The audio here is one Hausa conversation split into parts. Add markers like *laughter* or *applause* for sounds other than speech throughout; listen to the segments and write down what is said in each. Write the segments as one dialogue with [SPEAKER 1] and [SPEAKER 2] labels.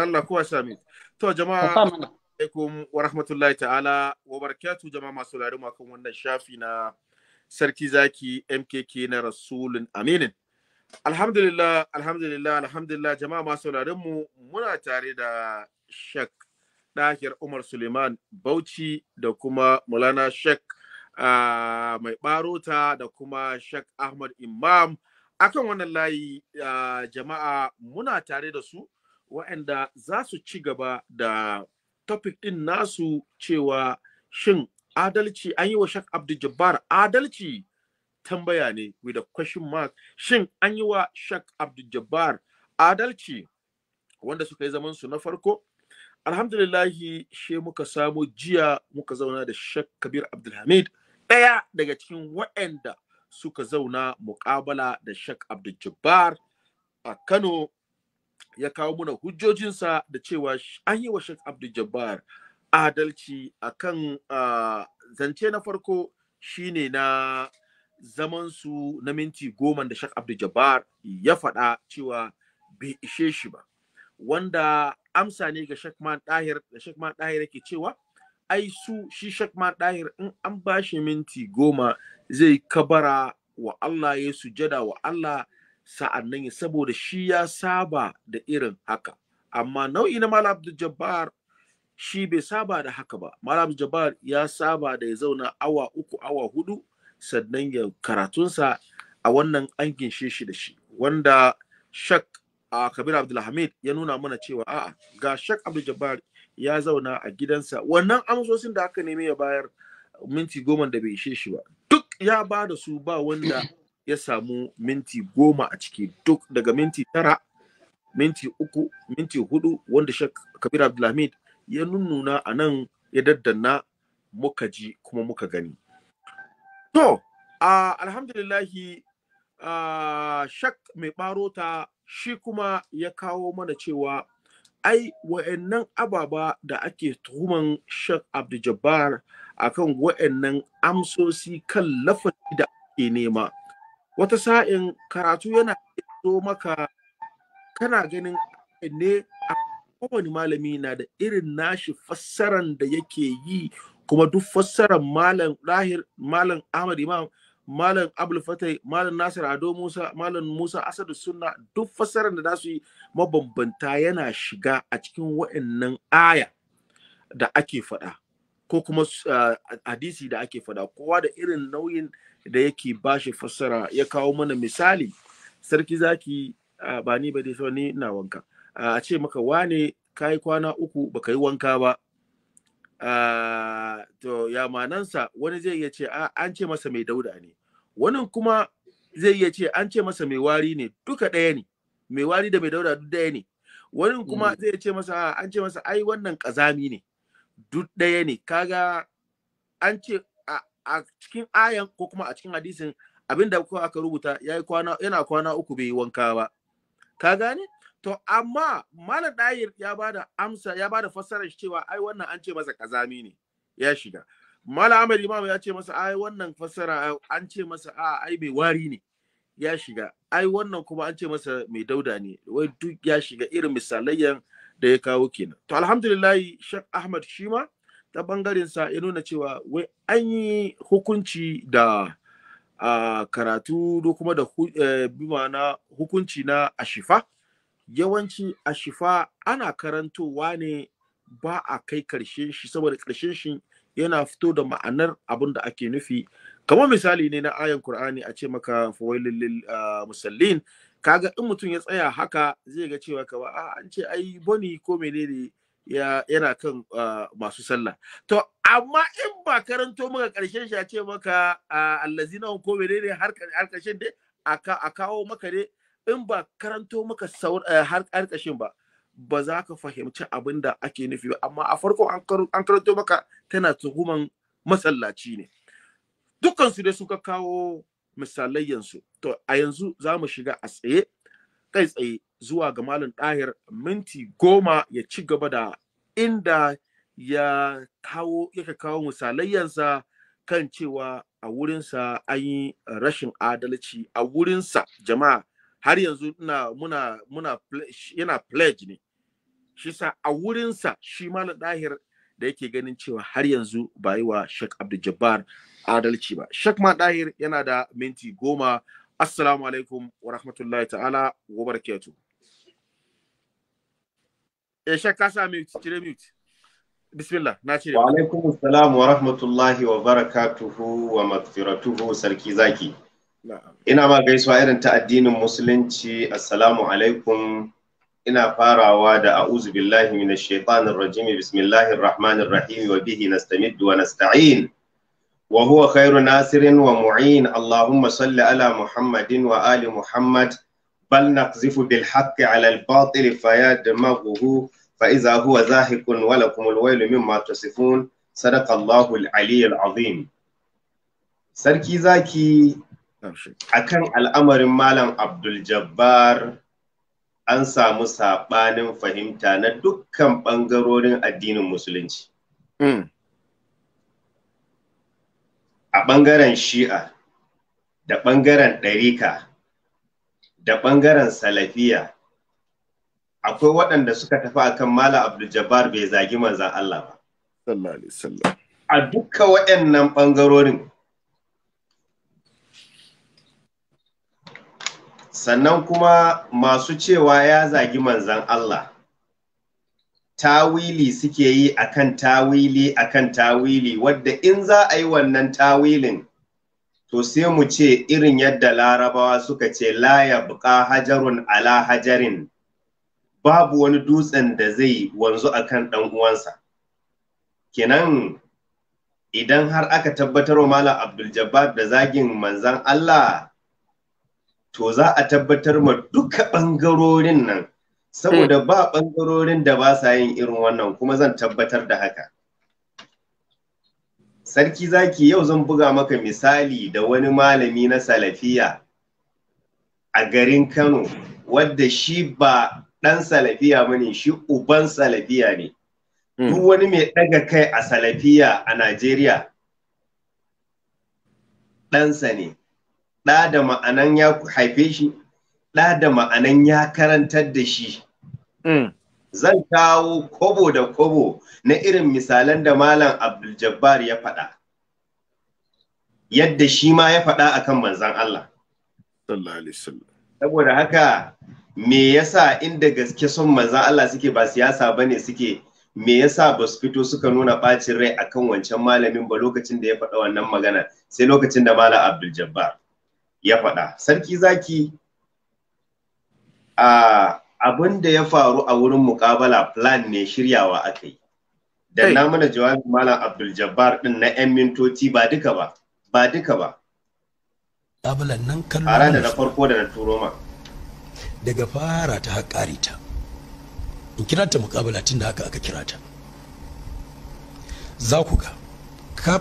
[SPEAKER 1] Allah kuwa sami. To jama'a alaikum wa rahmatullahi ta'ala wa barakatu jama'a masu lari kan wannan shafi na sarki zaki MKK na Rasulun Aminin. Alhamdulillah, alhamdulillah, alhamdulillah jama'a masu lari mu muna tare da Shek Dahir Umar Suleiman Bauchi da kuma Mulana Shek uh, ah, mai barota da kuma Shek Ahmad Imam akan wannan layi uh, jama'a muna tare da su waɗanda za su ci gaba da topic ɗin nasu cewa shin adalci an yi wa Shak Abdul Jabbar adalci tambaya ne with a question mark shin an yi wa Shak Abdul Jabbar adalci wanda suka yi zaman su na farko alhamdulillahi she muka samu jiya muka zauna da Shak Kabir Abdulhamid ɗaya daga cikin waɗanda suka zauna muƙabala da Shak Abdul Jabbar a Kano ya kawo mana hujjojinsa da cewa an yi wa Sheikh Abdul Jabbar adalci akan kan zance na farko shine na zaman su na minti goma da Sheikh Abdul Jabbar ya faɗa cewa bai ishe shi ba wanda amsa ne ga Sheikh Man Dahir da Sheikh Man Dahir yake cewa ai su shi shak Man Dahir in an ba shi minti goma zai kabara wa Allah ya sujada wa Allah sa'an nan saboda shi ya saba da irin haka amma nau'i na malam abdul jabbar shi bai saba da haka ba malam jabbar ya saba da ya zauna awa uku awa hudu sannan ya karatunsa a wannan an ginshe shi da shi wanda shak a kabir abdulhamid ya nuna mana cewa a'a ga shak abdul jabbar ya zauna a gidansa wannan amsosin da aka neme ya bayar minti goma da bai ishe shi ba duk ya ba da su ba wanda ya samu minti goma a ciki duk daga minti tara minti uku minti hudu wanda shek kabir abdulhamid ya nunnuna a nan ya daddana muka ji kuma muka gani to uh, alhamdulillahi uh, shek mai barota shi kuma ya kawo mana cewa ai wa'annan ababa da ake tuhuman shek Abdul-Jabbar akan wa'annan amsosi kan lafazi da ake nema wata sa'in karatu yana zo maka kana ganin ne a kowane malami na da irin nashi fassaran da yake yi kuma duk fassaran malam lahir malam ahmad imam malam abul fatai malam nasir ado musa malam musa asadu sunna duk fassaran da su yi mabambanta yana shiga a cikin wa'annan aya da ake faɗa ko kuma ah, hadisi da ake faɗa kowa da irin nauyin da yake ba shi fassara ya kawo mana misali sarki zaki ba ni ba dai so ni na wanka a ce maka wane kai kwana uku baka yi wanka ba to ya manansa wani zai iya ce an ce masa mai dauda ne wannan kuma zai iya ce an ce masa mai wari ne duka ɗaya ne mai wari da mai dauda duk ɗaya ne wani kuma hmm. zai ce masa an ce masa ai wannan kazami ne duk ɗaya ne kaga an ce a cikin ayan ko kuma a cikin hadisin abinda kuka aka rubuta yayi kwana yana kwana uku bai wanka ba ka gane to amma Malam dayir ya bada amsa ya bada fassarar cewa ai wannan an ce masa kazami ne ya shiga Malam amir imam ya ce masa ai wannan fassara an ce masa a ai mai wari ne ya shiga ai wannan kuma an ce masa mai dauda ne wai duk ya shiga irin misalayen da ya kawo kenan to alhamdulillah shek ahmad shima ta bangaren sa ya nuna cewa wai an yi hukunci da a karatu da kuma da e, bima na hukunci na ashifa yawanci ashifa ana karantowa ne ba a kai karshe shi saboda karshen shi yana fito da ma'anar abin da ake nufi kamar misali ne na ayan Kur'ani a ce maka fawailin lil musallin kaga in mutum ya tsaya haka zai ga cewa ka ba an ce ai boni ko menene yana kan ah, masu sallah to amma in ba karanto maka karshen shi a ce maka ah, allazina ko menene har karshen dai a kawo maka ne in ba karanto maka eh, har karshen ba ba za ka fahimci abin da ake nufi ba amma a farko an karanto maka tana tuhuman masallaci ne dukkan su dai suka kawo misalai to a yanzu za mu shiga a tsaye kai tsaye zuwa ga Malam Ɗahir minti goma ya ci gaba da inda ya kawo yake kawo misalayyansa kan cewa a wurinsa an yi rashin adalci a wurinsa jama'a har yanzu yana pledge ne shi sa a wurinsa shi Malam Ɗahir da yake ganin cewa har yanzu ba yi wa shek Abdul adalci ba. shek ma ɗahir yana da minti goma assalamu alaikum wa rahmatullahi ta'ala wa barakatu e eh, shakka sa mute cire mute
[SPEAKER 2] bismillah na cire wa alaikum assalam wa rahmatullahi wa barakatuhu wa magfiratuhu sarki zaki ina ma gaisuwa irin ta addinin musulunci assalamu alaikum ina farawa da a'udhu billahi minash shaitanir rajim bismillahir rahmanir rahim wa bihi middu wa nasta'in wa huwa khairu nasirin wa mu'in Allahumma salli ala Muhammadin wa ali Muhammad bal naqzifu bil haqqi ala al batil fayadmaghuhu fa idha huwa zahiqun wa lakum al waylu mimma tasifun sadaqa Allahu al aliyyul azim sarki zaki akan al'amarin malam Abdul an samu saɓanin fahimta na dukkan ɓangarorin addinin musulunci. a ɓangaren shi'a da ɓangaren ɗarika da ɓangaren salafiya akwai waɗanda suka tafi akan mala abdul jabbar bai zagi manzan Allah ba a duka waɗannan ɓangarorin sannan kuma masu cewa ya zagi manzan Allah tawili suke yi akan tawili akan tawili wadda in za a yi wannan tawilin to sai mu ce irin yadda larabawa suka ce laya buƙa hajarun ala hajarin babu wani dutsen da zai wanzu akan ɗan uwansa kenan idan har aka tabbatar wa malam abdul da zagin manzan allah to za a tabbatar ma duka ɓangarorin nan saboda hmm. ba ɓangarorin da ba sa yin irin wannan kuma zan tabbatar da haka sarki zaki yau zan buga maka misali da wani malami na salafiya a garin kano wadda shi ba ɗan salafiya mani shi uban salafiya ne hmm. duk wani mai ɗaga kai a salafiya a najeriya ɗansa ne ɗa da ma'anan ya haife shi ɗa da ma'anan ya karantar da shi. Mm. Zan kawo kobo da kobo na irin misalan da Malam Abdul Jabbar ya faɗa. Yadda shi ma ya faɗa a kan manzan Allah. Saboda haka me yasa inda gaske son manzan Allah suke ba siyasa ba ne suke me yasa ba su fito suka nuna ɓacin rai akan wancan malamin ba lokacin da ya faɗa wannan magana sai lokacin da Malam Abdul Jabbar ya faɗa. Sarki zaki abin da ya faru a wurin mukabala plan ne shiryawa aka yi da na mana jawabin malam abdul jabbar din na 'yan mintoci ba duka ba ba duka ba
[SPEAKER 3] mukabalan nan kallon a ranar
[SPEAKER 2] farko da na turo ma
[SPEAKER 3] daga fara ta haƙari ta in kira ta mukabala tun da haka aka kira ta za ku ga ka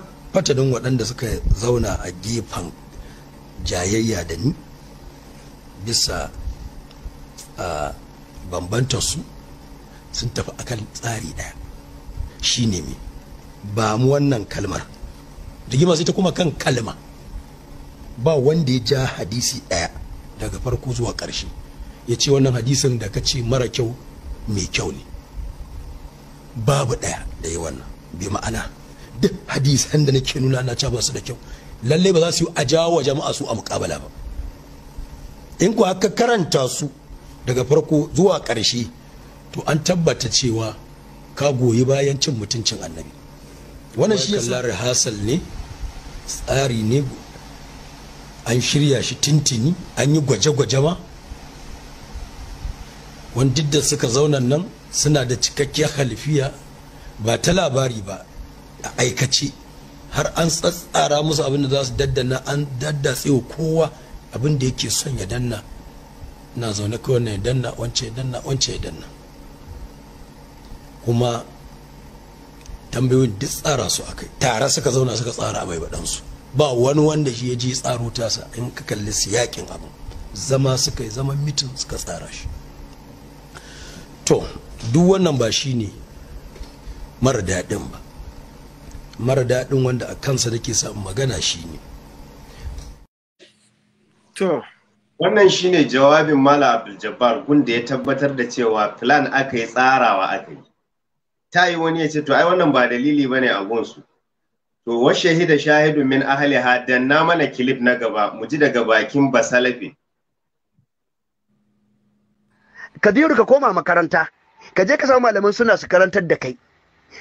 [SPEAKER 3] don waɗanda suka zauna a gefen jayayya da ni bisa a su sun tafi akan tsari ɗaya shi ne ba mu wannan kalmar rigima sai ta kuma kan kalma ba wanda ya ja hadisi ɗaya daga farko zuwa ƙarshe ya ce wannan hadisin da ka ce mara kyau mai kyau ne babu ɗaya da yi wannan bi ma'ana duk hadisan da nake nuna na ba su da kyau lallai ba za su yi a jawo jama'a su a muƙabala ba in ku haka karanta su daga farko zuwa ƙarshe to an tabbata cewa ka goyi bayan cin mutuncin annabi wannan shi yasa hasal ne tsari ne an shirya shi tintini an yi gwaje-gwaje ma wanda da suka zauna nan suna da cikakkiyar halifiya ba ta labari ba a aikace har an tsatsara musu abin da za su daddana an daddatse kowa abin da yake son ya danna na zaune kawai na danna wance danna wance danna kuma tambayoyin duk tsara su akai tare suka zauna suka tsara a su ba wani wanda shi ya ji tsaro tasa in ka kalli su yakin abu zama suka yi zaman mitin suka tsara shi to duk wannan ba shi ne mara daɗin ba mara daɗin wanda a kansa nake sa magana shi ne
[SPEAKER 2] to Wannan shine jawabin Mala Abdul Jabbar gunda ya tabbatar da cewa plan aka yi tsarawa aka yi. Ta yi wani ya ce to ai wannan ba dalili bane a gunsu. To wa shahida shahidu min ahliha na mana kilif na gaba mu ji daga bakin basalafi.
[SPEAKER 4] Kadiru ka koma makaranta ka je ka samu malaman suna su karantar da kai.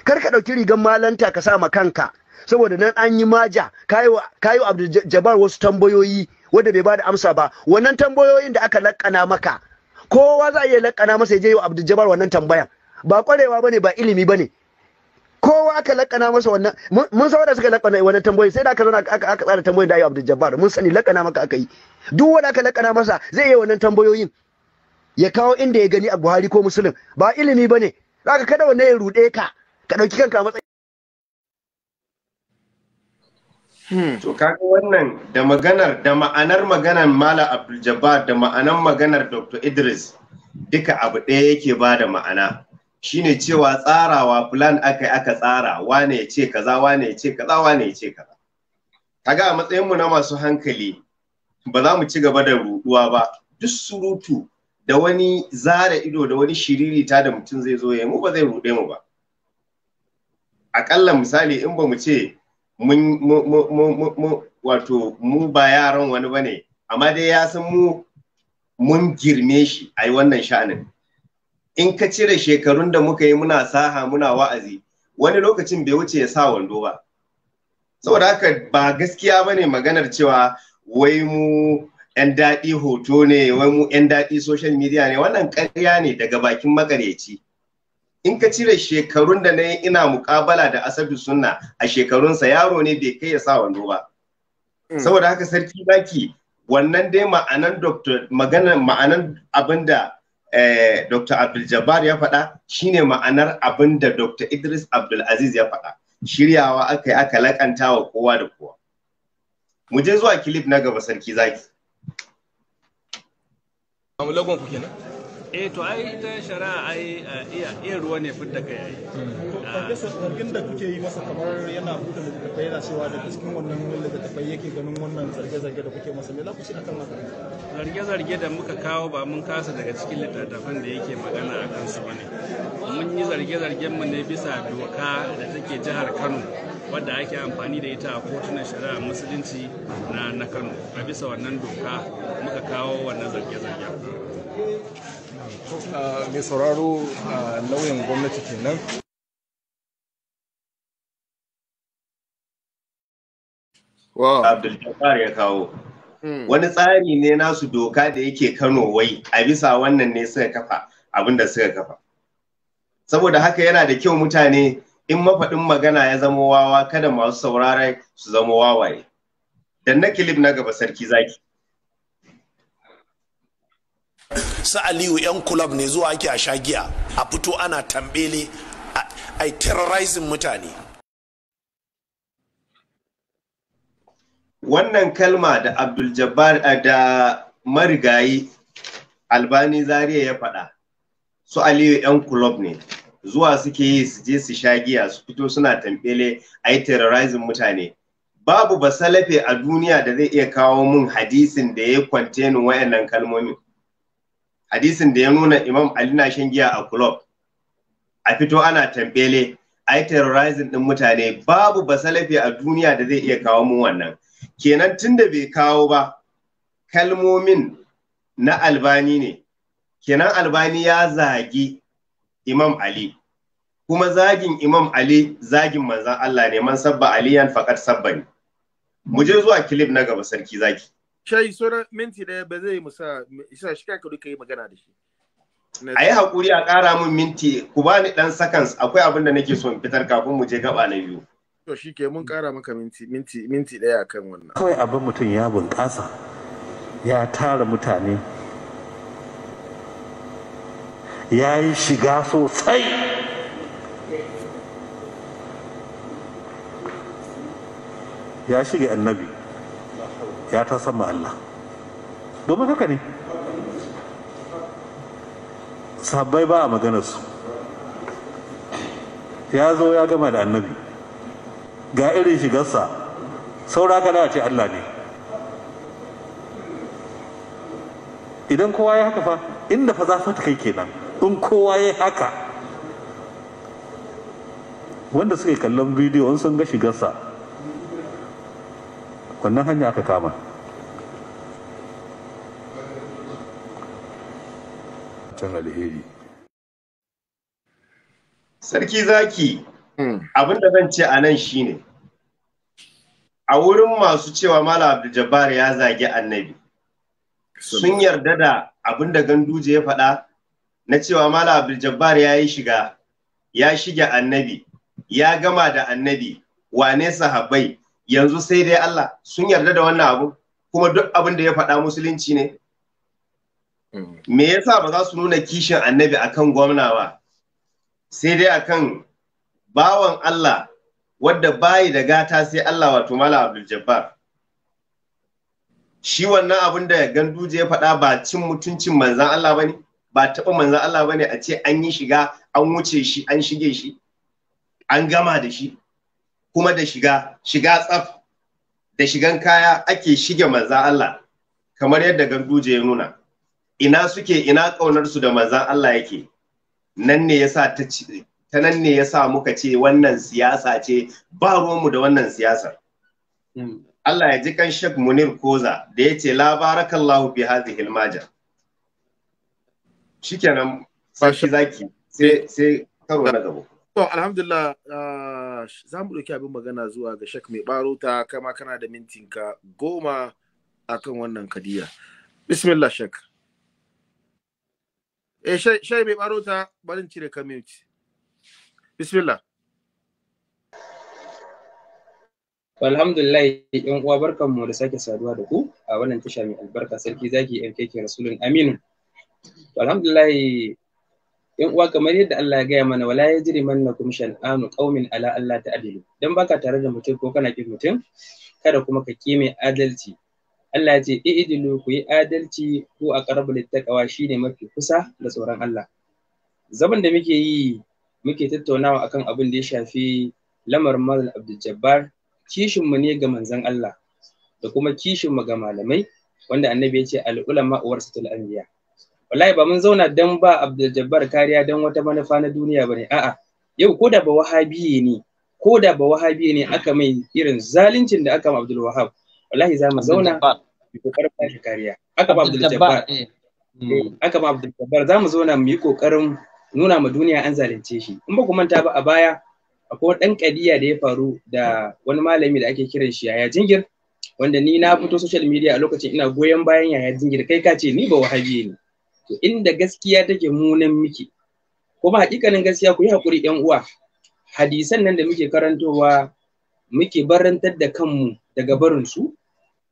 [SPEAKER 4] Kar ka ɗauki rigar malanta ka sa ma kanka saboda nan an yi maja kayo Abdul Jabbar wasu tambayoyi wanda bai bada amsa ba wannan tambayoyin da aka lakana maka kowa za a iya lakana masa ya je wa Abdul Jabbar wannan tambayan ba kwarewa bane ba ilimi bane kowa aka lakana masa wannan mun san wanda suka lakana wannan tambayoyi sai da aka zauna aka tsara tambayoyin da ayi Abdul Jabbar mun sani lakana maka aka yi duk wanda aka lakana masa zai yi wannan tambayoyin ya kawo inda ya gani a Buhari ko Muslim ba ilimi bane zaka kada wannan ya rude ka ka dauki kanka matsayin
[SPEAKER 2] Hmm. To kaga wannan da maganar da ma'anar maganar Malam Abdul da ma'anar maganar Dr. Idris duka abu ɗaya yake ba da ma'ana. Shine cewa tsarawa plan aka aka tsara wane ya ce kaza wane ya ce kaza wane ya ce kaza. Kaga a matsayin mu na masu hankali ba za mu ci gaba da ruɗuwa ba duk surutu da wani zara ido da wani shiriri ta da mutum zai zo ya mu ba zai ruɗe mu ba. akalla misali in ba mu ce wato mu ba yaran wani ba ne, amma dai ya san mu mun girme shi a yi wannan sha'anin in ka cire shekarun da muka yi muna saha muna wa'azi wani lokacin bai wuce ya sa wando ba saboda haka ba gaskiya ba ne maganar cewa wai mu 'yan daɗi hoto ne wai mu 'yan daɗi social media ne wannan ƙarya ne daga bakin makareci in ka cire shekarun da na yi ina mukabala da asabi sunna a shekarunsa yaro ne bai kai ya sa wando ba mm. saboda haka sarki zaki wannan dai ma'anan doktor maganar ma'anan abinda eh, dr abdul ya faɗa shine ma'anar abinda dr idris abdul aziz ya faɗa shiryawa aka yi aka lakanta wa kowa da kowa mu je zuwa kilif na gaba sarki zaki.
[SPEAKER 5] Mamu eh to ai ta shari'a ai iya ruwa ne fit da kai ai
[SPEAKER 6] zargin da kuke yi masa kamar yana buɗe littattafai yana cewa da cikin wannan da littattafai yake ganin wannan zarge-zarge da kuke masa me za ku ci akan haka
[SPEAKER 5] zarge-zarge da muka kawo ba mun kasa daga cikin littattafan da yake magana a su bane mun yi zarge-zargen mu ne bisa doka da take jihar Kano wadda ake amfani da ita a kotunan shari'a musulunci na Kano a bisa wannan doka muka kawo wannan zarge-zargen
[SPEAKER 7] Eh, mai sauraro eh, lauyan
[SPEAKER 2] gwamnati kenan abdulkabar ya kawo. Hmm. Wani tsari ne nasu doka da yake Kano wai a bisa wannan ne suka kafa abinda suka kafa. Saboda haka yana da kyau mutane in mafaɗin magana ya zama wawa kada masu saurare su zama wawaye. Dan na kilif na gaba sarki zaki. su aliyu yan kulab ne zuwa ake a shagiya a fito ana
[SPEAKER 1] tambele a terrorizing mutane
[SPEAKER 2] wannan kalma da abdul jabbar eh, da marigayi albani zariya ya faɗa su aliyu yan kulob ne zuwa suke yi su je su sha giya su fito suna tambele a yi terrorizing mutane babu basalafe a duniya da zai iya kawo mun hadisin da ya kwantenin wayannan kalmomin hadisin da ya nuna imam ali na shan giya a kulob. a fito ana tambele a yi terrorizing din mutane babu basalafi a duniya da zai iya kawo mu wannan kenan tun da bai kawo ba kalmomin na albani ne kenan albani ya zagi imam ali kuma zagin imam ali zagin manzan allah ne man sabba aliyan fakat sabba ne mu je zuwa kilif na gaba sarki zaki
[SPEAKER 1] shayi sauran minti ɗaya ba zai musa isa shi kaka ka yi magana da shi
[SPEAKER 2] a yi haƙuri a ƙara min minti ku ba ni ɗan seconds akwai abin da nake son fitar kafin mu je gaba na biyu to
[SPEAKER 1] shi ke mun ƙara maka minti minti minti ɗaya kan wannan
[SPEAKER 8] kawai abin mutum ya bunƙasa ya tara mutane ya yi shiga sosai ya shiga annabi ya ta sama Allah domin haka ne sabbai ba a maganarsu ya zo ya gama da annabi ga irin shigarsa saura kana ce Allah ne idan kowa ya haka fa inda fa za ta kai kenan in kowa ya haka wanda suka kallon bidiyo sun ga shigarsa wannan hanya aka kama can alheri
[SPEAKER 2] sarki zaki hmm. abin da zan ce a nan shine a wurin masu cewa mala abdul ya zagi annabi sun yarda da abin da ganduje ya faɗa na cewa mala abdul ya yi shiga ya shige annabi ya gama da annabi wane sahabbai yanzu sai dai Allah sun yarda da wannan abu kuma duk abin da ya faɗa musulunci ne hmm. me yasa ba za su nuna kishin annabi akan gwamna ba sai dai akan bawan Allah wadda bayi da gata sai Allah wato mala Abdul Jabbar shi wannan abin da ganduje ya faɗa ba cin mutuncin manzan Allah bane ba taɓa manzan Allah bane a ce an yi shiga an wuce shi an shige shi an gama da shi kuma da shiga shiga tsaf da shigan kaya ake shige manzan Allah kamar yadda ganduje ya nuna ina suke ina ƙaunarsu da manzan Allah yake nan ne yasa ta ta nan ne yasa muka ce wannan siyasa ce ba mu da wannan siyasar hmm. Allah ya ji kan Sheikh Munir Koza da ya ce la barakallahu bi hadhihi shikenan zaki sai karo na gaba
[SPEAKER 1] To, alhamdulillah, ah, za mu ɗauki abin magana zuwa ga shak mai ɓarota, kama kana da mintinka goma akan wannan kadiya. Bismillah, shak. Eh, shai mai ɓarota, barin cire ka mute.
[SPEAKER 9] Bismillah. Alhamdulillah, ‘yan uwa barkanmu da sake saduwa da ku a wannan tasha mai albarka sarki zaki ‘yan keke rasulun aminu. Alhamdulillah, yan uwa kamar yadda Allah ya gaya mana wala yajri mannakum shan'anu qaumin ala Allah ta'dilu dan baka tare da mutum ko kana kin mutum kada kuma ka kime adalci Allah ya ce i'dilu ku yi adalci ko a qarabul taqwa shine mafi kusa da tsoron Allah zaman da muke yi muke tattaunawa akan abin da ya shafi lamar mal Abdul Jabbar kishin mu ne ga manzon Allah da kuma kishin mu ga malamai wanda annabi ya ce al ulama warasatul anbiya wallahi ba mun zauna dan ba Abdul Jabbar kariya dan wata manufa na duniya bane a'a yau ko da ba wahabiye ne ko da ba wahabiye ne aka mai irin zaluncin da aka ma Abdul Wahab wallahi za mu zauna mu kokarin ba shi kariya aka ba Abdul Jabbar
[SPEAKER 6] eh. eh,
[SPEAKER 9] aka ba Abdul Jabbar za mu zauna mu yi kokarin nuna ma duniya an zalunce shi in ba ku manta ba a baya akwai ɗan kadiya da ya faru da wani malami da ake kiran shi yaya jingir wanda ni na fito social media a lokacin ina goyon bayan yaya jingir kai ka ce ni ba wahabi ne to inda gaskiya take munan miki kuma hakikanin gaskiya ku yi hakuri yan uwa hadisan nan da muke karantowa muke barantar da kanmu daga barin su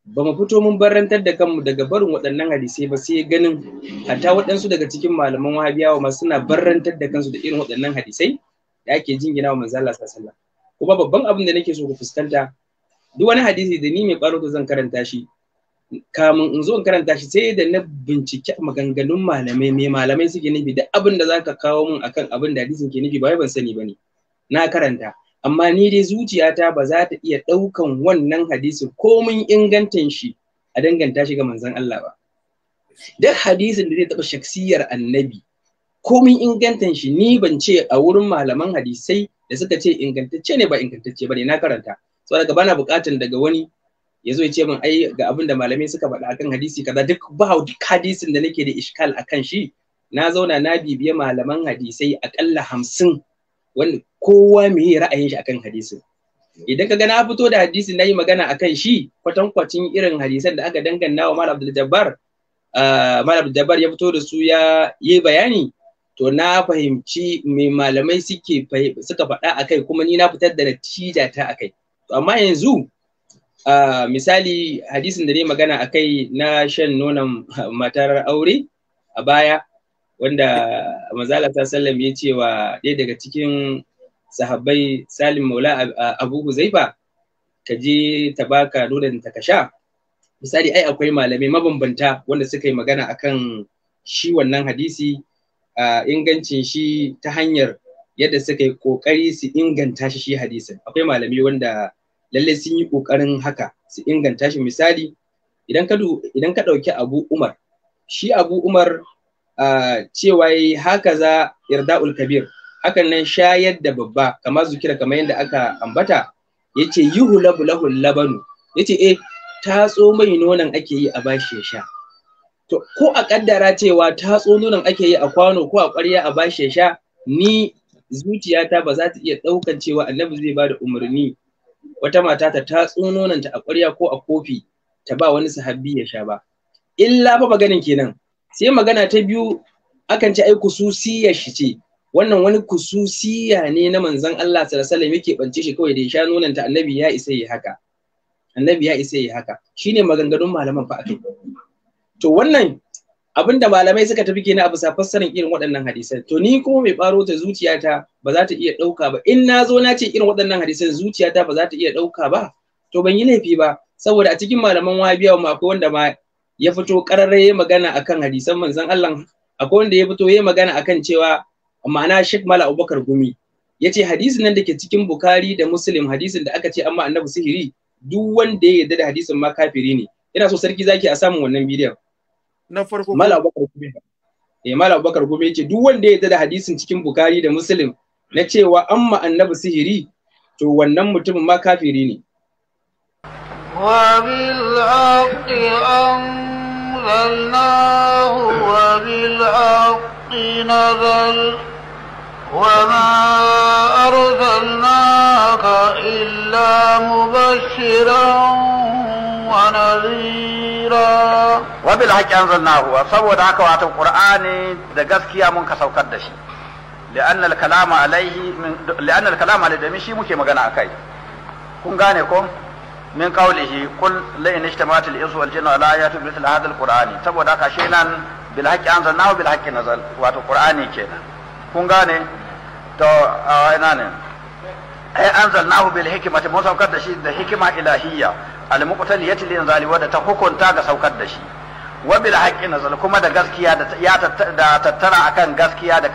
[SPEAKER 9] ba mu fito mun barantar da kanmu daga barin waɗannan hadisai ba sai ganin hatta waɗansu daga cikin malaman wahabiyawa ma suna barantar da kansu da irin waɗannan hadisai da ake jingina wa manzo Allah sallallahu alaihi kuma babban abin da nake so ku fuskanta duk wani hadisi da ni mai ɓaro zan karanta shi kamun in zo in karanta shi sai da na bincike maganganun malamai me malamai suke nufi da abin da zaka kawo mun akan abin da hadisin ke nufi ba ban sani bane na karanta amma ni dai zuciyata ba za ta iya ɗaukan wannan hadisin ko mun ingantan shi a danganta shi ga manzon Allah ba duk hadisin da zai taba shaksiyar annabi ko mun ingantan shi ni ban ce a wurin malaman hadisai da suka ce ingantacce ne ba ingantacce bane na karanta saboda bana buƙatan daga wani ya zo ya ce min ai ga abin da malamai suka faɗa akan hadisi kaza duk ba duk hadisin da nake da ishkal akan shi na zauna na bibiye malaman hadisai akalla hamsin wanda kowa me yi ra'ayin shi akan hadisin idan ka ga na fito da hadisin na yi magana akan shi kwatan kwatankwacin irin hadisan da aka danganta wa malam abdul jabbar malam abdul jabbar ya fito da su ya yi bayani to na fahimci me malamai suke suka faɗa akai kuma ni na fitar da natija ta akai amma yanzu misali hadisin da yi magana a kai na shan nonon *laughs* matar aure a baya wanda mazala ta sallam ya ce wa ɗaya daga cikin sahabbai salim maula abu huzaifa ka je ta baka nonon ta ka sha misali ai akwai malamai mabambanta wanda suka yi magana akan shi wannan hadisi a ingancin shi ta hanyar yadda suka yi kokari su inganta shi shi hadisin akwai malami wanda lallai sun yi ƙoƙarin haka su inganta shi misali idan ka ɗauki abu umar shi abu umar cewa yi haka za irda'ul kabir hakan nan shayar da babba kamar zukira kamar yadda aka ambata yace yuhu labu lahul labanu yace eh tatso mai nonon ake yi a bashi ya sha to ko a kaddara cewa tatso nonon ake yi a kwano ko a ƙwarya a bashi ya sha ni zuciyata ba za ta iya ɗaukan cewa annabi zai ba da umarni wata mata ta tatso nonanta a ƙwarya ko a kofi ta ba wani sahabbi ya sha ba illa fa maganin kenan sai magana ta biyu akan ci ai kususiya shi ce wannan wani kususiya ne na manzon Allah sallallahu alaihi yake bance shi kawai da ya sha nonanta annabi ya isa yi haka annabi ya isa yi haka shine maganganun malaman fa akai to wannan abinda malamai suka tafi kenan a bisa fassarin irin waɗannan hadisan to ni kuma mai baro ta zuciyata ba za ta iya ɗauka ba in na zo na ce irin waɗannan hadisan zuciyata ba za ta iya ɗauka ba to ban yi laifi ba saboda a cikin malaman wahabiya ma akwai wanda ma ya fito ƙararre ya magana akan hadisan manzon Allah akwai wanda ya fito ya magana akan cewa ma'ana Sheikh Mala Abubakar Gumi ya ce hadisin nan da ke cikin Bukhari da Muslim hadisin da aka ce amma annabi sihiri duk wanda ya yarda da hadisin ma kafiri ne ina so sarki zaki a samun wannan bidiyon na farko mala abubakar gumi eh mala abubakar gumi yace duk wanda ya yarda da hadisin cikin bukari da muslim na cewa amma annabi sihiri to wannan mutumin ma kafiri ne
[SPEAKER 7] Wa bil وبالحق أنزلناه وبالحق نزل وما أرسلناك illa مبشرا ونذيرا وبالحق أنزلناه وصبود عكوة القرآن ده قسكي من كسو قدشي لأن الكلام عليه من لأن الكلام عليه دمشي مكي مغانا أكاي كن غانيكم من قوله قل لئن اجتمعت الإنس والجن على آيات مثل هذا القرآن صبود عكا شينا بالحق أنزلناه بالحق نزل واتو قرآني كينا كن غاني تو آه أنزلناه بالحكمة موسى وقدشي ده حكمة إلهية al-muqtaliyati li inzali da ta hukunta ga saukar da shi wa bil haqqi nazal kuma da gaskiya da ya tattara akan gaskiya da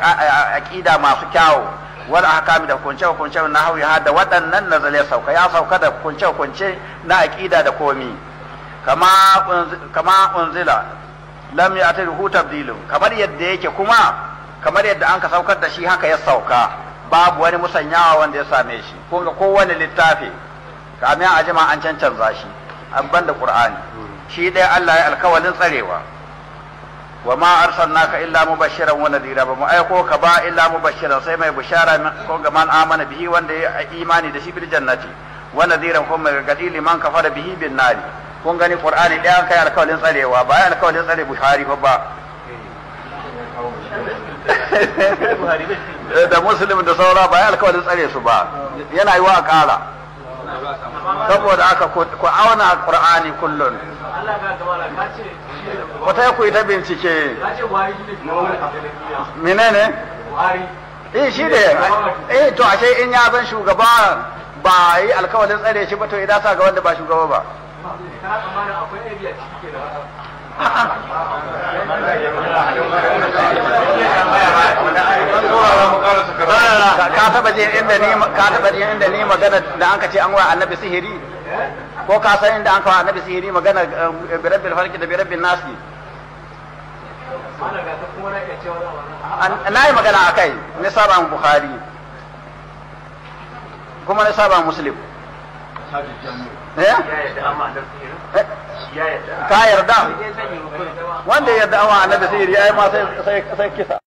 [SPEAKER 7] aqida masu kyawu wal ahkami da kunce kunce na hawi hada waɗannan nazale ya sauka ya sauka da kunce kunce na aqida da komi kama kama unzila lam ruhu tabdilu kamar yadda yake kuma kamar yadda an ka saukar da shi haka ya sauka babu wani musanyawa wanda ya same shi kun ga kowane littafi kamin a jima an cancanza shi an banda qur'ani shi ɗaya Allah ya alkawalin tsarewa wa ma ka illa mubashiran wa nadira ba mu aiko ka ba illa mubashiran sai mai bushara ko ga man amana bihi wanda ya imani da shi bil jannati wa nadiran kuma mai gargadi liman kafara bihi bin nari kun gani qur'ani ɗaya an kai alkawalin tsarewa ba ya alkawalin tsare buhari ba *laughs* da muslim da saura ba ya alkawalin tsare su ba yana yi wa a saboda aka ku auna qur'ani kullun ku ta ku ta bincike menene eh shi da eh to ashe in ya zan shugaba ba yi alkawalin tsare shi ba to idan sa ga wanda ba shugaba ba akwai *laughs* ka taba jin inda ni ka taba jin inda ni magana da an ka ce an wa annabi sihiri ko ka san inda an ka wa annabi sihiri magana bi rabbil falqi da bi nasi na yi magana a kai ni saba bukhari kuma ni muslim ka yarda wanda yarda wa
[SPEAKER 4] annabi sihiri ya ai ma sai kisa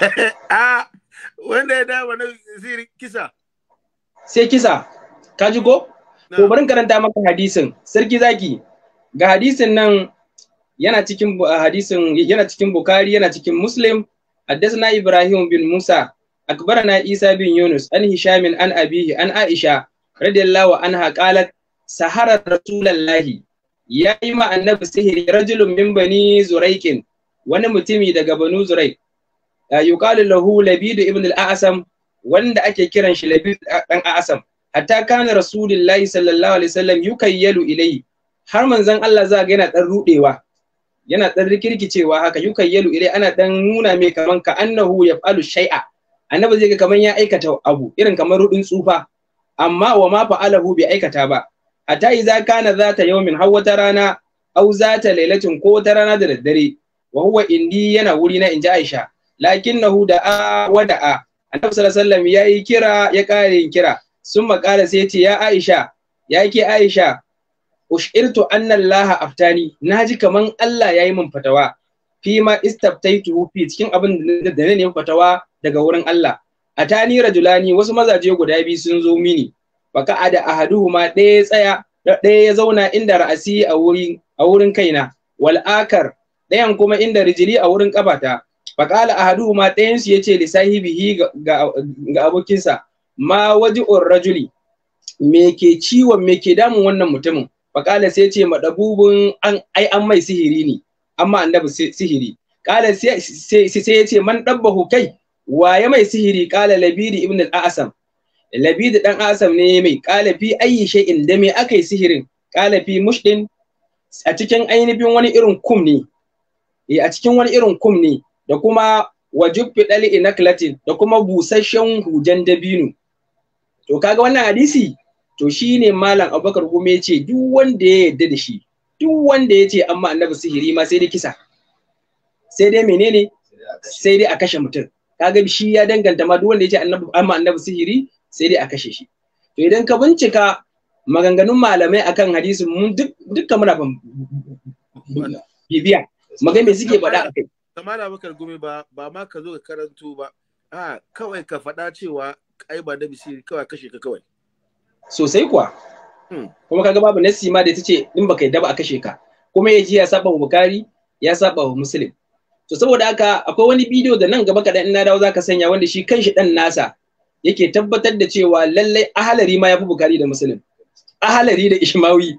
[SPEAKER 4] *laughs* Ah,
[SPEAKER 9] wanda ya dama na kisa. Sai kisa, ka ji ko? Ko barin karanta maka hadisin, sarki zaki, ga hadisin nan yana cikin ah, hadisin yana cikin Bukhari yana cikin Muslim, na Ibrahim bin Musa, akbara na Isa bin Yunus, an Hishamin an Abihi, an Aisha, radiyallahu an haƙalat, saharar Rasulallahi, ya yi ma annabi sihiri rajulun min bani Zuraikin, wani mutumi daga banu Zuraik, يقال eh, lahu لبيد ibn al-asam wanda ake kiran shi labid حتى asam رسول kana صلى sallallahu alaihi وسلم يكيل ilayhi har manzon Allah zaga yana dan rudewa yana dan rikirkicewa haka yukayyalu ile ana dan nuna mai kaman ka annahu yaf'alu shay'a annabi zai ga kaman ya aikata abu irin kamar rudin tsufa amma wa ma fa'alahu bai aikata ba hatta idza kana zata yawmin har wata rana au zata lailatin ko wata rana da daddare wa huwa indi yana wuri na inji Aisha Lakin lakinnahu A wa a annabi sallallahu alaihi wasallam yayi kira ya kare yin kira sun makala sai ce ya aisha ya ke aisha ushirtu anna allah aftani naji kaman allah ya yi min fatawa fi ma istaftaituhu fi cikin abin da ne ne fatawa daga wurin allah atani rajulani wasu mazaje guda biyu sun zo mini baka ada ahaduhuma ɗaya tsaya ɗaya ya zauna inda ra'asi a wurin kaina Wal'akar akar ɗayan kuma inda rijili a wurin kafata faƙala ahaduhuma ɗayansu ya ce lisahibihi ga abokinsa ma waji'ur rajuli me ke ciwon me ke damun wannan mutumin faƙala sai ce maɗabubin an ai an mai sihiri ne amma annabi sihiri ƙala sai ya ce man ɗabbahu kai waye mai sihiri ƙala labidi ibn al-asam labidi ɗan asam ne mai ƙala fi ayyi shay'in da me aka yi sihirin ƙala fi mushdin a cikin ainihin wani irin kum ne eh, a cikin wani irin kum ne da kuma wajib fidal inaklatin da kuma busasshen hujan dabino to kaga wannan hadisi to shine malam abubakar kuma ya ce duk wanda ya yadda da shi duk wanda ya ce an ma annabi sihiri ma sai dai kisa sai dai menene sai dai a kashe mutum kaga shi ya danganta ma duk wanda ya ce annabi an ma annabi sihiri sai dai a kashe shi to idan ka bincika maganganun malamai akan hadisin mun duk dukkan muna bibiya magan me suke faɗa akai
[SPEAKER 1] da Bakar Gumi ba ba ma ka zo ka karanto ba. A kawai ka faɗa cewa ai ba da bisiri. kawai kashe ka kawai.
[SPEAKER 9] Sosai kuwa. Hmm. Kuma kaga babu nasi ma da ta ce in baka yadda ba a kashe ka. Kuma ya ji ya saba wa Bukari ya saba wa Muslim. To saboda haka akwai wani bidiyo da nan gaba kaɗan in na dawo zaka sanya wanda shi kanshi ɗan nasa yake tabbatar da cewa lallai ahalari ma ya fi Bukari da Muslim. Ahalari da Ishmawi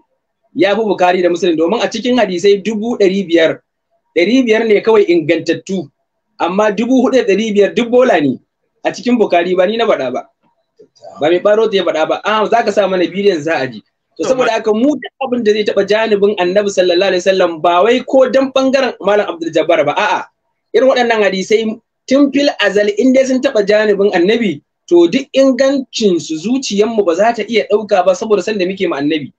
[SPEAKER 9] ya fi Bukari da Muslim domin a cikin hadisai dubu ɗari biyar ɗari biyar ne kawai ingantattu amma dubu hudu da ɗari biyar duk bola ne a cikin bukari ba ni na faɗa ba ba mai ɓaro ya faɗa ba ah za ka sa mana bidiyon za a ji to saboda haka mu da abin da zai taɓa janibin annabi sallallahu alaihi wasallam ba wai ko dan bangaren malam abdul jabbar ba a'a irin waɗannan hadisai tun fil azal in dai sun taɓa janibin annabi to duk ingancin su zuciyarmu ba za ta iya ɗauka ba saboda sanda muke ma annabi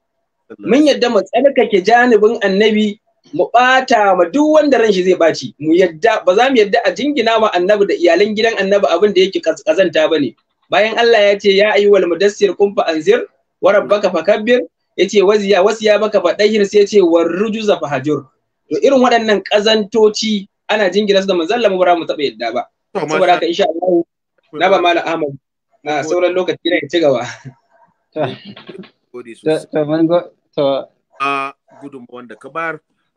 [SPEAKER 9] mun yadda mu tsarkake janibin annabi mu bata ma duk wanda ran shi zai baci mu yadda ba za mu yadda a jingina ma annabi da iyalan gidan annabi abin da yake kazanta bane bayan Allah ya ce ya ayyuhal mudassir kun fa anzir wa rabbaka fakabbir yace waziya wasiya baka fadahir sai yace warrujuza fahajur to irin waɗannan kazantoci ana jingina su da manzon Allah mu bara mu taba yadda ba saboda haka insha Allah na ba mala Ahmad na sauran lokaci ne ci gaba
[SPEAKER 10] to mun go
[SPEAKER 1] to a gudun wanda ka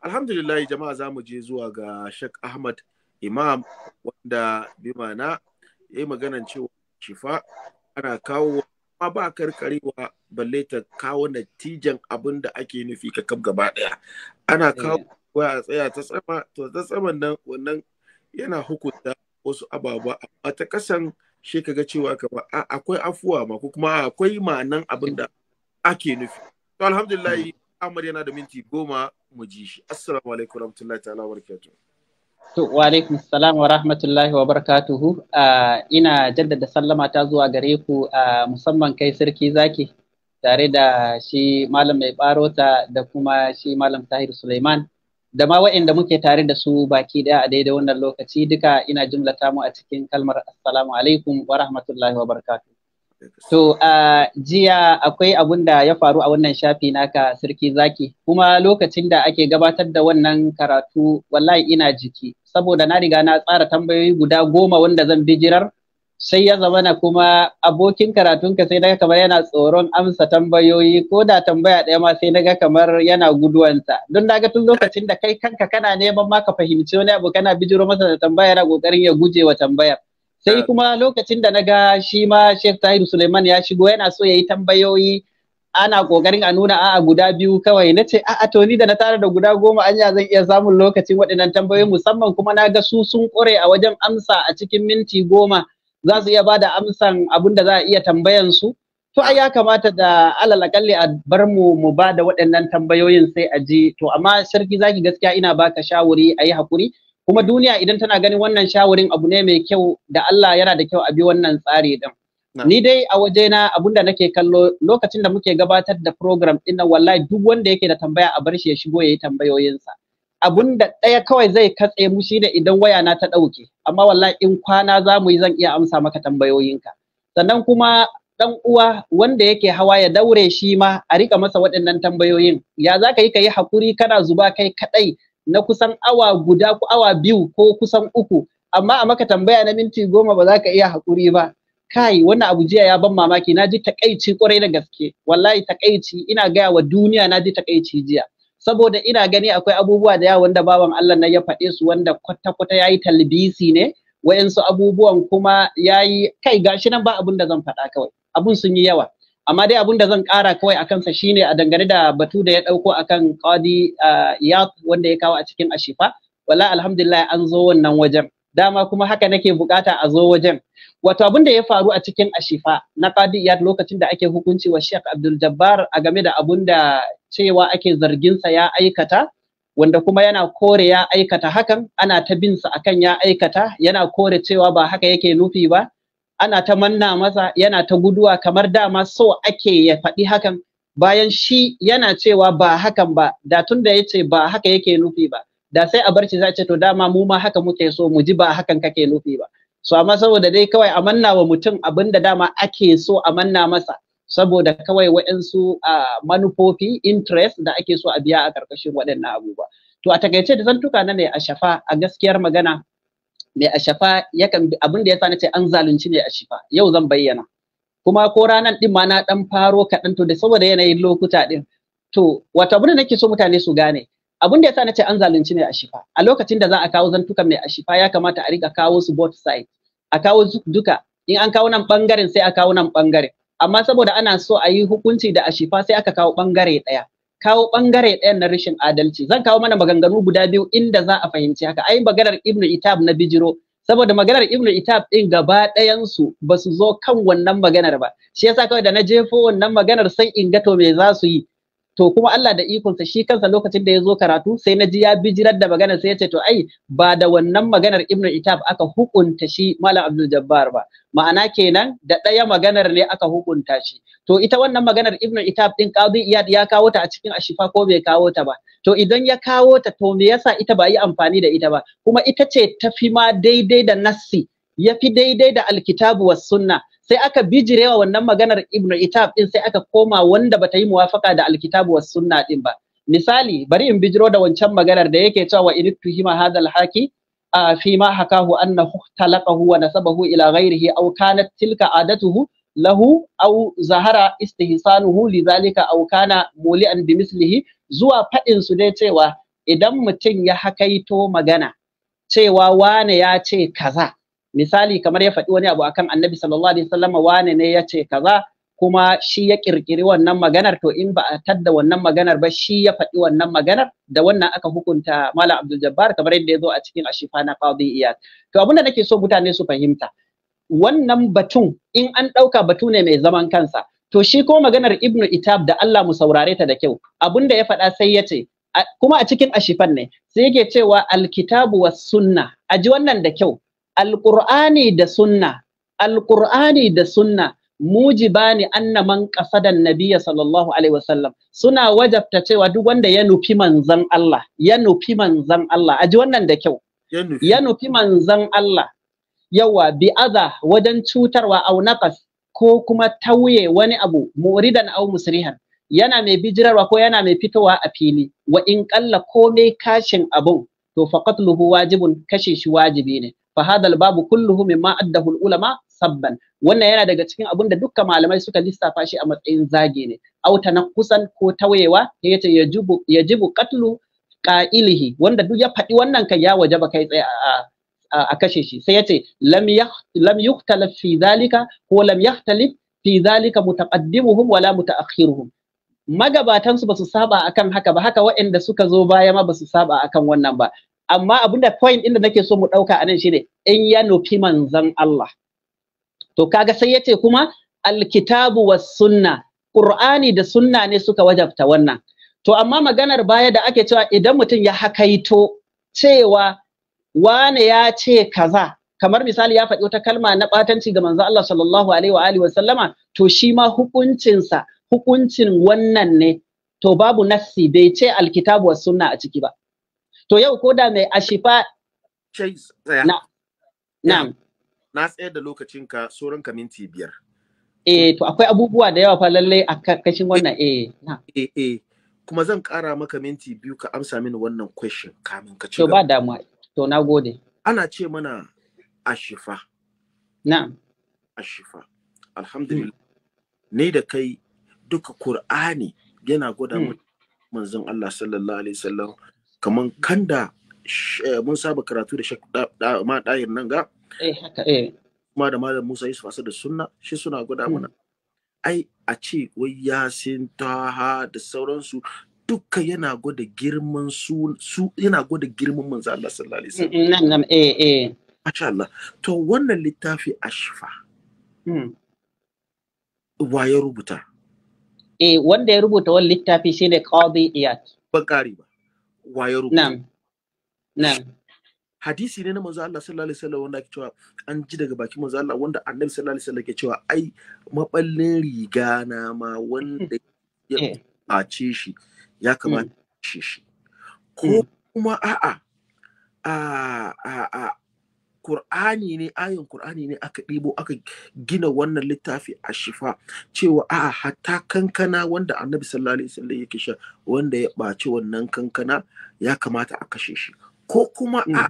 [SPEAKER 1] alhamdulillah jama'a za mu je zuwa ga shek Ahmad Imam wanda bi mana ya yi maganan cewa shifa ana kawo ma ba karkarewa balle ta kawo natijan abin da ake nufi ka kaf gaba daya ana eh. kawo a tsaya ta tsama to ta tsaman nan wannan yana hukunta wasu ababa a ta kasan shi ga cewa kamar akwai afuwa ma ko kuma akwai ma'anan abin da ake nufi to alhamdulillah hmm. Ahmad yana da minti goma mu ji shi assalamu alaikum warahmatullahi ta'ala
[SPEAKER 10] To, wa alaikum salam wa rahmatullahi wa barakatuhu. ina jaddada sallama ta zuwa gare ku musamman kai sarki zaki tare da shi malam mai barota da kuma shi malam tahir Suleiman da ma wa'inda muke tare da su baki daya a daidai wannan lokaci duka ina jumlata mu a cikin kalmar assalamu alaikum wa rahmatullahi wa barakatuhu. To uh, jiya akwai abun da ya faru a wannan shafi naka sarki zaki kuma lokacin da ake gabatar da wannan karatu wallahi ina jiki saboda na riga na tsara tambayoyi guda goma wanda zan bijirar sai ya zama na kuma abokin karatunka sai naga kamar yana tsoron amsa tambayoyi ko da tambaya ɗaya ma sai naga kamar yana guduwanta don naga tun lokacin da kai kanka kana neman ma ka fahimci wani abu kana bijiro masa da tambaya yana ƙoƙarin ya guje wa tambayar sai eh. kuma lokacin da na ga shi ma Sheikh Tahiru Suleiman ya shigo yana so ya yi tambayoyi ana kokarin a nuna a'a guda biyu kawai na ce a'a to ni da na tara da guda goma anya zan iya samun lokacin waɗannan tambayoyi mm. musamman kuma na ga su sun kore a wajen amsa a cikin minti goma za su iya bada amsan abin da za a iya tambayan su to ai ya kamata da alal akalli a bar mu mu ba da waɗannan tambayoyin sai a je. to amma sarki zaki gaskiya ina baka shawuri a yi hakuri kuma duniya idan tana ganin wannan shawarin abu ne mai kyau da Allah yana da kyau a bi wannan tsari din ni dai a wajena abunda nake kallo lokacin da muke gabatar da program din nan wallahi duk wanda yake da tambaya a bar shi ya shigo yayi tambayoyinsa abunda ɗaya kawai zai katse mu shine idan waya na ta ɗauke amma wallahi in kwana za mu yi zan iya amsa maka tambayoyinka sannan kuma dan uwa wanda yake hawa ya daure shi ma a rika masa waɗannan tambayoyin ya za yi ka yi hakuri kana zuba kai kaɗai na kusan awa guda ko awa biyu ko kusan uku amma a maka tambaya na minti goma ba za ka iya haƙuri ba kai wannan abu jiya ya ban mamaki na ji takaici kwarai da gaske wallahi takaici ina gaya wa duniya na ji takaici jiya saboda ina gani akwai abubuwa da yawa wanda bawan Allah na ya faɗe su wanda kwata-kwata ya yi talbisi ne wayansu abubuwan kuma ya yi kai gashi nan ba abun da zan faɗa kawai abun sun yi yawa amma dai abun da zan kara kawai a kansa shine a dangane da batu da ya dauko akan qadi ya wanda ya kawo a cikin ashifa wala alhamdulillah an zo wannan wajen dama kuma haka nake bukata a zo wajen wato abun da ya faru a cikin ashifa na qadi ya lokacin da ake hukunci wa Sheikh Abdul Jabbar a game da abun da cewa ake zargin sa ya aikata wanda kuma yana kore ya aikata hakan ana ta bin sa akan ya aikata yana kore cewa ba haka yake nufi ba ana ta manna masa yana ta guduwa kamar dama so ake ya faɗi hakan bayan shi yana cewa ba hakan ba da tun da ya ce ba haka yake nufi ba da sai a barci za ce to dama mu ma haka muke so mu ji ba hakan kake nufi ba so amma saboda dai kawai a manna wa mutum abin da dama ake so a manna masa saboda kawai waɗansu uh, manufofi interest da ake so a biya a ƙarƙashin waɗannan abubuwa to a takaice da zantuka na ne a shafa a gaskiyar magana mai a shafa yakan abin da ya na ce an zalunci ne a shifa yau zan bayyana kuma ko ranan din ma na dan faro kaɗan to da saboda yanayin lokuta din to wato abin da nake so mutane su gane abin da ya yasa ce an zalunci mai shifa. a lokacin da za a kawo zantukan mai a shifa ya kamata a rika kawo su both side a kawo duka in an kawo nan bangaren sai a kawo nan bangaren amma saboda ana so a yi hukunci da a shifa sai aka kawo bangare daya kawo bangare ɗayan na rashin adalci zan kawo mana maganganu guda biyu inda za a fahimci haka ai maganar ibnu itab na bijiro saboda maganar ibnu itab din gaba ɗayan su ba su zo kan wannan maganar ba shi yasa kawai da na jefo wannan maganar sai in ga to me za su yi to kuma Allah da ikon sa shi kansa lokacin da ya zo karatu sai na ji ya bijirar da magana sai ya ce to ai ba da wannan maganar Ibn Itab aka hukunta shi Malam Abdul Jabbar ba ma'ana kenan da ɗaya maganar ne aka hukunta shi to ita wannan maganar Ibn Itab din Qadi Iyad ya kawo ta a cikin Ashifa ko bai kawo ta ba to idan ya kawo ta to me yasa ita ba yi amfani da ita ba kuma ita ce tafi ma daidai da nassi yafi daidai da alkitabu was sunna sai aka bijirewa wannan maganar ibnu itab din sai aka koma wanda bata yi muwafaka da alkitabu was sunna din ba misali bari in bijiro da wancan maganar da yake cewa wa inittu hima hadal haki fi ma hakahu anna talaqahu wa nasabahu ila ghairihi aw kanat tilka adatuhu lahu aw zahara istihsanuhu lidhalika aw kana muli'an bimithlihi zuwa fadin su dai cewa idan mutum ya hakaito magana cewa wane ya ce kaza misali kamar ya faɗi wani abu akan annabi sallallahu alaihi wasallam wane ne ya kaza kuma shi ya kirkiri wannan maganar to in ba a tadda wannan maganar ba shi ya faɗi wannan maganar da wannan aka hukunta malam abdul jabbar kamar yadda ya zo a cikin ashifa na qadi to abin da nake so mutane su fahimta wannan batun in an ɗauka batu ne mai zaman kansa to shi ko maganar ibnu itab da Allah mu saurare ta da kyau da ya faɗa sai yace. ce kuma a cikin ashifan ne sai yake cewa alkitabu was sunna aji wannan da kyau Al-Qur'ani da sunna Al-Qur'ani da sunna mujibani anna man qasada nabiyya sallallahu alaihi wasallam suna wajabta cewa duk wanda ya nufi manzan Allah ya nufi manzan Allah aji wannan da kyau ya nufi manzan Allah yawa bi adha wajen cutarwa au naqas ko kuma tauye wani abu muridan au musrihan yana mai bijirarwa ko yana mai fitowa a fili wa in komai kashin abun to faqatluhu wajibun kashe shi wajibi ne فهذا الباب babu مما أده العلماء ulama sabban wannan yana daga cikin abin da dukkan malamai suka lissafa shi a matsayin zage ne au kusan ko tawayewa yace yajibu yajibu qatlu qa'ilihi wanda duk ya faɗi wannan kai ya wajaba kai tsaye a kashe shi sai yace lam lam yukhtalif fi zalika ko lam yahtalif fi zalika mutaqaddimuhum wala mutaakhiruhum magabatan su basu saba akan haka ba haka waɗanda suka zo baya ma basu saba akan wannan ba amma abinda point din da nake so mu dauka anan shine in ya nufi manzon Allah to kaga sai yace kuma alkitabu was sunna qur'ani da sunna ne suka wajabta wannan to amma maganar baya da ake cewa idan mutum ya hakaito cewa wane ya ce kaza kamar misali ya faɗi wata kalma na batanci ga manzo Allah sallallahu alaihi wa alihi wasallama to shi ma hukuncinsa hukuncin wannan ne to babu nassi bai ce alkitabu was sunna a ciki ba to yau ko da mai ashifa na na
[SPEAKER 1] na tsayar da ka sauran
[SPEAKER 10] ka minti biyar eh to akwai abubuwa da yawa fa lalle a kashin wannan eh na eh eh kuma zan kara maka minti biyu
[SPEAKER 1] ka amsa mini wannan question kamin
[SPEAKER 10] ka ci to ba damuwa
[SPEAKER 1] to na gode ana ce mana ashifa na ashifa alhamdulillah ni da kai duka qur'ani yana gwada hmm. mu manzon Allah sallallahu alaihi wasallam kamar kan da eh, mun saba karatu da shek ma ɗayin nan ga eh haka eh. da malam Musa Yusuf Asad da sunna shi suna gwada mana hmm. ai a ce wai yasin taha da sauransu duka yana gwada girman su, su yana gwada girman manzo Allah
[SPEAKER 10] sallallahu alaihi wasallam eh eh masha Allah to wannan littafi ashfa shifa, hmm. wa ya rubuta eh wanda ya rubuta wannan littafi shine qadi iyad bakari ba wayar rubuta Nam, nam.
[SPEAKER 1] hadisi ne na manzo Allah sallallahu alaihi wasallam wanda ake cewa an ji daga bakin manzo Allah wanda annabi sallallahu alaihi wasallam ke cewa ai maballin riga na ma wanda ya eh. ɓace shi ya kamata hmm. shi shi ko hmm. kuma a'a a a Kur'ani ne ayin Kur'ani ne aka ɗibo aka gina wannan littafi a shifa cewa a'a hatta kankana wanda annabi sallallahu alaihi wasallam yake sha wanda ya ɓaci wannan kankana ya kamata a kashe shi ko kuma hmm. a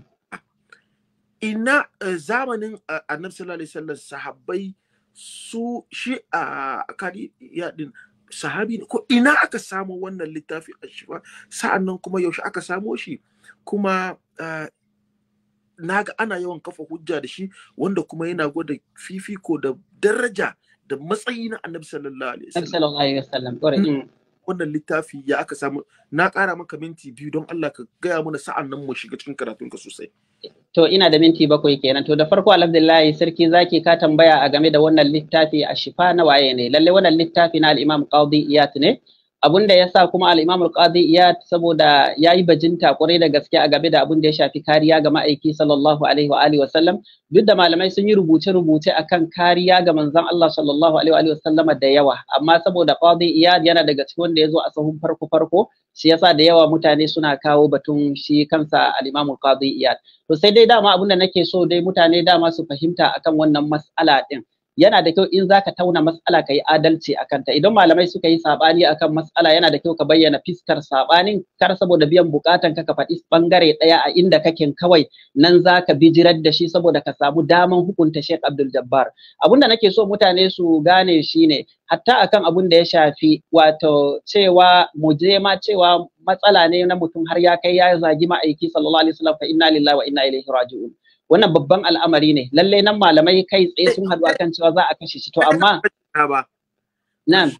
[SPEAKER 1] ina eh, zamanin eh, annabi sallallahu alaihi wasallam sahabbai su shi a kadi ya din sahabi ko ina aka samu wannan littafi a shifa sa'annan kuma yaushe aka samo shi kuma eh, naga ana yawan kafa hujja da shi wanda kuma yana gwada fifiko da daraja da matsayi na annabi sallallahu alaihi wasallam hmm. wannan littafi ya aka samu na ƙara maka minti biyu don Allah ka gaya mana sa'an nan mu shiga cikin karatun
[SPEAKER 10] ka sosai to ina da minti bakwai kenan to da farko alhamdulillah sarki zaki ka tambaya a game da wannan littafi a shifa na waye ne lalle wannan littafi na al-imam qadi iyat ne abun da ya sa kuma al-Imam al-Qadi ya saboda yayi bajinta kwarai da gaske a gabe da abun da ya shafi kariya ga ma'aiki sallallahu alaihi wa alihi wasallam duk da malamai sun yi rubuce rubuce akan kariya ga manzon Allah sallallahu alaihi wa alihi wasallam da yawa amma saboda Qadi Iyad yana daga cikin wanda yazo a sahun farko farko shi yasa da yawa mutane suna kawo batun shi kansa al-Imam al-Qadi Iyad to sai dai dama abun da nake so dai mutane dama su fahimta akan wannan mas'ala din yana da kyau in zaka tauna mas'ala ka yi adalci a kanta idan malamai suka yi saɓani kan matsala yana da kyau ka bayyana fiskar saɓanin kar saboda biyan bukatan ka ka faɗi bangare ɗaya a inda kake kawai nan zaka jirar da shi saboda ka samu daman hukunta Sheikh Abdul Jabbar Abunda nake so mutane su gane shine hatta akan abun da ya shafi wato cewa muje ma cewa matsala ne na mutum har ya kai ya zagi ma'aiki sallallahu alaihi wasallam fa inna lillahi wa inna ilaihi raji'un wannan babban al'amari ne lalle nan malamai kai tsaye sun hadu akan cewa za a kashe shi to amma nan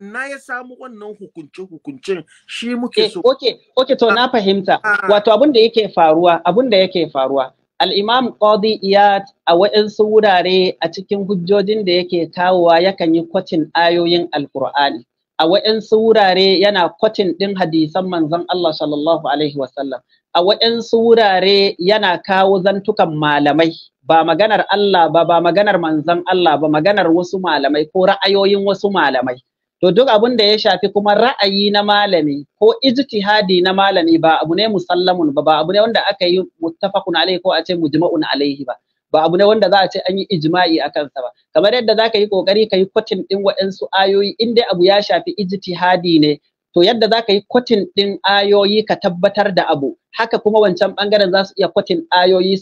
[SPEAKER 1] na ya samu wannan hukunce hukuncin
[SPEAKER 10] shi muke eh, so oke oke to na fahimta ah. wato abin da yake faruwa abin da yake faruwa al-imam qadi iyad a wa'insu wurare a cikin hujjojin da yake kawowa yakan yi kwatin ayoyin alqur'ani a waansu wurare yana kwatin din hadisan manzon Allah sallallahu alaihi wasallam a waɗansu wurare yana kawo zantukan malamai ba maganar Allah ba ba maganar manzon Allah ba maganar wasu malamai ko ra'ayoyin wasu malamai to duk abin da ya shafi kuma ra'ayi na malami ko ijtihadi na malami ba abu ne musallamun ba ba abu ne wanda aka yi muttafaqun alaihi ko a ce mujma'un alaihi ba ba abu ne wanda za a ce an yi ijima'i a kansa ba kamar yadda za ka yi kokari ka yi kwatin din waɗansu ayoyi in dai abu ya shafi ijtihadi ne to yadda za ka yi kwatin ɗin ayoyi ka tabbatar da abu haka kuma wancan ɓangaren za su iya kwatin ayoyi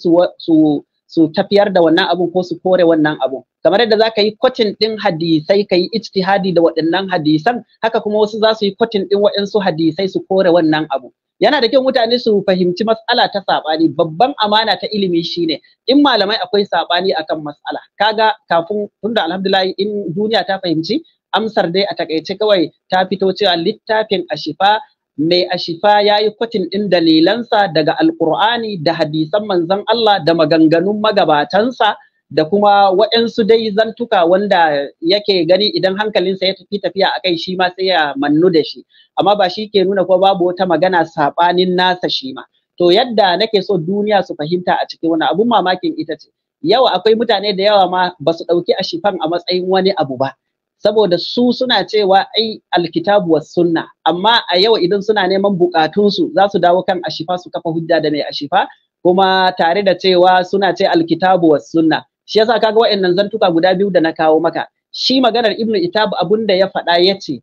[SPEAKER 10] su tafiyar da wannan abun ko su kore wannan abu. kamar yadda za ka yi kwatin ɗin hadisai ka yi ijtihadi da waɗannan hadisan haka kuma wasu za su yi kwatin ɗin waɗansu hadisai su kore wannan abu yana da kyau mutane su fahimci matsala ta saɓani babban amana ta ilimi shine in malamai akwai saɓani akan matsala kaga kafin tunda alhamdulillah in duniya ta fahimci amsar dai a takaice kawai ta fito cewa littafin ashifa mai ashifa ya yi kwatin ɗin dalilansa daga alkur'ani da hadisan manzan Allah da maganganun magabatansa da kuma waɗansu dai zantuka wanda yake gani idan hankalinsa ya tafi tafiya a kai shi ma sai ya mannu da shi amma ba shi ke nuna ko babu wata magana saɓanin nasa shi ma to yadda nake so duniya su fahimta a cikin wani abun mamakin ita ce yawa akwai mutane da yawa ma ba su ɗauki ashifan a matsayin wani abu ba saboda su suna cewa ai alkitabu was sunna amma a yau idan suna neman bukatunsu za su dawo kan ashifa su kafa hujja da mai ashifa kuma tare da cewa suna ce alkitabu was sunna shi yasa kaga wa'annan zantuka guda biyu da na kawo maka shi maganar ibnu itab abunda ya faɗa yace.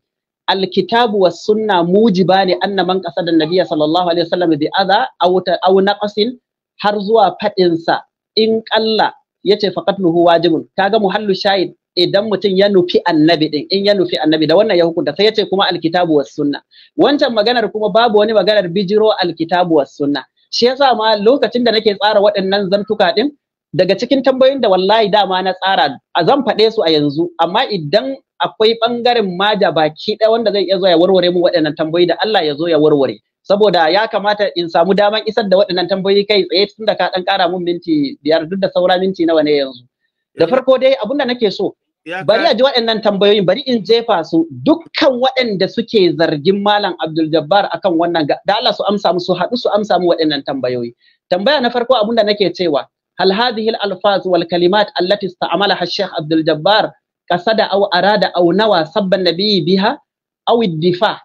[SPEAKER 10] alkitabu was sunna mujiba ne anna man qasada nabiyya sallallahu alaihi wasallam bi adha aw aw naqasin har zuwa faɗinsa in ƙalla yace faqatluhu wajibun kaga muhallu shahid idan mutum ya nufi annabi din in ya nufi annabi da wannan ya hukunta sai ya ce kuma alkitabu was sunna wancan maganar kuma babu wani maganar bijiro alkitabu was sunna shi yasa ma lokacin da nake tsara waɗannan zantuka din daga cikin tambayoyin da wallahi dama na tsara a zan faɗe su a yanzu amma idan akwai ɓangaren maja baki ɗaya wanda zai iya zuwa ya warware mu waɗannan tambayoyi da Allah ya zo ya warware saboda ya kamata in samu daman isar da waɗannan tambayoyi kai tsaye tun da ka ɗan ƙara mun minti biyar duk da saura minti nawa ne yanzu da eh. farko dai abin nake so bari a ji waɗannan tambayoyin bari in jefa su dukkan waɗanda suke zargin malam Abdul Jabbar akan wannan da Allah su amsa musu haɗu su amsa mu waɗannan tambayoyi tambaya na farko abinda nake cewa hal hadhihi al alfaz wal kalimat allati ista'malaha Sheikh Abdul Jabbar qasada aw arada aw nawa sabban nabiyyi biha aw iddifa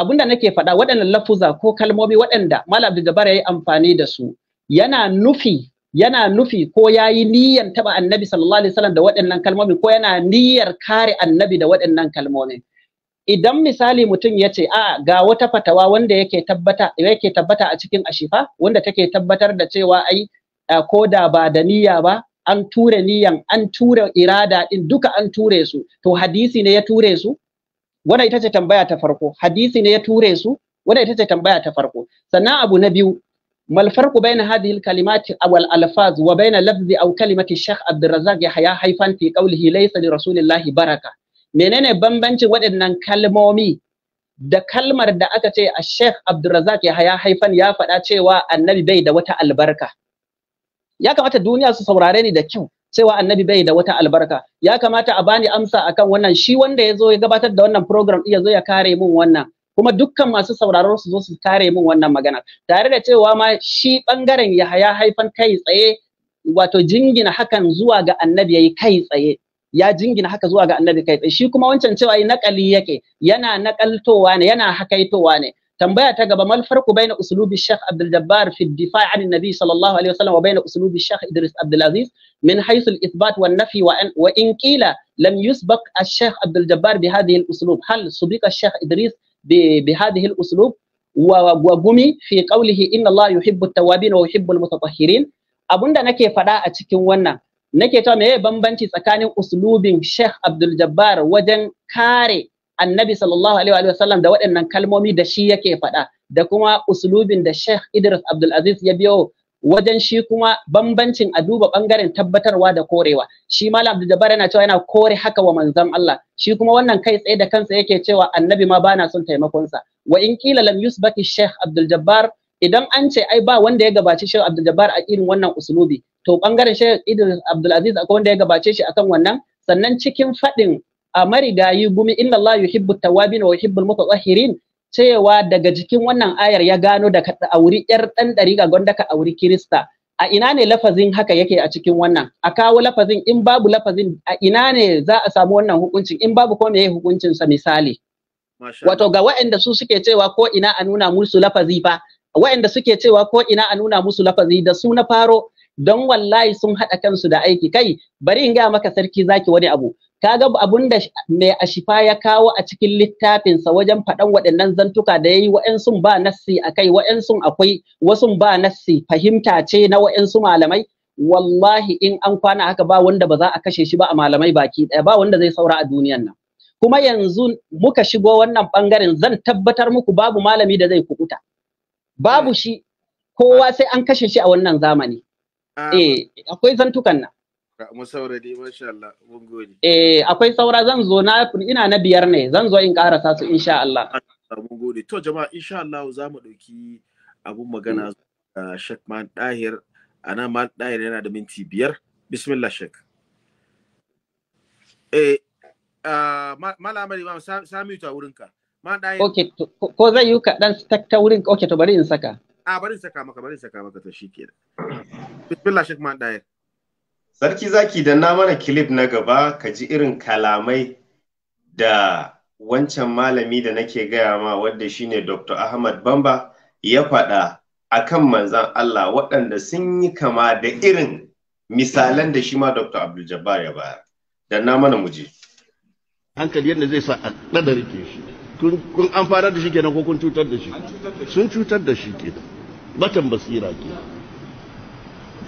[SPEAKER 10] abinda nake faɗa waɗannan lafuza ko kalmomi waɗanda malam Abdul Jabbar yayi amfani da su yana nufi yana nufi ko yayi niyyar taba annabi sallallahu alaihi wasallam da waɗannan kalmomi ko yana niyyar kare annabi da waɗannan kalmomi idan misali mutum ya ce a ga wata fatawa wanda yake tabbata yake tabbata a cikin ashifa wanda take tabbatar da cewa ai ko da ba da niyya ba an ture niyan an ture irada din duka an ture su to hadisi ne ya ture su wannan ita ce tambaya ta farko hadisi ne ya ture su wannan ita ce tambaya ta farko sannan abu na biyu ما الفرق بين هذه الكلمات alfaz, wa وبين لفظ أو كلمة الشيخ عبد الرزاق يحيى حيفان في قوله ليس لرسول الله بركة menene bambancin waɗannan kalmomi da kalmar da aka ce a Sheikh Abdulrazak Yahaya Haifan ya faɗa cewa annabi bai da wata albarka ya kamata duniya su saurare ni da kyau cewa annabi bai da wata albarka ya kamata a bani amsa akan wannan shi wanda ya zo ya gabatar da wannan program ya zo ya kare mun wannan kuma dukkan masu sauraron su zo su kare min wannan magana tare da cewa ma shi bangaren Yahaya haifan kai tsaye wato jingina hakan zuwa ga annabi yayi kai tsaye ya jingina haka zuwa ga annabi kai tsaye shi kuma wancan cewa yi nakali yake yana nakaltowa ne yana hakaitowa ne tambaya ta gaba mal farqu baina uslubi Sheikh Abdul Jabbar fi difa'i difa 'an nabi sallallahu alaihi wasallam wa baina uslubi Sheikh Idris Abdul Aziz min haythu al-ithbat wa an-nafi wa in qila lam yusbaq al-Sheikh Abdul Jabbar bi hadhihi al-uslub hal subiqa Sheikh Idris بهذه الأسلوب وقومي في قوله إن الله يحب التوابين ويحب المتطهرين abunda nake faɗa a cikin wannan nake cewa meye bambanci tsakanin uslubin Sheikh Abdul Jabbar wajen kare Annabi sallallahu alaihi wa sallam da waɗannan kalmomi da shi yake faɗa da kuma uslubin da Sheikh Idris Abdul Aziz ya biyo wajen shi kuma bambancin a duba bangaren tabbatarwa da korewa shi malam abdul jabbar yana cewa yana kore haka wa manzon Allah shi kuma wannan kai tsaye da kansa yake cewa annabi ma bana son taimakonsa. wa in qila lam yusbati sheikh abdul jabbar idan an ce ai ba wanda ya gabaci sheikh abdul jabbar a irin wannan usulubi to bangaren sheikh idris abdul aziz akwai wanda ya gabace shi akan wannan sannan cikin fadin a marigayi gumi inna Allah yuhibbu tawabin wa yuhibbul mutatahhirin cewa daga jikin wannan ayar ya gano da ka auri yar ɗan ga gwanda ka auri kirista a ina ne lafazin haka yake a cikin wannan a kawo lafazin in babu lafazin a ina ne za a samu wannan hukuncin in babu ko meye hukuncin sa misali wato ga waɗanda su suke cewa ko ina a nuna musu lafazi fa waɗanda suke cewa ko ina a nuna musu lafazi da su na faro don wallahi sun haɗa kansu da aiki kai bari in gaya maka sarki zaki wani abu kaga abun da mai ashifa ya kawo a cikin littafinsa wajen faɗan waɗannan zantuka da yayi wa'ansu ba nassi akai wa'ansu akwai wasu ba nassi fahimta ce na wa'ansu malamai wallahi in an kwana haka ba wanda ba za a kashe shi ba a malamai baki ɗaya ba wanda zai saura a duniyan nan kuma yanzu muka shigo wannan bangaren zan tabbatar muku babu malami da zai kukuta babu shi kowa sai an kashe shi a wannan zamani eh akwai zantukan nan
[SPEAKER 1] mu saurari masha Allah mun gode
[SPEAKER 10] eh akwai saura zan zo na ina na biyar ne zan zo in karasa su insha Allah mun
[SPEAKER 1] gode to jama'a insha Allah za mu dauki abun magana mm. Sheikh Man Dahir ana Man Dahir yana da minti biyar bismillah Sheikh eh ah, malama imam sami ta wurinka Man ɗaya okay
[SPEAKER 10] ko zai yi ka dan ta wurin okay to bari in saka
[SPEAKER 2] a ah, bari in saka maka bari in saka maka to shikenan bismillah Sheikh Man ɗaya Sarki zaki danna mana kilif na gaba ka ji irin kalamai da wancan malami da nake gaya ma wadda shine Dr. Ahmad Bamba ya faɗa a kan manzan Allah waɗanda sun yi kama da irin misalan da shi ma Dr. Abdul Jabbar ya bayar. Danna mana
[SPEAKER 5] muje. Hankali yadda zai sa a ɗada rike shi. Kun an fara da shi kenan ko kun cutar da shi? Sun cutar da shi kenan. Batan basira kenan.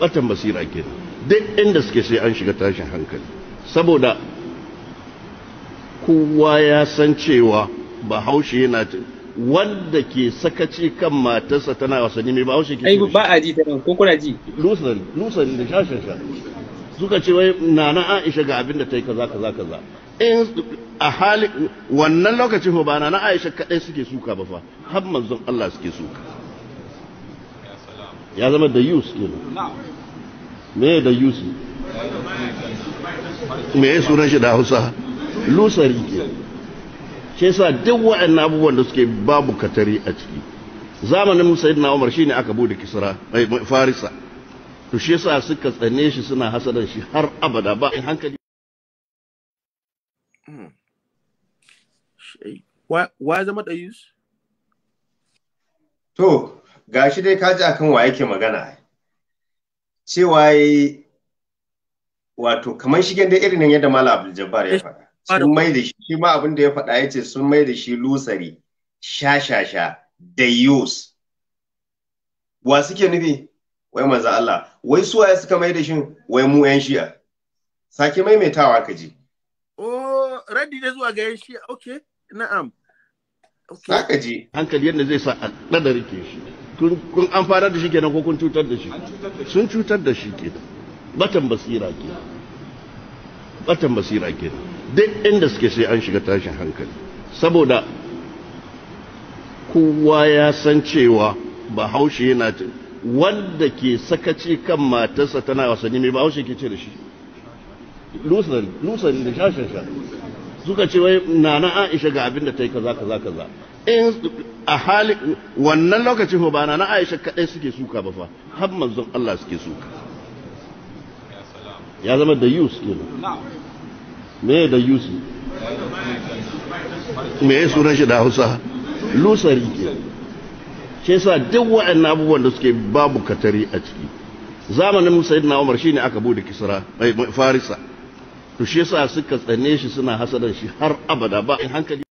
[SPEAKER 5] Batan basira kenan. duk inda suke sai an shiga tashin hankali saboda kowa ya san cewa bahaushe yana wanda ke sakaci kan matarsa tana wasanni mai bahaushe ke ai ba a ji ta ko kuna ji lusan lusan da shashin sha suka ce wai nana Aisha ga abin da ta yi kaza kaza kaza in a hali wannan lokacin ho ba nana Aisha kadai suke suka ba fa har manzon Allah suke suka ya zama da yus kenan me da yusu me ya sunan shi da hausa lusari ke shi sa duk na abubuwan da suke babu katari a ciki zamanin musaid na umar shine aka bude kisra eh, farisa to shi sa suka tsane shi suna hasadan shi har abada ba in hankali wa zama da yusu
[SPEAKER 2] to gashi dai kaji akan wa yake magana cewa yi wato kamar shigen da irin yadda mala abdul ya faɗa eh, sun mai da shi shi ma abin da ya faɗa ya ce sun mai da shi lusari shashasha da yus wa suke nufi wai maza Allah wai ya suka mai da shi wai mu yan shi'a sake maimaitawa ka ji
[SPEAKER 1] o radi da zuwa ga yan shi'a okay na'am
[SPEAKER 5] okay. saka ji hankali yadda zai sa a ɗaɗa rike shi kun fara da shi kenan ko kun cutar da shi sun cutar da shi kenan batan basira kenan batan basira kenan duk inda suke sai an shiga tashin hankali saboda kowa ya san cewa bahaushe yana wanda ke sakaci kan matarsa tana wasanni mai bahaushe ke ce da shi lusan da shashasha suka ce wai nana aisha ga abin da ta yi kaza kaza kaza in a hali wannan lokaci ho bana na Aisha kadai suke suka ba fa har manzon Allah suke suka ya zama da yus kenan me da yus me ya sunan shi da Hausa lusari ke shi yasa duk waɗannan abubuwan da suke babu katari a ciki zamanin na Umar shine aka bude Kisra eh, Farisa to shi yasa suka tsane shi suna hasadan shi har abada ba in hankali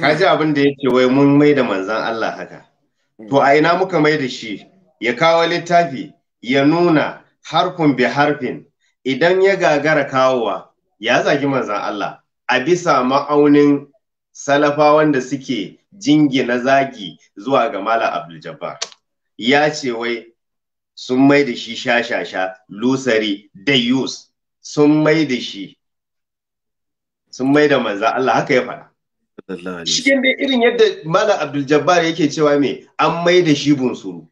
[SPEAKER 2] ka ji abin da yake wai mun mai da manzan Allah haka to a ina muka mai da shi ya kawo littafi ya nuna harfin bi harfin idan ya gagara kawowa ya zagi manzan Allah a bisa ma'aunin salafa wanda suke jingina zagi zuwa ga Malam Abdul Jabbar ya ce wai sun mai da shi shashasha lusari da yus sun mai da shi sun mai da manza Allah haka ya faɗa. Shi dai irin yadda Mala Abdul Jabbar yake cewa mai, an mai da shi bunsuru.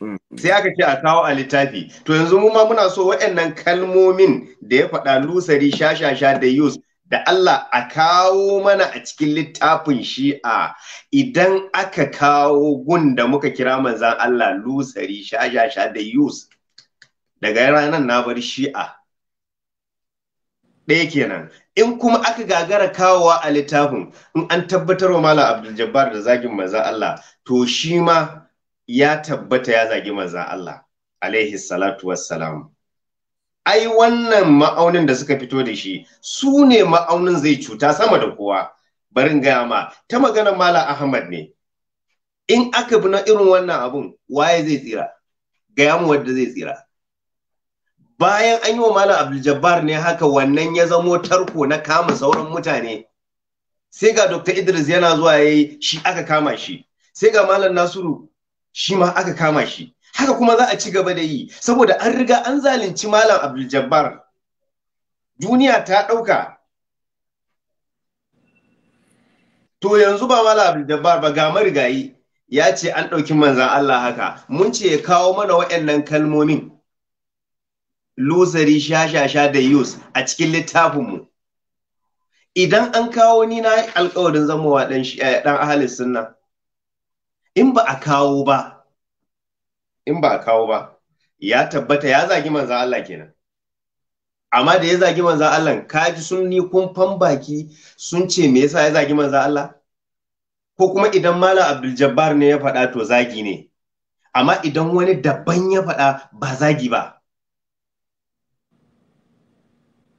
[SPEAKER 2] Hmm. Sai aka ce a kawo a littafi. To yanzu mu ma muna so waɗannan kalmomin da ya faɗa lusari shashasha da yus da Allah a kawo mana a cikin littafin shi'a idan aka kawo gun da muka kira manzan Allah lusari shashasha da yus daga ranar na bar shi'a ɗaya kenan in kuma aka gagara kawowa a littafin in an tabbatar wa malam abdul da zagin Maza Allah to shi ma ya tabbata ya zagi manzan Allah alaihi salatu wassalam ai wannan ma'aunin da suka fito da shi su ne ma'aunin zai cuta sama da kowa barin gaya ma ta maganar malam ahmad ne in aka bi na irin wannan abun waye zai tsira gaya mu wanda zai tsira bayan an yi wa malam abdul ne haka wannan ya zamo tarko na kama sauran mutane sai ga dr idris yana zuwa ya yi shi aka kama shi sai ga malam nasiru shi ma aka kama shi haka kuma za a ci gaba da yi saboda an riga an zalunci malam abdul duniya ta ɗauka to yanzu ba malam abdul ba ga marigayi ya ce an ɗauki manzan allah haka mun ce ya kawo mana waɗannan kalmomin losari sha da yus a cikin littafinmu idan an kawo ni na alkawarin zamowa wa ɗan eh, ahalin sunna in ba a kawo ba in ba a kawo ba ya tabbata ya zagi manza Allah kenan amma da ya zagi manza Allah ka ji sun ni kun baki sun ce me yasa ya zagi manza Allah ko kuma idan malam Abdul Jabbar ne ya faɗa to zagi ne amma idan wani daban ya faɗa ba zagi ba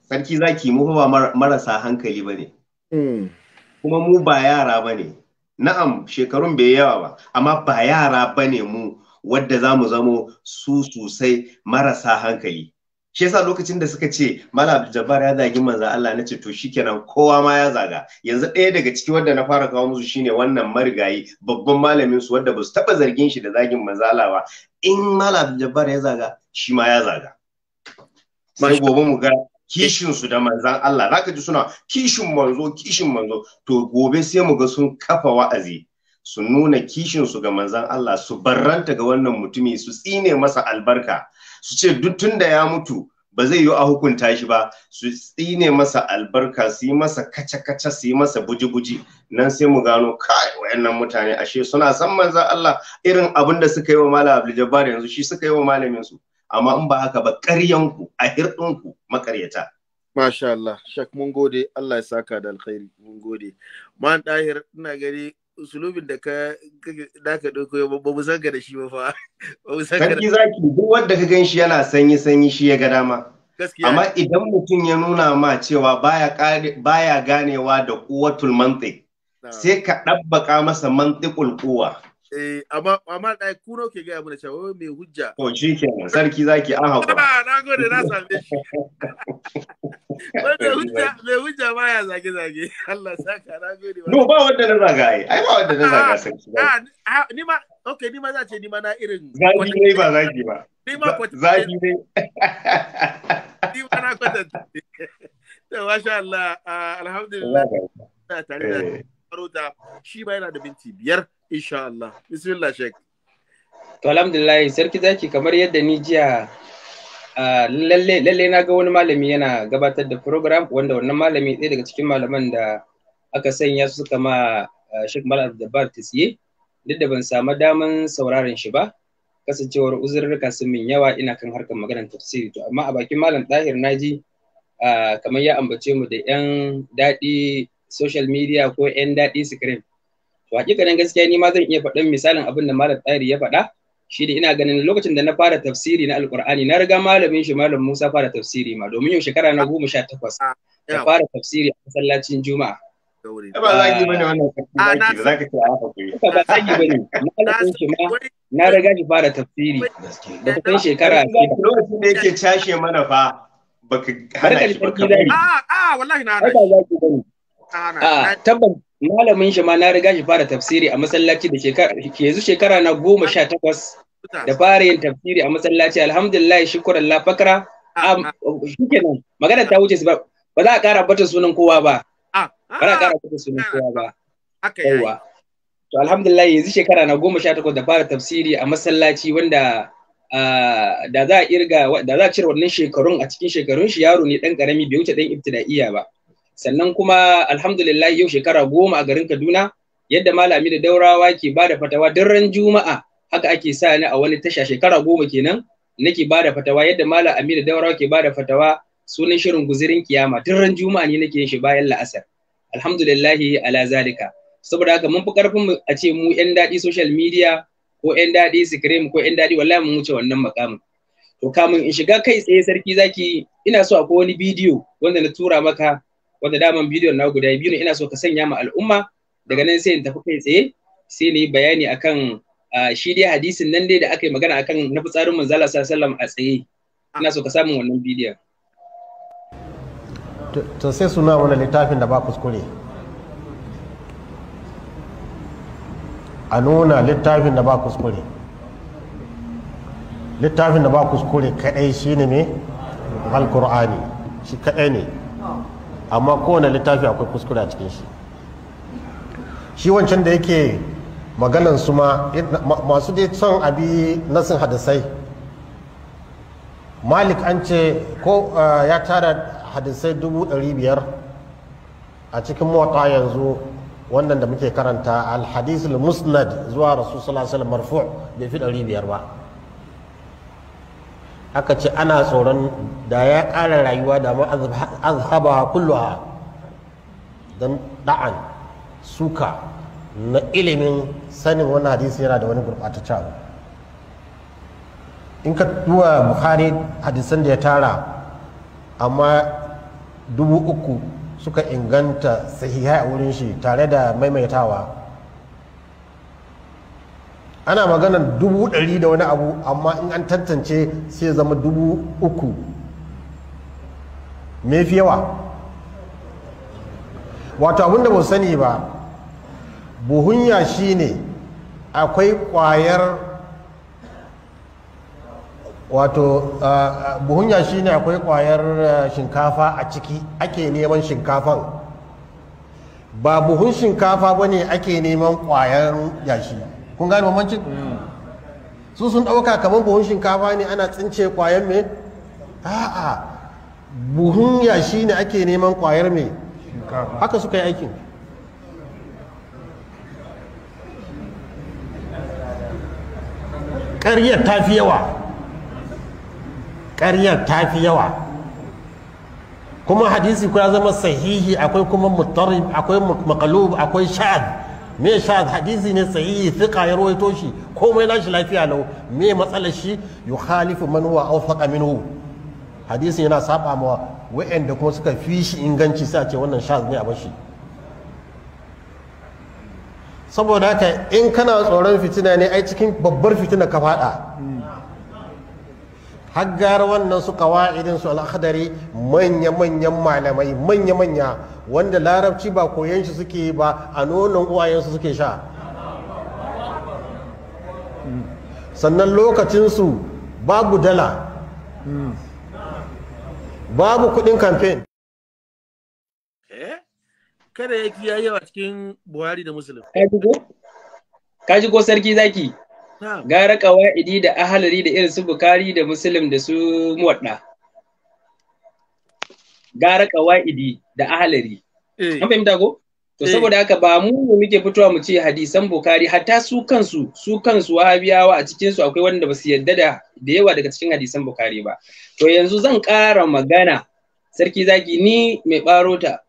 [SPEAKER 2] sarki zaki mu ba marasa hankali ba ne hmm. kuma mu ba yara ba ne na'am shekarun bai yawa ba amma ba yara ba ne mu wadda za mu zamo su sosai marasa hankali shi yasa lokacin da suka ce mala jabbar ya zagi manzo Allah na ce to shikenan kowa ma ya zaga yanzu ɗaya daga ciki wanda na fara kawo musu shine wannan marigayi babban malamin su wanda ba su taba zargin shi da zagin manzo Allah ba in mala jabbar ya zaga shi ma ya zaga sai gobe mu ga kishin su da manzan Allah zaka ji suna kishin manzo kishin manzo to gobe sai mu ga sun kafa wa'azi su nuna kishin su ga manzan Allah su barranta ga wannan mutumi su tsine masa albarka su ce duk tunda ya mutu ba zai yi a hukunta shi ba su tsine masa albarka su yi masa kace-kace su yi masa buji-buji nan sai mu gano kai wayannan mutane ashe suna san manzan Allah irin abin suka yi wa malam Abdul Jabbar yanzu shi suka yi wa malamin su amma in ba haka ba ƙaryanku a hirɗinku makaryata.
[SPEAKER 1] Masha Allah, Shak mun gode, Allah ya saka da alkhairi, mun gode. Man ɗahir, ina gani usulubin da ka daka ɗauko ya ba mu san da shi ba fa. *laughs* Ba mu san Sarki
[SPEAKER 2] zaki duk wanda ka gan shi yana sanyi sanyi shi ya ga dama. Amma idan mutum ya nuna ma cewa baya ganewa da kuwatul mantiq sai ka ɗabbaka masa mantikul kuwa.
[SPEAKER 1] Eh, amma amma dai ku ke gaya mana cewa mai hujja. To
[SPEAKER 2] shi ke sarki zaki an haƙura.
[SPEAKER 1] Ah, na gode na same
[SPEAKER 2] shi. *laughs* Wanda hujja
[SPEAKER 1] mai hujja ma *laughs* ya zage zage. Allah saka na gode.
[SPEAKER 2] No ba wanda na zaga ai. Ai ba wanda na zaga ah, sarki. Ah,
[SPEAKER 1] ah, ni ma okay ni ma za ce ni ma na irin. Zagi
[SPEAKER 2] ne ba zagi ba. Ni ma kwatanta. Zagi ne. *laughs*
[SPEAKER 1] Ni ma na kwatanta. To masha Allah ah,
[SPEAKER 9] alhamdulillah. ta tare da eh. shi ba yana da minti biyar. Insha Allah. Bismillah Sheikh. To alhamdulillah sarki zaki kamar yadda ni jiya lalle na ga wani malami yana gabatar da program wanda wannan malami ɗaya daga cikin malaman da aka sanya su suka ma Sheikh ba Jabbar Tisiye duk da ban samu daman sauraron shi ba kasancewar uzurruka sun min yawa ina kan harkar maganar tafsiri to amma a bakin malam ɗahir naji kamar ya ambace mu da yan daɗi social media ko yan daɗi screen to hakikanin gaskiya ni ma zan iya faɗin misalin abin da malam tsari ya faɗa shi ne ina ganin lokacin da na fara tafsiri na alkur'ani na riga malamin shi malam musa fara tafsiri ma domin yau shekara na goma sha takwas ah, ya fara tafsiri a masallacin juma'a
[SPEAKER 1] ba zagi bane ah, wannan
[SPEAKER 9] ba zagi na riga shi fara tafsiri da kusan shekara lokacin da yake cashe mana fa baka hana shi ba a a
[SPEAKER 1] ah, wallahi na hana
[SPEAKER 9] shi tabbas malamin shi ma na riga shi fara tafsiri a masallaci da ke yanzu shekara na goma sha takwas da fara yin tafsiri a masallaci alhamdulillah shukuran shi fakara ah, ah. nan. magana ta wuce ba ba za a kara bata sunan kowa ba ah, ba za a kara bata sunan kowa ba yawa to alhamdulillah yanzu shekara na goma sha takwas da fara tafsiri a masallaci wanda da za a irga da za a cire wannan shekarun a cikin shekarun shi yaro ne dan karami bai wuce dan ibtida'iya ba sannan kuma alhamdulillah yau shekara goma a garin Kaduna yadda malami da daurawa ke bada fatawa daren juma'a haka ake sa ni a wani tasha shekara goma kenan nake bada fatawa yadda malam Aminu Daurawa ke bada fatawa sunan shirin guzirin kiyama ran juma'a ne nake yin shi bayan la'asar alhamdulillah ala zalika saboda haka mun fi karfin mu a ce mu yan daɗi social media ko yan daɗi screen ko yan daɗi wallahi mun wuce wannan makamin to kamun in shiga kai tsaye sarki zaki ina so akwai wani bidiyo wanda na tura maka wanda daman bidiyon na guda biyu ne ina so ka sanya ma al'umma daga nan sai in tafi kai tsaye sai ni bayani akan shi dai hadisin nan dai da aka yi magana akan na fitsarin manzala sallallahu a tsaye ina so ka samu wannan bidiyon
[SPEAKER 8] to sai suna wannan littafin da ba kuskure a nuna littafin da ba kuskure littafin da ba kuskure kadai shine mai alkur'ani shi kadai ne amma kowane littafi akwai kuskure a cikin shi shi wancan da yake maganan su ma masu dai son abi nasin hadisai malik an ce ko ya tara hadisai dubu ɗari biyar a cikin mota yanzu wannan da muke karanta al musnad zuwa rasu sallallahu alaihi wasallam marfu' bai fi ɗari biyar ba aka ce ana tsoron da ya ƙara rayuwa da ma azhaba kulluha don da'an suka na ilimin sanin wani hadisi yana da wani gurɓataccen in ka duwa buhari hadisan da ya tara amma dubu uku suka inganta sahiha a wurin shi tare da maimaitawa ana maganar dubu ɗari da wani abu amma in an tantance sai zama dubu uku me fi yawa wato abinda ba sani ba buhunya shine akwai kwayar wato buhunya shine akwai kwayar shinkafa a ciki ake neman shinkafan ba buhun shinkafa ba ne ake neman kwayar yashi kun gane bambancin su sun ɗauka kamar buhun shinkafa ne ana tsince ƙwayar me a'a buhun shi ne ake neman kwayar me haka suka yi aikin ƙaryar ta fi yawa ƙaryar ta fi yawa kuma hadisi kuna zama sahihi akwai kuma mutarib akwai makalub akwai sha'ad me sha hadisi ne sahihi thiqa ya rawaito shi komai nashi lafiya lau me matsalar shi yukhalifu man huwa awfaqa minhu hadisi yana saba mawa wa'anda kuma suka fi shi inganci sai a ce wannan sha ne a bashi saboda haka in kana tsoron fitina ne ai cikin babbar fitina ka fada haggar wannan su kawa'idin su al'akhdari manya-manyan malamai manya-manya wanda larabci ba koyon shi suke ba a nonon uwayensu suke sha sannan lokacinsu babu dala babu kudin kamfen
[SPEAKER 1] eh? kada ya yawa cikin
[SPEAKER 9] buhari da musulun ka ko sarki zaki gara ƙawa'idi da ahalari da irin su bukari da muslim da su muwadda gara ƙawa'idi da ahalari eh. an fahimta ko to eh. saboda haka ba mu muke fitowa mu ce hadisan bukari hatta su kansu su kansu wahabiyawa a cikin su akwai wanda ba su yarda da da yawa daga cikin hadisan bukari ba to yanzu zan ƙara magana sarki zaki ni mai ɓarota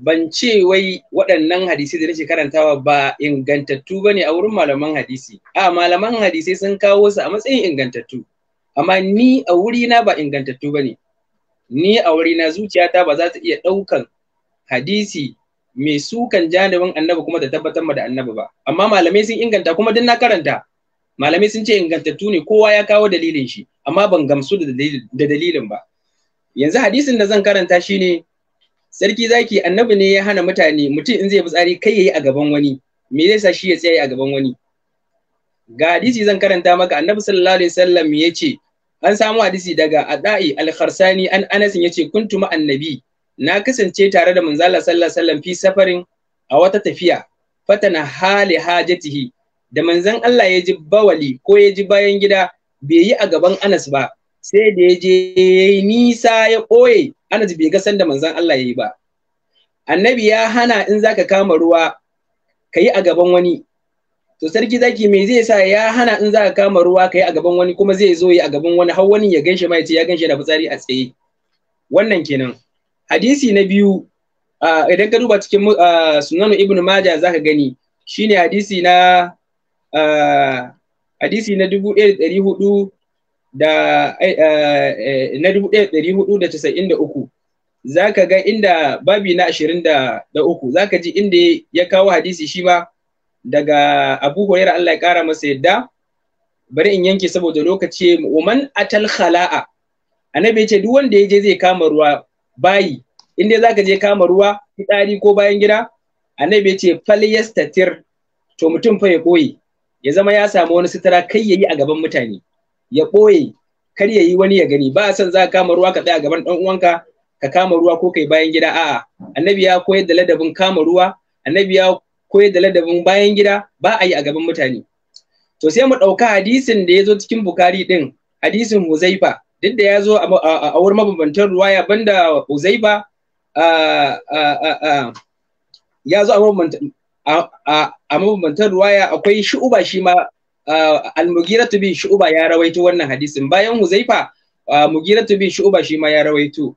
[SPEAKER 9] ban ce wai waɗannan hadisai da nake karantawa ba ingantattu bane a wurin malaman hadisi a malaman hadisai sun kawo su a matsayin ingantattu amma ni a wurina ba ingantattu bane ni a wurina zuciyata ba za ta iya ɗaukan hadisi mai sukan janibin annabi kuma da tabbatar da annabi ba amma malamai sun inganta kuma duk na karanta malamai sun ce ingantattu ne kowa ya kawo dalilin shi amma ban gamsu da dalilin ba yanzu hadisin da zan karanta shine ne sarki zaki annabi ne ya hana mutane mutum in zai bi tsari kai yayi a gaban wani me zai sa shi ya tsaya a gaban wani ga hadisi zan karanta maka annabi sallallahu alaihi wasallam yace an samu hadisi daga adai al-kharsani an anas yace kuntu ma annabi na kasance tare da manzala sallallahu alaihi wasallam fi safarin a wata tafiya fatana hali hajatihi da manzon Allah ya ji bawali ko ya ji bayan gida bai yi a gaban Anas ba sai da ya je yayi nisa ya ɓoye Anas bai ga sanda manzan Allah yayi ba annabi ya hana in zaka kama ruwa yi a gaban wani to sarki zaki me zai sa ya hana in zaka kama ruwa yi a gaban wani kuma zai zo yi a gaban wani har wani ya ganshi ma ya ce ya ganshi da fitsari a tsaye wannan kenan hadisi na biyu idan ka duba cikin sunan ibnu maja zaka gani shine hadisi na hadisi na dubu ɗaya da ɗari hudu da eh, eh, eh, na 1493 za ka ga inda babi na 23 za ka ji inda ya kawo hadisi shi ma daga abu huraira Allah ya kara masa yadda bari in yanke saboda lokaci man atal khala'a annabi ya ce duk wanda ya je zai kama ruwa bayi in za ka je kama ruwa fitari ko bayan gida annabi ya ce fal yastatir to mutum fa ya koyi ya zama ya samu wani sutura kai yayi a gaban mutane ya ɓoye kar ya yi wani ya gani ba san za ka kama ruwa ka tsaya gaban ɗan uwanka ka kama ruwa ko kai bayan gida a'a annabi ya koyar da ladabin kama ruwa annabi ya koyar da ladabin bayan gida ba a yi a gaban mutane to sai mu ɗauka hadisin da ya zo cikin bukari ɗin hadisin huzaifa duk da ya zo a wurin mabambantan ruwaya banda huzaifa ya zo a mabambantan ruwaya akwai shu'uba shi ma Uh, al mugiratu bin shu'ba ya rawaito wannan hadisin bayan huzaifa uh, mugiratu bin shu'ba shi ma ya rawaito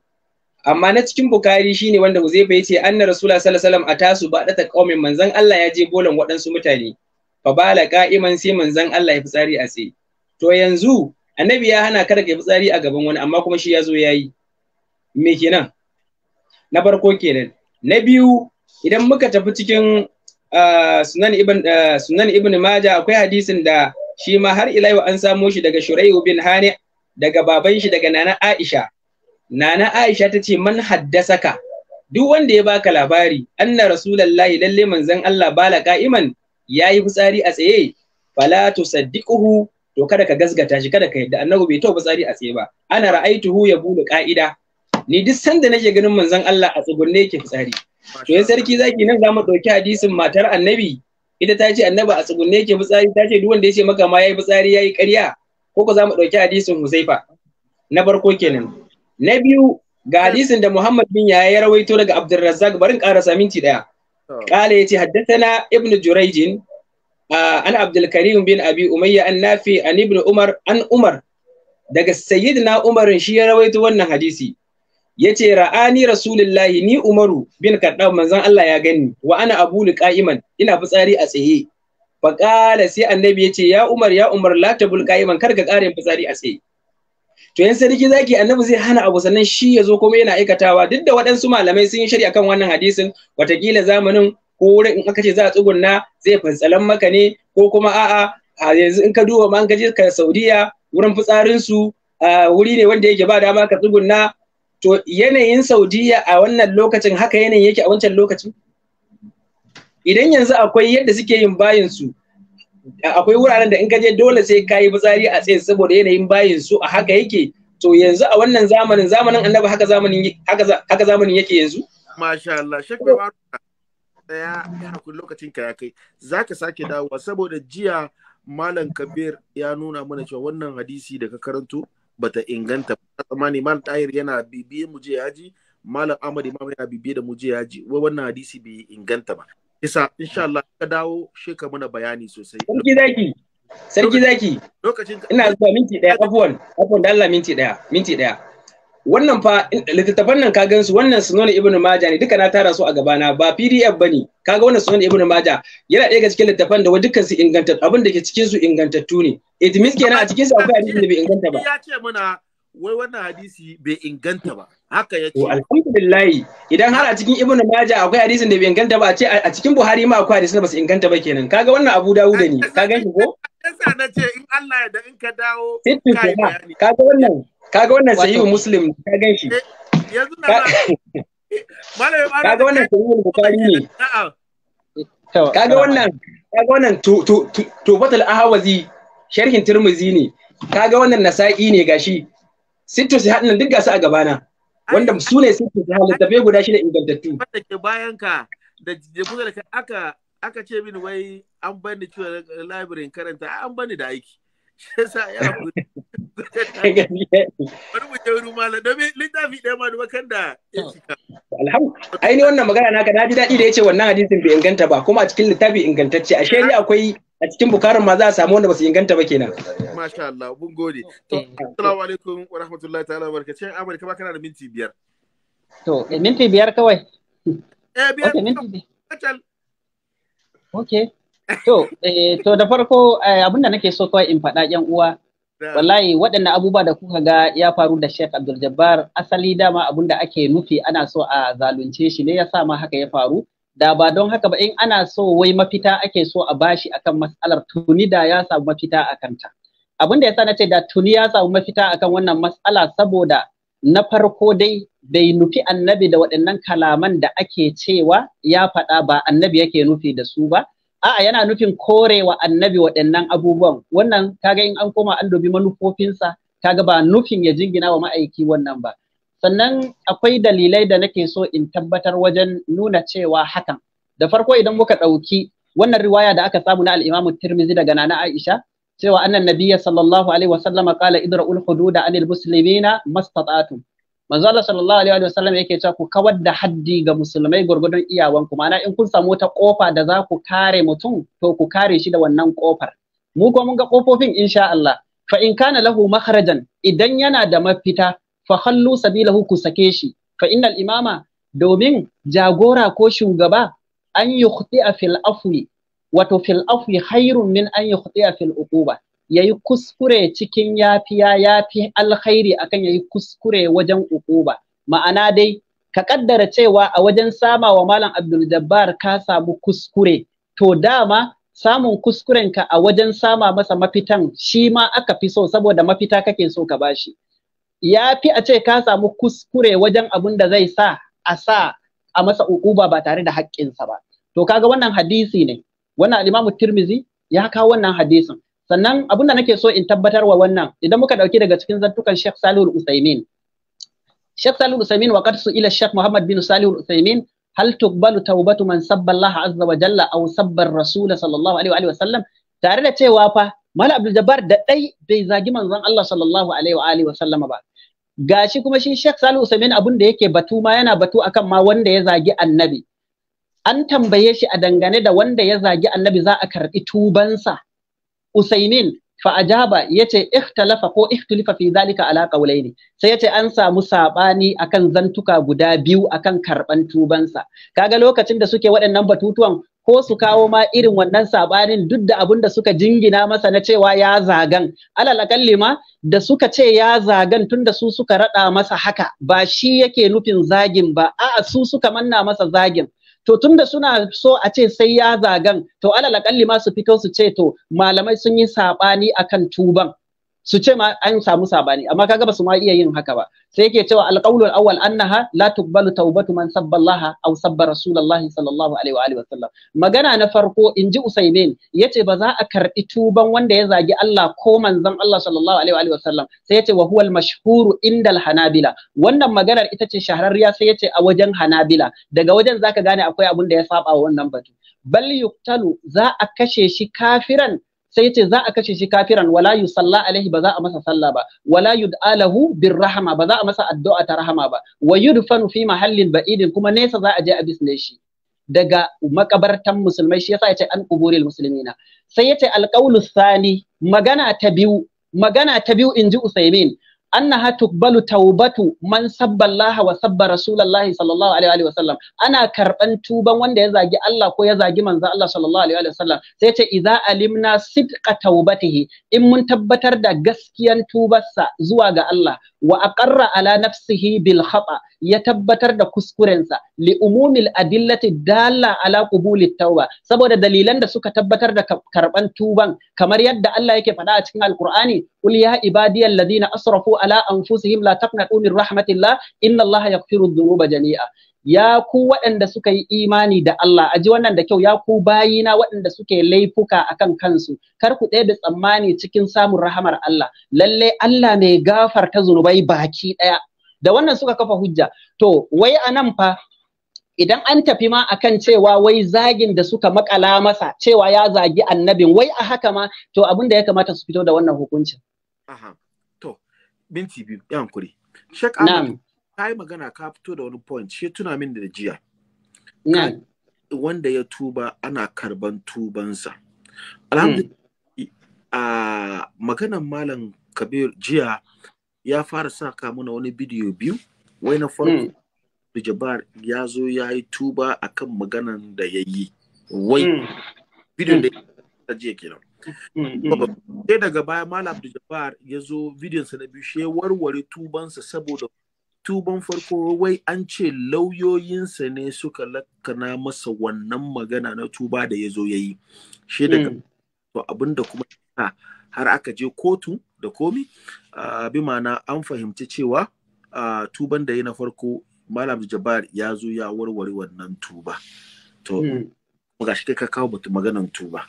[SPEAKER 9] amma na cikin bukari shine wanda huzaifa yace anna rasulullah sallallahu alaihi wasallam atasu ta qaumin manzon Allah ya je bolan waɗansu mutane fa bala qa'iman sai manzon Allah ya fitsari a sai to yanzu annabi ya hana kada ka fitsari a gaban wani amma kuma shi ya zo ya me kenan na farko kenan na biyu idan muka tafi cikin Eh, sunan ibn eh, sunan akwai hadisin da shi ma har ila an samo shi daga Shuraihu bin Hani daga baban shi daga Nana Aisha Nana Aisha ta ce man haddasaka duk wanda ya baka labari anna rasulullahi lalle manzon Allah bala ka'iman yayi fitsari a tsaye fala tusaddiquhu to kada ka gasgata shi kada ka yadda annabi bai taɓa fitsari a tsaye ba ana ra'aituhu ya bulu ka'ida ni duk sanda nake ganin manzon Allah a tsugunne yake fitsari to sarki zaki nan zamu dauki hadisin matar annabi ita ta ce annabi a tsugunne yake fitsari ta ce duk wanda ya ce maka ma yayi fitsari yayi ƙarya ko ko zamu dauki hadisin Huzaifa na farko kenan na biyu ga hadisin da Muhammad bin Yahya ya rawaito daga Abdurrazzaq barin karasa minti daya قال يتي حدثنا ابن جريج عن عبد الكريم بن ابي اميه عن نافي عن ابن عمر عن عمر daga sayyidina umarin shi ya rawaito wannan hadisi yace ra'ani rasulullahi ni umaru bin kaddab manzon Allah ya gani wa ana abulu kaiman ina fitsari a tsaye faqala sai annabi yace ya umar ya umar la tabul qa'iman kar ka ƙara fitsari a tsaye to yan sarki zaki annabi zai hana abu sannan shi ya zo kuma yana aikatawa duk da waɗansu malamai sun yi shari akan wannan hadisin watakila zamanin ko wurin in aka ce za a tsugunna zai fantsalan maka ne ko kuma a'a a yanzu in ka duba ma an ka je ka Saudiya wurin fitsarinsu wuri ne wanda yake ba dama ka tsugunna to yanayin saudiya a wannan lokacin haka yanayin yake a wancan lokacin idan yanzu akwai yadda suke yin bayin su akwai wuraren da in ka je dole sai kayi fitsari a tsaye saboda yanayin bayin su a haka yake to yanzu a wannan zamanin zamanin annabi haka zamanin haka haka zamanin yake yanzu masha
[SPEAKER 1] Allah shekara daya hakuri lokacin ka ya kai zaka sake dawowa saboda jiya malam kabir ya nuna mana cewa wannan hadisi da ka karanto bata inganta ba ne mal tahir yana bibiye mu je haji malam ahmad imam yana bibiye da mu je haji wai wannan hadisi bai inganta ba isa insha Allah ka dawo shi ka muna bayani sosai sarki zaki
[SPEAKER 9] sarki zaki lokacin ina zuwa minti daya abuwan abuwan da Allah minti daya minti daya wannan fa littattafan nan ka gansu wannan sunan ibnu maja ne duka na tara su a gabana ba pdf bane kaga wannan sunan ibnu maja yana ɗaya ga cikin littattafan da dukkan su ingantattu abin da ke cikin su ingantattu ne it means kenan a cikin su akwai hadisi da bai inganta ba ya
[SPEAKER 1] ce mana wai wannan hadisi
[SPEAKER 9] bai inganta ba haka ya ce alhamdulillah idan har a cikin ibnu maja akwai hadisin da bai inganta ba a ce a cikin buhari ma akwai hadisin da ba su inganta ba kenan kaga wannan abu dawuda ne ka gani ko yasa na ce in Allah ya da in ka dawo ka wannan kaga wannan sahihu muslim ka gan shi yanzu na kaga wannan sahihu bukari ne kaga wannan kaga wannan tufatul ahawazi sharhin tirmizi ne kaga wannan nasa'i ne gashi sittu sai hadin duk gasu a gabana wanda su ne sittu sai hadin tafe guda shi da ingantattu wanda ke
[SPEAKER 1] bayan ka da jikuta da aka aka ce mini wai an bani cewa labirin karanta an bani da aiki *laughs* shi yasa ya
[SPEAKER 6] Bari
[SPEAKER 1] ruma la ɗaya ma da
[SPEAKER 9] ya Alhamdulillah. Ai ni wannan magana naka na ji daɗi da ya ce wannan hadisin bai inganta ba kuma a cikin littafi ingantacce ashe ni akwai a cikin bukarin ma za a samu wanda ba su inganta ba kenan.
[SPEAKER 1] Masha Allah, mun gode. To, eh. assalamu alaikum wa rahmatullahi ta'ala wa barakatuh. Amar ka kana da minti biyar.
[SPEAKER 10] To, eh, minti biyar kawai. Eh, biyar. Okay, minti biyar. Okay. To, eh, to da farko abinda nake so kawai in faɗa 'yan uwa wallahi waɗannan abubuwa da kuka ga ya faru da Sheikh Abdul Jabbar asali dama abun da ake nufi ana so a zalunce shi ne yasa ma haka ya faru da ba don haka ba in ana so wai mafita ake so a bashi akan matsalar tuni da ya samu mafita a kanta abin da yasa nace da tuni ya samu mafita akan wannan matsala saboda na farko dai bai nufi annabi da waɗannan kalaman da ake cewa ya faɗa ba annabi yake nufi da su ba a'a yana nufin korewa annabi waɗannan abubuwan wannan kaga in an koma an dobi manufofinsa kaga ba nufin ya jingina wa ma'aiki wannan ba sannan akwai dalilai da nake so in tabbatar wajen nuna cewa hakan da farko idan muka ɗauki wannan riwaya da aka samu na al'imamu tirmizi daga Nana Aisha cewa annan nabiyya sallallahu alaihi wasallam qala idra'ul hududa anil muslimina mastata'tum manzo Allah sallallahu alaihi wa sallam yake cewa ku kawar da haddi ga musulmai gurgurdan iyawan ku ma'ana in kun samu wata kofa da za ku kare mutum to ku kare shi da wannan kofar mu ko mun ga kofofin insha Allah fa in kana lahu makharajan idan yana da mafita fa khallu sabilahu ku sake shi fa innal imama domin jagora ko shugaba an yukhti'a fil afwi wato fil afwi khairun min an yukhti'a fil uquba ya yi kuskure cikin yafiya ya fi alkhairi akan ya yi kuskure wajen ukuba ma'ana dai ka kaddara cewa a wajen sama wa malam abdul jabbar ka samu kuskure to dama samun kuskuren ka a wajen sama masa mafitan shi ma aka fi so saboda mafita kake so ka bashi ya fi a ce ka samu kuskure wajen abin da zai sa a sa a masa ukuba ba tare da haƙƙinsa ba to kaga wannan hadisi ne wannan alimamu tirmizi ya kawo wannan hadisin sannan abin da nake so in tabbatar wa wannan idan muka dauki daga cikin zantukan Sheikh Salihu Al-Utsaimin Sheikh Salih Al-Utsaimin wa ila Sheikh Muhammad bin Salihu Al-Utsaimin hal tuqbalu tawbatu man sabba Allah azza wa jalla aw sabba ar-rasul sallallahu alaihi wa sallam tare da cewa fa Malam Abdul Jabbar da dai bai zagi manzon Allah sallallahu alaihi wa sallama ba gashi kuma shi Sheikh Salihu Al-Utsaimin abin da yake batu ma yana batu akan ma wanda ya zagi annabi an tambaye shi a dangane da wanda ya zagi annabi za a karbi tubansa Usaimin fa ajaba yace ikhtalafa ko ikhtilafa fi zalika ala qawlaini sai yace an samu sabani akan zantuka guda biyu akan karban tubansa kaga lokacin da suke waɗannan batutuwan ko su kawo ma irin wannan sabanin duk da abin da suka jingina masa na cewa ya zagan alal akalli da suka ce ya zagan tunda su suka rada masa haka ba shi yake nufin zagin ba a'a su suka manna masa zagin to tunda suna so a ce sai ya zagan to alal ma su fito su ce to malamai sun yi sabani akan tuban su ce ma an samu sabani amma kaga ba su ma iya yin haka ba sai yake cewa alqaulul awwal annaha la tuqbalu tawbatu man sabba aw sabba Rasulullahi sallallahu alaihi wa alihi wa sallam magana na farko inji Usaimin yace ba za a karbi tuban wanda ya zagi Allah ko manzon Allah sallallahu alaihi wa alihi wa sallam sai yace wa huwal mashhuru indal hanabila wannan maganar ita ce shahararriya sai yace a wajen hanabila daga wajen zaka gane akwai abun da ya saba wa wannan batu bal yuqtalu za a kashe shi kafiran sai yace za a kashe shi kafiran wala yusalla alaihi ba za a masa sallah ba wala yud'alahu bir rahma ba za a masa addu'a ta rahama ba wa yudfanu fi mahallin ba'idin kuma nesa za a je a bisne shi daga makabartan musulmai shi yasa yace an kuburil muslimina sai yace alqaulu Sani magana ta biyu magana ta biyu inji usaimin annaha tuqbalu taubatu man sabba wa sabba Rasulullah sallallahu alaihi wa sallam ana karban tuban wanda ya zagi Allah ko ya zagi manzo Allah sallallahu alaihi wa sallam sai ce idza alimna sidqa taubatihi in mun tabbatar da gaskiyan tubarsa zuwa ga Allah wa aqarra ala nafsihi bil khata ya tabbatar da kuskurensa li umumil adillati dalla ala qubuli saboda dalilan da suka tabbatar da karban tuban kamar yadda Allah yake faɗa a cikin alqur'ani قل يا عبادي الذين اسرفوا على انفسهم لا تقنطوا من رحمه الله ان الله يغفر الذنوب جميعا ya ku waɗanda suka yi imani da Allah aji wannan da kyau ya ku bayina waɗanda suke laifuka akan kansu kar ku ɗaya da tsammani cikin samun rahamar Allah lalle Allah mai ta zunubai baki ɗaya da wannan suka kafa hujja to wai anan fa idan an tafi ma akan cewa wai zagin da suka makala masa cewa ya zagi annabin wai a haka ma to abin da ya kamata su fito da wannan hukuncin
[SPEAKER 1] aha to minti biyu yan kuri shek ahmad ka yi magana ka fito da wani point shi tuna min da jiya wanda ya tuba ana karban tubansa hmm. alhamdulillah a maganan malam kabir jiya ya fara saka mana wani bidiyo biyu wai na farko hmm. Jabar ya zo ya yi tuba akan maganan da ya yi wai hmm. bidiyon da ya jiya kenan Mm-hmm. sai daga baya malam abdul ya zo sa na biyu shi warware tuban sa saboda tuban farko wai an ce lauyoyinsa ne suka lakana masa wannan magana na tuba da ya zo ya shi daga mm. to abinda kuma har aka je kotu da komi bi ma'ana an fahimci cewa tuban da ya na farko malam jabar ya zo ya warware wannan tuba to mm. ga shi ka kawo maganan tuba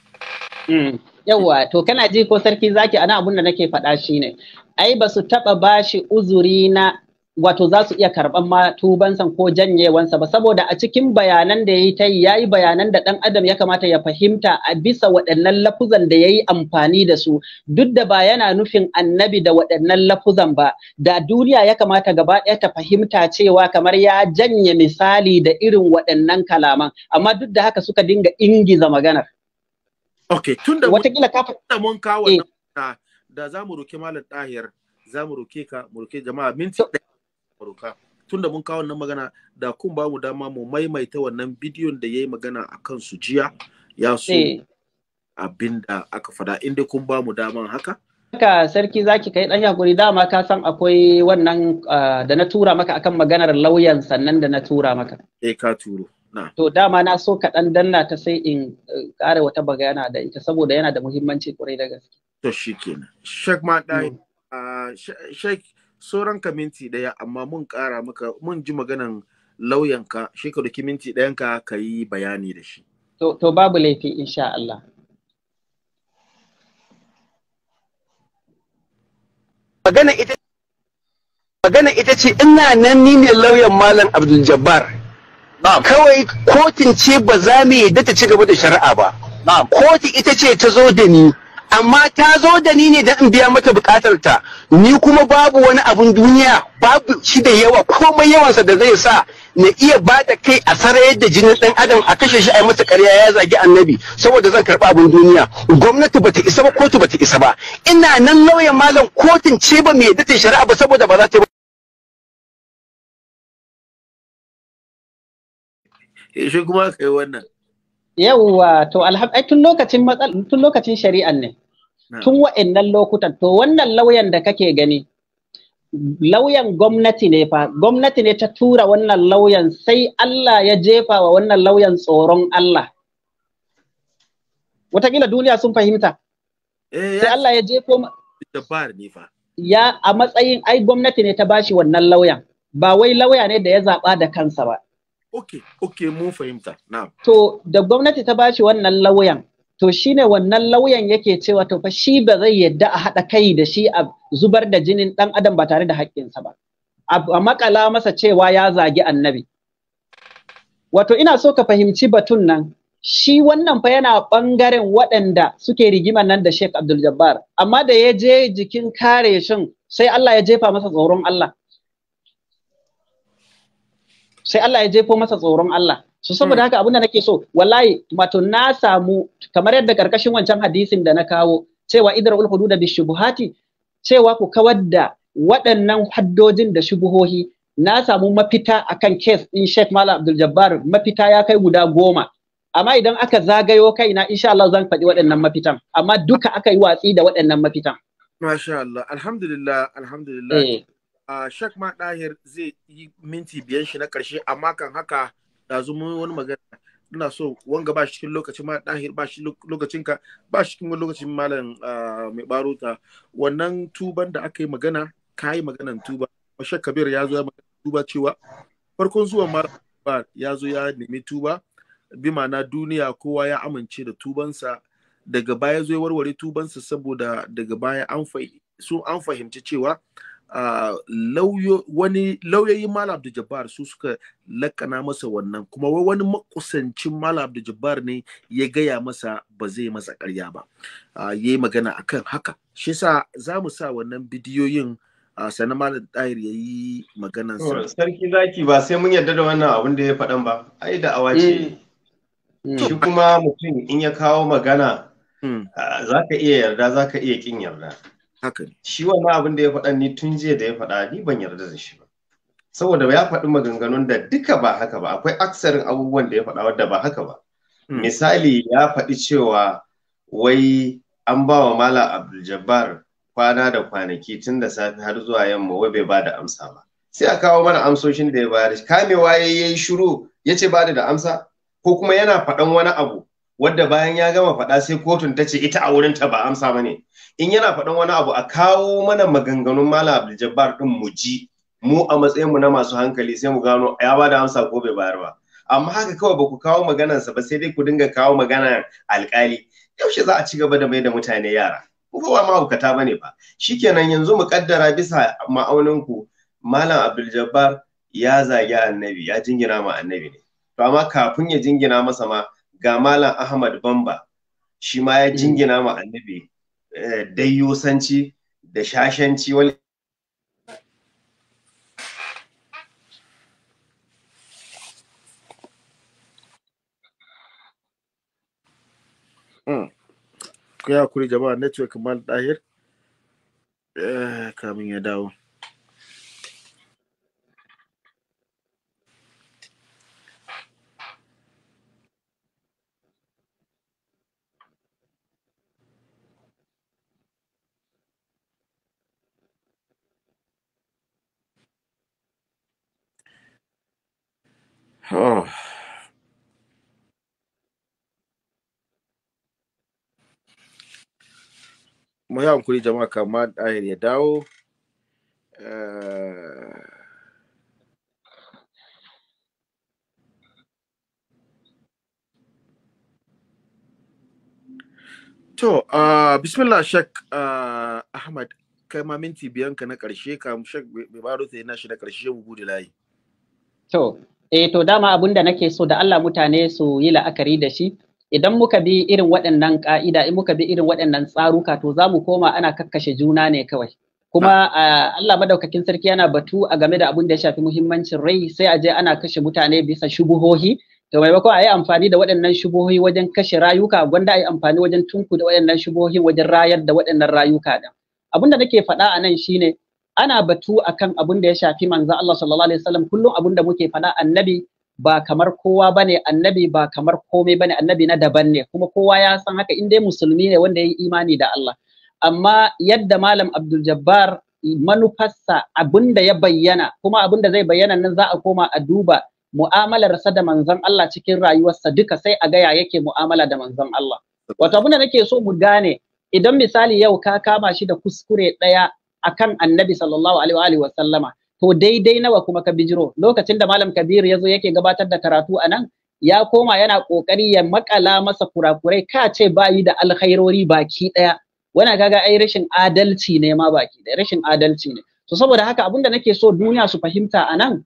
[SPEAKER 10] Mm. Yawwa, to kana ji ko sarki zaki ana abun da nake faɗa shi ne, ai ba su taɓa ba shi uzuri na wato za su iya karɓan ma tubansan ko janyewansa ba saboda a cikin bayanan da ya yi ta yi ya yi bayanan da ɗan adam ya kamata ya fahimta a bisa waɗannan lafuzan da ya yi amfani da su duk da ba yana nufin annabi da waɗannan lafuzan ba da duniya ya kamata gaba ɗaya ta fahimta cewa kamar ya janye misali da irin waɗannan kalaman amma duk da haka suka dinga ingiza maganar. Okay, tun da watakila ka mun kawo
[SPEAKER 6] wannan
[SPEAKER 1] eh. da za mu roki malam ɗahiyar za mu roke ka mu roke jama'a minti ɗaya mu roka tun da mun kawo wannan magana da kun ba mu dama mu maimaita wannan bidiyon da yayi magana akan su jiya ya so eh. abin da aka fada inda kun ba mu dama haka
[SPEAKER 10] haka sarki zaki kai dan hakuri dama ka san akwai wannan ah, da na tura maka akan maganar lauyan sannan da na tura maka eh ka turo To dama na so kaɗan danna ta sai in eh, ƙara wata bagana da ita saboda yana da muhimmanci ƙwarai da gaske.
[SPEAKER 1] To shi kenan.
[SPEAKER 10] Shek ma ɗai,
[SPEAKER 1] Shek sauran ka minti ɗaya amma mun ƙara maka mun ji maganan lauyanka shi ka doki minti ɗayanka ka yi
[SPEAKER 9] bayani da shi. To babu laifi insha Allah.
[SPEAKER 3] Magana ita ce
[SPEAKER 4] ina nan ni ne lauyan Malam Abdul Jabbar. kawai kotun ce ba za mu yadda ta ci gaba da shari'a ba kotu ita ce ta zo da ni amma ta zo da ni ne da in biya mata bukatar ta ni kuma babu wani abun duniya babu shi da yawa komai yawansa da zai sa na iya ba da kai a sarayar da jinin ɗan adam a kashe shi a yi masa karya ya zagi annabi saboda zan karɓi abin duniya gwamnati ba ta isa ba kotu ta
[SPEAKER 6] isa ba ina nan lauyan malam kotun ce ba mai yadda ta shari'a ba saboda ba za ta
[SPEAKER 5] Eh, shi kuma ka yi wannan
[SPEAKER 10] yawwa to alhamdulillah tun lokacin matsal tun lokacin shari'an ne tun wa'annan lokutan to wannan lauyan da kake gani lauyan gwamnati ne fa gwamnati ne ta tura wannan lauyan sai Allah ya jefa wa wannan lauyan tsoron Allah watakila duniya sun fahimta eh, sai Allah ya jefo ya a matsayin ai gwamnati ne ta bashi wannan lauyan ba wai lauya ne da ya zaba da kansa ba
[SPEAKER 1] Ok, ok, mun fahimta.
[SPEAKER 10] To da gwamnati ta bashi wannan lauyan, to shi ne wannan lauyan yake cewa to fa shi ba zai yadda a haɗa kai da shi a zubar da jinin ɗan adam ba tare da haƙƙinsa ba. A makala masa cewa ya zagi annabi. Wato ina so ka fahimci batun nan shi wannan fa yana ɓangaren waɗanda suke rigima nan da Sheikh Abdul Jabbar amma da ya je jikin kare shin sai Allah ya jefa masa tsoron Allah sai Allah ya jefo masa tsoron Allah so saboda hmm. haka abin da nake so wallahi wato na samu kamar yadda karkashin wancan hadisin da na kawo cewa idra'ul hududa bi shubuhati cewa ku kawar da waɗannan haddojin da shubuhohi na samu mafita akan case din Sheikh Malam Abdul Jabbar mafita ya kai guda goma amma idan aka zagayo kaina insha Allah zan faɗi waɗannan mafitan amma duka aka yi watsi da waɗannan mafitan
[SPEAKER 1] masha Allah alhamdulillah alhamdulillah eh. shak ma ɗahir zai yi minti biyan shi na ƙarshe amma kan haka da mun wani magana ina so wanga ba shi cikin lokacin ma ɗahir ba shi lokacin ka ba shi cikin lokacin malam mai baruta wannan tuban da aka yi magana ka yi maganan tuba shak kabir ya zo ya magana tuba cewa farkon zuwan mara ya zo ya nemi tuba bi ma'ana duniya kowa ya amince da tubansa daga baya zo ya warware tubansa saboda daga baya an fahimci cewa wani lauyoyin Malam Abdul Jabbar su suka lakana masa wannan kuma wai wani makusancin Malam Abdul Jabbar ne ya gaya masa ba zai masa ƙarya ba yayi magana akan haka shi sa za mu sa wannan bidiyoyin Sani Malam Dair ya yi
[SPEAKER 2] maganar sa sarki zaki ba sai mun yarda da wannan abin da ya faɗan ba ai da awace eh. hmm. shi kuma mutum in ya kawo magana hmm. za ka iya yarda za ka iya kin yarda haka ne shi wannan abin da ya faɗa ni tun jiya da ya faɗa ni ban yarda da shi ba saboda ya faɗi maganganun da duka ba haka ba akwai aksarin abubuwan da ya faɗa wadda ba haka ba hmm. misali ya faɗi cewa wai an ba wa mala abdul kwana da kwanaki tun da safe har zuwa yamma wai bai ba da amsa ba sai a kawo mana amsoshin da ya bayar kamewa ya yi shiru ya ce ba da amsa ko kuma yana faɗan wani abu wadda bayan ya gama faɗa sai kotun ta ce ita a wurin ta ba amsa ba ne in yana faɗan wani abu a kawo mana maganganun malam abdul jabbar din mu ji mu a matsayinmu na masu hankali sai mu gano ya ba da amsa ko bai bayar ba amma haka kawai ba ku kawo maganarsa ba sai dai ku dinga kawo magana alkali yaushe za a ci gaba da mai da mutane yara ku ba mahaukata ba ne ba shikenan yanzu mu kaddara bisa ma'aunin ku malam abdul ya zagi annabi ya jingina ma annabi ne to amma kafin ya jingina masa ma ga malam ahmad bamba shi ma ya mm. jingina ma annabi eh, dayyosanci da shashanci wani
[SPEAKER 1] mm. Kuya kuri jama'a network mal dahir eh, kamin ya dawo Oh, yi hankuri jama'a kama ɗayar ya dawo. To, ah, bismillah Shek ah, Ahmad, kai ma minti biyanka na ƙarshe, kam Shek Bibaro ta yi nashi na ƙarshe mu bude layi.
[SPEAKER 10] To, eh to dama abin da nake so da Allah mutane su yi la'akari da shi idan muka bi irin waɗannan ka'ida in muka bi irin waɗannan tsaruka to za mu koma ana kakkashe juna ne kawai kuma ah. Ah, Allah madaukakin sarki yana batu a game da abin da ya shafi muhimmancin rai sai a je ana kashe mutane bisa shubuhohi to maimakon a yi amfani da waɗannan shubuhohi wajen kashe rayuka gwanda a yi amfani wajen tunku da waɗannan shubuhohi wajen rayar da waɗannan rayuka da, abin da nake faɗa a nan shine ana batu akan abun da ya shafi manzo Allah sallallahu alaihi wasallam kullum da muke fada annabi ba kamar kowa bane annabi ba kamar komai bane annabi na daban ne kuma kowa ya san haka in dai musulmi ne wanda ya yi imani da Allah amma yadda malam Abdul Jabbar manufarsa abin da ya bayyana kuma abin da zai bayyana nan za a koma a duba mu'amalarsa da manzon Allah cikin rayuwarsa duka sai a gaya yake mu'amala da manzon Allah wato abin da nake so mu gane idan misali yau ka kama shi da kuskure ɗaya akan annabi sallallahu alaihi wa sallama to daidai nawa kuma ka bijiro lokacin da malam kabir yazo yake gabatar da karatu anan, ya koma yana kokari ya makala masa kurakurai ka ce bayi da alkhairori baki daya wannan kaga ai rashin adalci ne ma baki daya rashin adalci ne to saboda haka abinda nake so duniya su fahimta anan,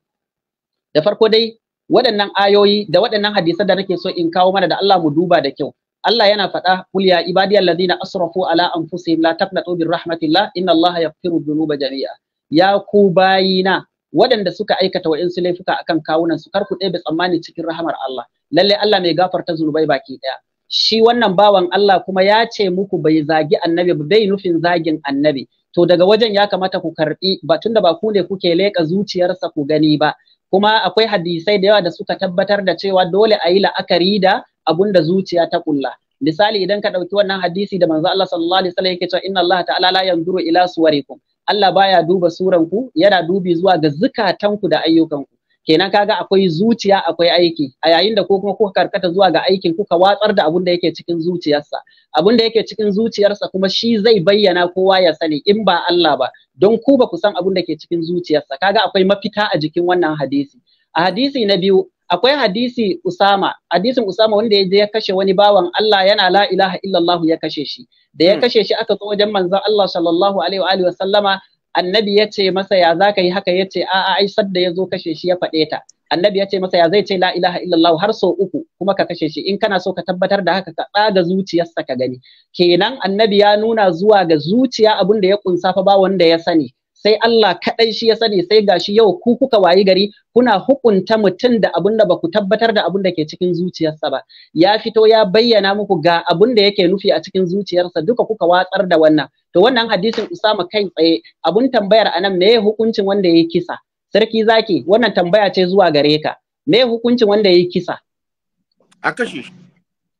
[SPEAKER 10] da farko dai waɗannan ayoyi da waɗannan hadisai da nake so in kawo mana da Allah mu duba da kyau Allah yana faɗa kul ya ibadiyal ladina asrafu ala anfusihim la taqnatu bir rahmatillah inna Allah yaghfiru dhunuba jami'a ya ku bayina waɗanda suka aikata wa'insu laifuka akan kawunan su kar ku ɗebe tsammani cikin rahamar Allah lalle Allah mai gafarta zunubai baki ɗaya shi wannan bawan Allah kuma ya ce muku bai zagi annabi bai nufin zagin annabi to daga wajen ya kamata ku karɓi batun da ba ku ne kuke leƙa zuciyarsa ku gani ba kuma akwai hadisai da yawa da suka tabbatar da cewa dole a yi la'akari da Abunda zuciya ta kulla misali idan ka ɗauki wannan hadisi da manzo Allah sallallahu alaihi wasallam yake cewa inna Allah ta'ala la yanzuru ila suwarikum Allah baya duba suranku yana dubi zuwa ga zukatanku da ayyukanku kenan kaga akwai zuciya akwai aiki a yayin da ko kuma kuka karkata zuwa ga aikin kuka watsar da abun da yake cikin zuciyarsa abun da yake cikin zuciyarsa kuma shi zai bayyana kowa ya sani in ba Allah ba don ku ba ku san abunda ke cikin zuciyarsa kaga akwai mafita a jikin wannan hadisi a hadisi na biyu akwai hadisi Usama hadisin Usama wanda yaje ya kashe wani bawan Allah yana la ilaha illallah ya kashe shi da ya hmm. kashe shi aka zo wajen manzon Allah sallallahu alaihi wa alihi sallama annabi yace ce masa ya zaka yi haka yace ce a'a ai sadda ya kashe shi ya fade ta annabi yace masa ya zai ce la ilaha illallah har so uku kuma ka kashe shi in kana so ka tabbatar da haka ka tsaga zuciyarsa ka gani kenan annabi ya nuna zuwa ga zuciya abin ya kunsa fa ba wanda ya sani sai Allah kaɗai shi ya sani sai gashi yau ku kuka wayi gari kuna hukunta mutum da abun da ku tabbatar da abun da ke cikin zuciyarsa ba ya fito ya bayyana muku ga abun da yake nufi a cikin zuciyarsa duka kuka watsar da wannan to wannan hadisin Usama kai tsaye abun tambayar anan me hukuncin wanda yayi kisa sarki zaki wannan tambaya ce zuwa gare ka me hukuncin wanda yayi kisa a kashe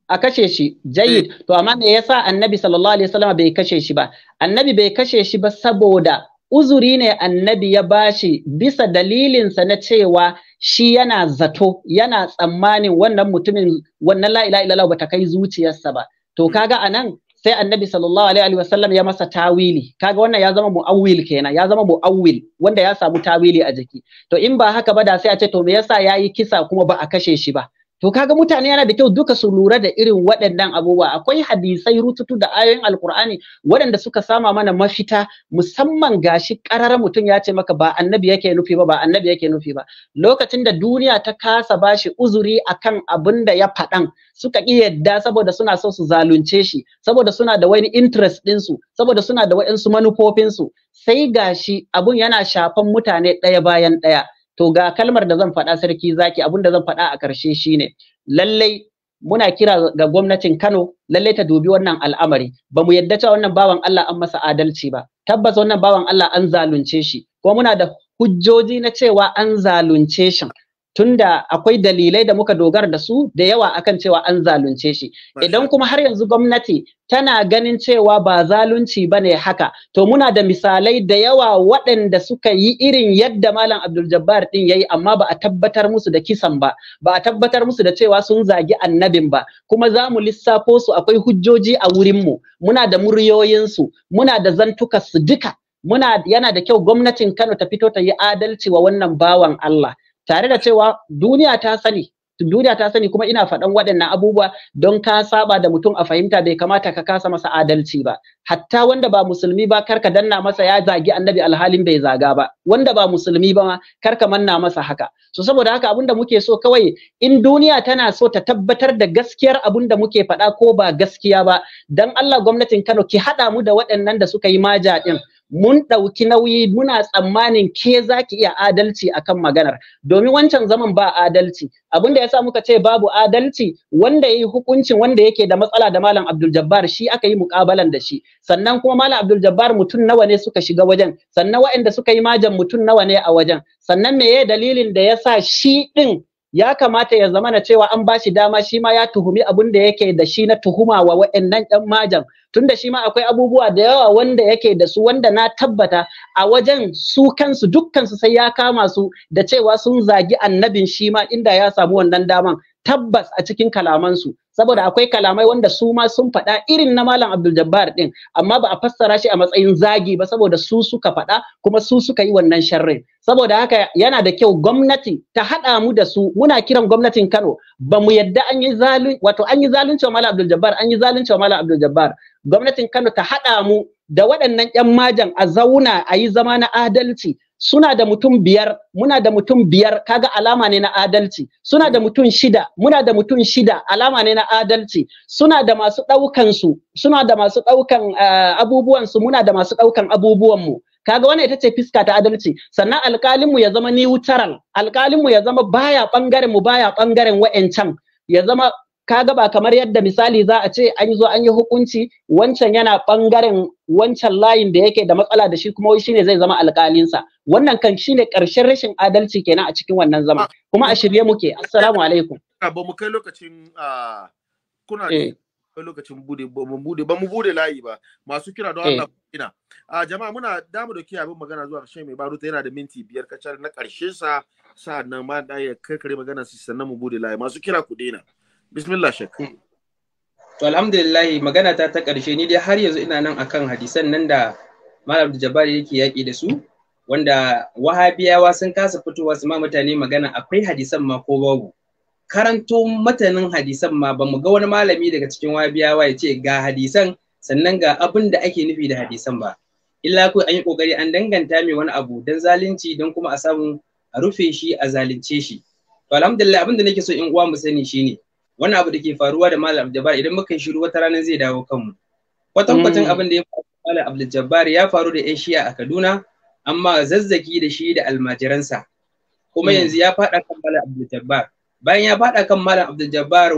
[SPEAKER 10] a kashe shi jayyid eh. to amma me yasa annabi sallallahu alaihi wasallam bai kashe shi ba annabi bai kashe shi ba saboda uzuri ne annabi ya bashi bisa dalilinsa na cewa shi yana zato yana tsammanin wannan mutumin wannan la ilaha illallah bata kai zuciyarsa ba to hmm. kaga anan sai annabi sallallahu alaihi wasallam ya masa tawili kaga wannan ya zama mu'awwil kenan ya zama mu'awwil wanda ya samu tawili a jiki to in ba haka ba da sai a ce to me yasa yayi kisa kuma ba a kashe shi ba to kaga mutane yana da kyau duka su lura da irin waɗannan abubuwa akwai hadisai rututu da ayoyin alkur'ani waɗanda suka sama mana mafita musamman gashi ƙararar mutum ya ce maka ba annabi yake nufi ba ba annabi yake nufi ba lokacin da duniya ta kasa bashi uzuri akan abin da ya faɗan suka ƙi yadda saboda suna so su zalunce shi saboda suna da wani interest ɗinsu saboda suna da waɗansu manufofinsu sai gashi abun yana shafan mutane ɗaya bayan ɗaya to ga kalmar da zan faɗa sarki zaki abin da zan faɗa a ƙarshe shine lallai muna kira ga gwamnatin Kano lallai ta dubi wannan al'amari ba mu yadda cewa wannan bawan Allah an masa adalci ba tabbas wannan bawan Allah an zalunce shi kuma muna da hujjoji na cewa an zalunce shi tunda akwai dalilai da muka dogara da su da yawa akan cewa an zalunce shi idan kuma har yanzu gwamnati tana ganin cewa ba zalunci bane haka to muna da misalai da yawa waɗanda suka yi irin yadda malam Abdul Jabbar din yayi amma ba a tabbatar musu da kisan ba ba a tabbatar musu da cewa sun zagi annabin ba kuma za mu lissafo su akwai hujjoji a wurin mu muna da muryoyinsu muna da zantukarsu duka muna yana da kyau gwamnatin Kano ta fito ta yi adalci wa wannan bawan Allah tare da cewa duniya ta sani duniya ta sani kuma ina faɗan waɗannan abubuwa don ka saba da mutum a fahimta bai kamata ka kasa masa adalci ba hatta wanda ba musulmi ba kar ka danna masa ya zagi annabi alhalin bai zaga ba wanda ba musulmi ba kar ka manna masa haka so saboda haka abinda muke so kawai in duniya tana so ta tabbatar da gaskiyar abinda muke faɗa ko ba gaskiya ba dan Allah gwamnatin Kano ki haɗa mu da waɗannan da suka yi maja ɗin mun ɗauki nauyi muna tsammanin ke za ki iya adalci akan maganar domin wancan zaman ba adalci abin da yasa muka ce babu adalci wanda yayi hukuncin wanda yake da matsala da malam Abdul Jabbar shi aka yi mukabalan da shi sannan kuma malam Abdul Jabbar mutum nawa ne suka shiga wajen sannan waɗanda suka yi majan mutum nawa ne a wajen sannan meye dalilin da yasa shi ɗin ya kamata ya zamana cewa an bashi dama shi ma ya tuhumi abun da yake da shi na tuhuma wa wa'annan ɗan majan tunda shi ma akwai abubuwa da yawa wanda yake da su wanda na tabbata a wajen su kansu dukkansu sai ya kama su da cewa sun zagi annabin shi ma inda ya samu wannan daman tabbas a cikin kalamansu saboda akwai kalamai wanda su ma sun faɗa irin na malam Abdul Jabbar din amma ba a fassara shi a matsayin zagi ba saboda su suka faɗa kuma su suka yi wannan sharrin saboda haka yana da kyau gwamnati ta haɗa mu da su muna kiran gwamnatin Kano ba mu yadda an yi zalunci wato an yi zalunci wa malam Abdul Jabbar an yi zalunci wa malam Abdul Jabbar gwamnatin Kano ta haɗa mu da waɗannan 'yan majan a zauna a yi zama na adalci suna da mutum biyar muna da mutum biyar kaga alama ne na adalci suna da mutum shida muna da mutum shida alama ne na adalci suna da masu ɗaukan su suna da masu daukan uh, eh, abubuwan su muna da masu ɗaukan abubuwan mu kaga wannan ita ce fiska ta adalci sannan alkalin mu ya zama ni wutaral alkalin mu ya zama baya bangaren mu baya bangaren wa'ancan ya zama kaga ba kamar yadda misali za a ce an zo an yi hukunci wancan yana bangaren wancan layin da yake da matsala da shi kuma shine zai zama alƙalinsa wannan kan shine ƙarshen rashin adalci kenan a cikin wannan zama ah, kuma a shirye muke assalamu alaikum
[SPEAKER 1] ah, ba mu kai lokacin ah, kuna eh. lokacin bude ba mu bude ba mu bude layi ba masu kira don Allah eh. kina a jama'a muna damu da kiyaye abin magana zuwa ƙarshe mai baruta yana da minti biyar kacal na ƙarshen
[SPEAKER 9] sa sa'annan ma da ya karkare magana su sannan mu bude layi masu kira ku daina bismillah shek hmm. to alhamdulillah magana ta ta karshe ni dai har yanzu ina nan akan hadisan nan da malam jabari yake yaki da su wanda wahabiyawa sun kasa fitowa su ma mutane magana akwai hadisan ma ko babu karanto matanin hadisan ma ba mu ga wani malami daga cikin wahabiyawa ya ce ga hadisan sannan ga abin da ake nufi da hadisan ba illa ko an yi kokari an danganta mai wani abu dan zalunci dan kuma a samu a rufe shi a zalunce shi to alhamdulillah abin da nake so in uwa mu sani shine wannan abu da ke faruwa da malam jabbar idan muka yi shiru wata ranar zai dawo kanmu kwatankwacin mm. abin da ya faru da malam abdul ya faru da yan shi'a a kaduna amma zazzaki da shi da almajiransa kuma mm. yanzu ya faɗa kan malam abdul bayan ya faɗa kan malam abdul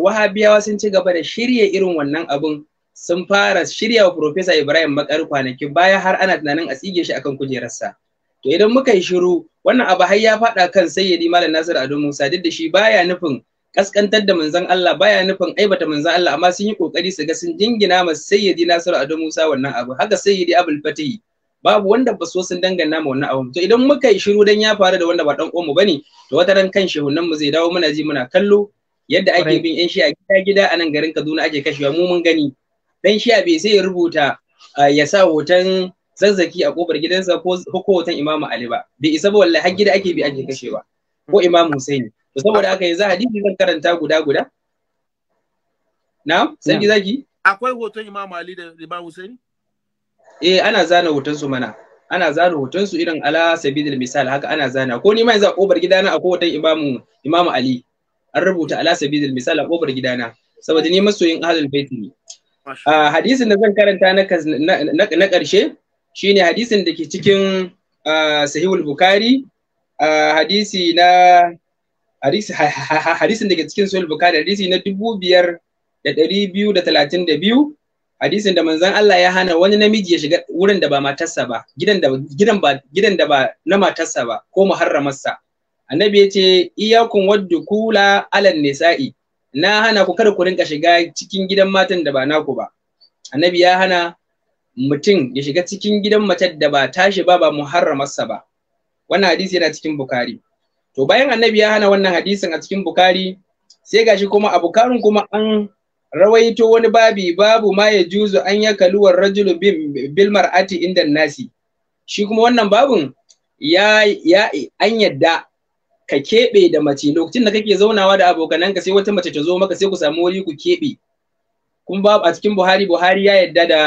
[SPEAKER 9] wahabiyawa sun ci gaba da shirya irin wannan abun sun fara shirya wa Profesa Ibrahim Makar kwanaki baya har ana tunanin a tsige shi akan kujerarsa. To idan muka yi shiru wannan abu har ya faɗa kan sayyidi Malam Nasir adu Musa duk da shi baya nufin kaskantar da manzon Allah baya nufin aibata manzon Allah amma sun yi kokari su ga sun jingina ma sayyidi Nasiru Ado Musa wannan abu haka sayyidi Abul Fatih babu wanda ba so sun dangana ma wannan abu to idan muka yi shiru dan ya faru da wanda ba dan uwanmu bane to wata ran kan shehunan mu zai dawo muna ji muna kallo yadda ake bin yan shi a gida gida a nan garin Kaduna ake kashewa mu mun gani dan shi bai sai ya rubuta ya sa hoton zazzaki a kofar gidansa ko hukumar Imam Ali ba bai isa ba wallahi har gida ake bi ake kashewa ko Imam Husaini to saboda haka yanzu hadisi zan karanta guda guda na ki zaki
[SPEAKER 1] akwai hoton imam ali da imam husaini
[SPEAKER 9] eh ana zana hoton su mana ana zana hoton su irin ala sabidil misal haka ana zana ko ni ma yanzu a kofar gidana akwai hoton imam imam ali an rubuta ala sabidil misal a kobar gidana saboda ni masoyin ahlul bait ne ah, hadisin da zan karanta na na karshe shine hadisin da ke cikin ah, sahihul bukhari ah, hadisi na hadisin da ke cikin sahih bukari hadisi na dubu biyar da ɗari biyu da talatin da biyu hadisin da manzon Allah ya hana wani namiji ya shiga wurin da ba matarsa ba gidan da ba gidan da ba na matarsa ba ko muharramarsa annabi yace iyyakum waddukula alan nisa'i na hana ku kada ku rinka shiga cikin gidan matan da ba naku ba annabi ya hana mutum ya shiga cikin gidan matar da ba tashi ba ba muharramarsa ba wannan hadisi yana cikin bukari to bayan annabi ya hana wannan hadisin a cikin bukari sai gashi kuma a bukarin kuma an rawaito wani babi babu ma ya juzu an ya kaluwar rajulu bil mar'ati inda nasi shi kuma wannan babun ya ya an yadda ka keɓe da mace lokacin da kake zaunawa da abokananka sai wata mace ta zo maka sai ku samu wuri ku keɓe kun babu a cikin Buhari Buhari ya yadda da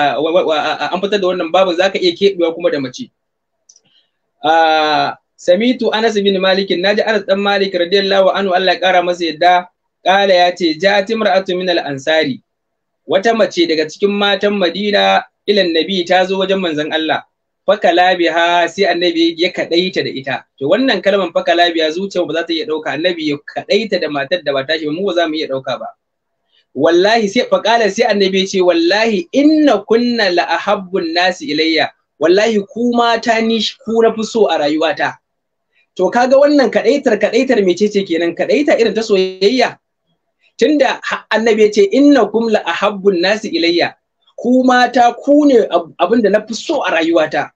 [SPEAKER 9] an fitar da wannan babu zaka iya keɓewa kuma da mace ah, samitu anas bin malik naji anas dan malik radiyallahu anhu Allah ya kara masa yadda kala yace, "Ja ja'at min al-ansari wata mace daga cikin matan Madina ilan nabi ta zo wajen manzon Allah fakala biha sai annabi ya kadaita da ita to wannan kalmar fakala biya zuciya ba za ta iya dauka annabi ya kadaita da matar da ba tashi ba mu ba za mu iya dauka ba wallahi sai fakala sai annabi ya ce wallahi inna kunna la ahabbun nasi ilayya wallahi ku mata ni ku na fi so a rayuwata to kaga wannan kadaitar kadaitar ce kenan kadaita irin ta soyayya tunda annabi ya ce kum la ahabbun nasi ilayya ku mata ku ne abinda na fi so a rayuwata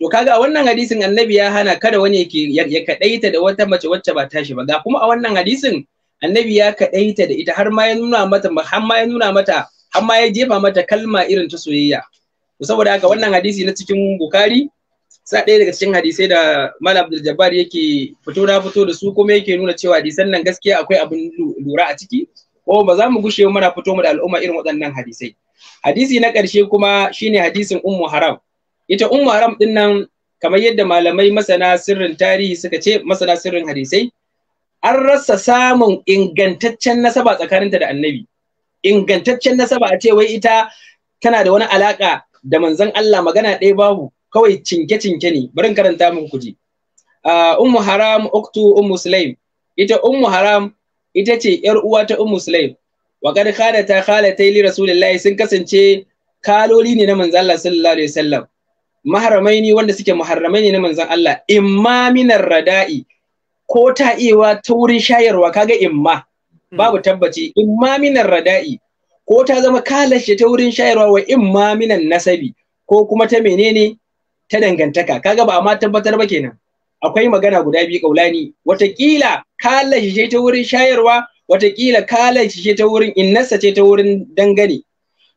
[SPEAKER 9] to kaga a wannan hadisin annabi ya hana kada wani yake ya kadaita da wata mace wacce ba tashi ba ga kuma a wannan hadisin annabi ya kadaita da ita har ma ya nuna mata har ma ya nuna mata har ma ya jefa mata kalma irin ta soyayya saboda haka wannan hadisi na cikin bukari sa ɗaya daga cikin hadisai da Malam Abdul Jabbar yake fito na fito da su kuma yake nuna cewa hadisan nan gaskiya akwai abin lura a ciki ko ba za mu gushe na fito mu da al'umma irin waɗannan hadisai hadisi na ƙarshe kuma shine hadisin Ummu Haram ita Ummu Haram din nan kamar yadda malamai masana sirrin tarihi suka ce masana sirrin hadisai an rasa samun ingantaccen nasaba tsakaninta da annabi ingantaccen nasaba a ce wai ita tana da wani alaka da manzon Allah magana ɗaya babu kawai cinke-cinke ne barin karanta min kuji uh, ah, ummu haram uktu ummu sulaim ita ummu haram ita ce yar uwa ta ummu sulaim wa kad khalata khalatai li rasulillahi sun kasance kaloli ne na manzon Allah sallallahu alaihi wasallam maharamai ne wanda suke maharamai ne na manzon Allah imma minar rada'i ko ta iwa ta wurin shayarwa kaga imma hmm. babu tabbaci imma minar rada'i ko ta zama kalashe ta wurin shayarwa wa imma minan nasabi ko kuma ta menene ta dangantaka kaga ba ma tabbatar ba kenan akwai magana guda biyu kaulani watakila kala shi ta wurin shayarwa watakila kala shi ta wurin innasa ce ta wurin dangane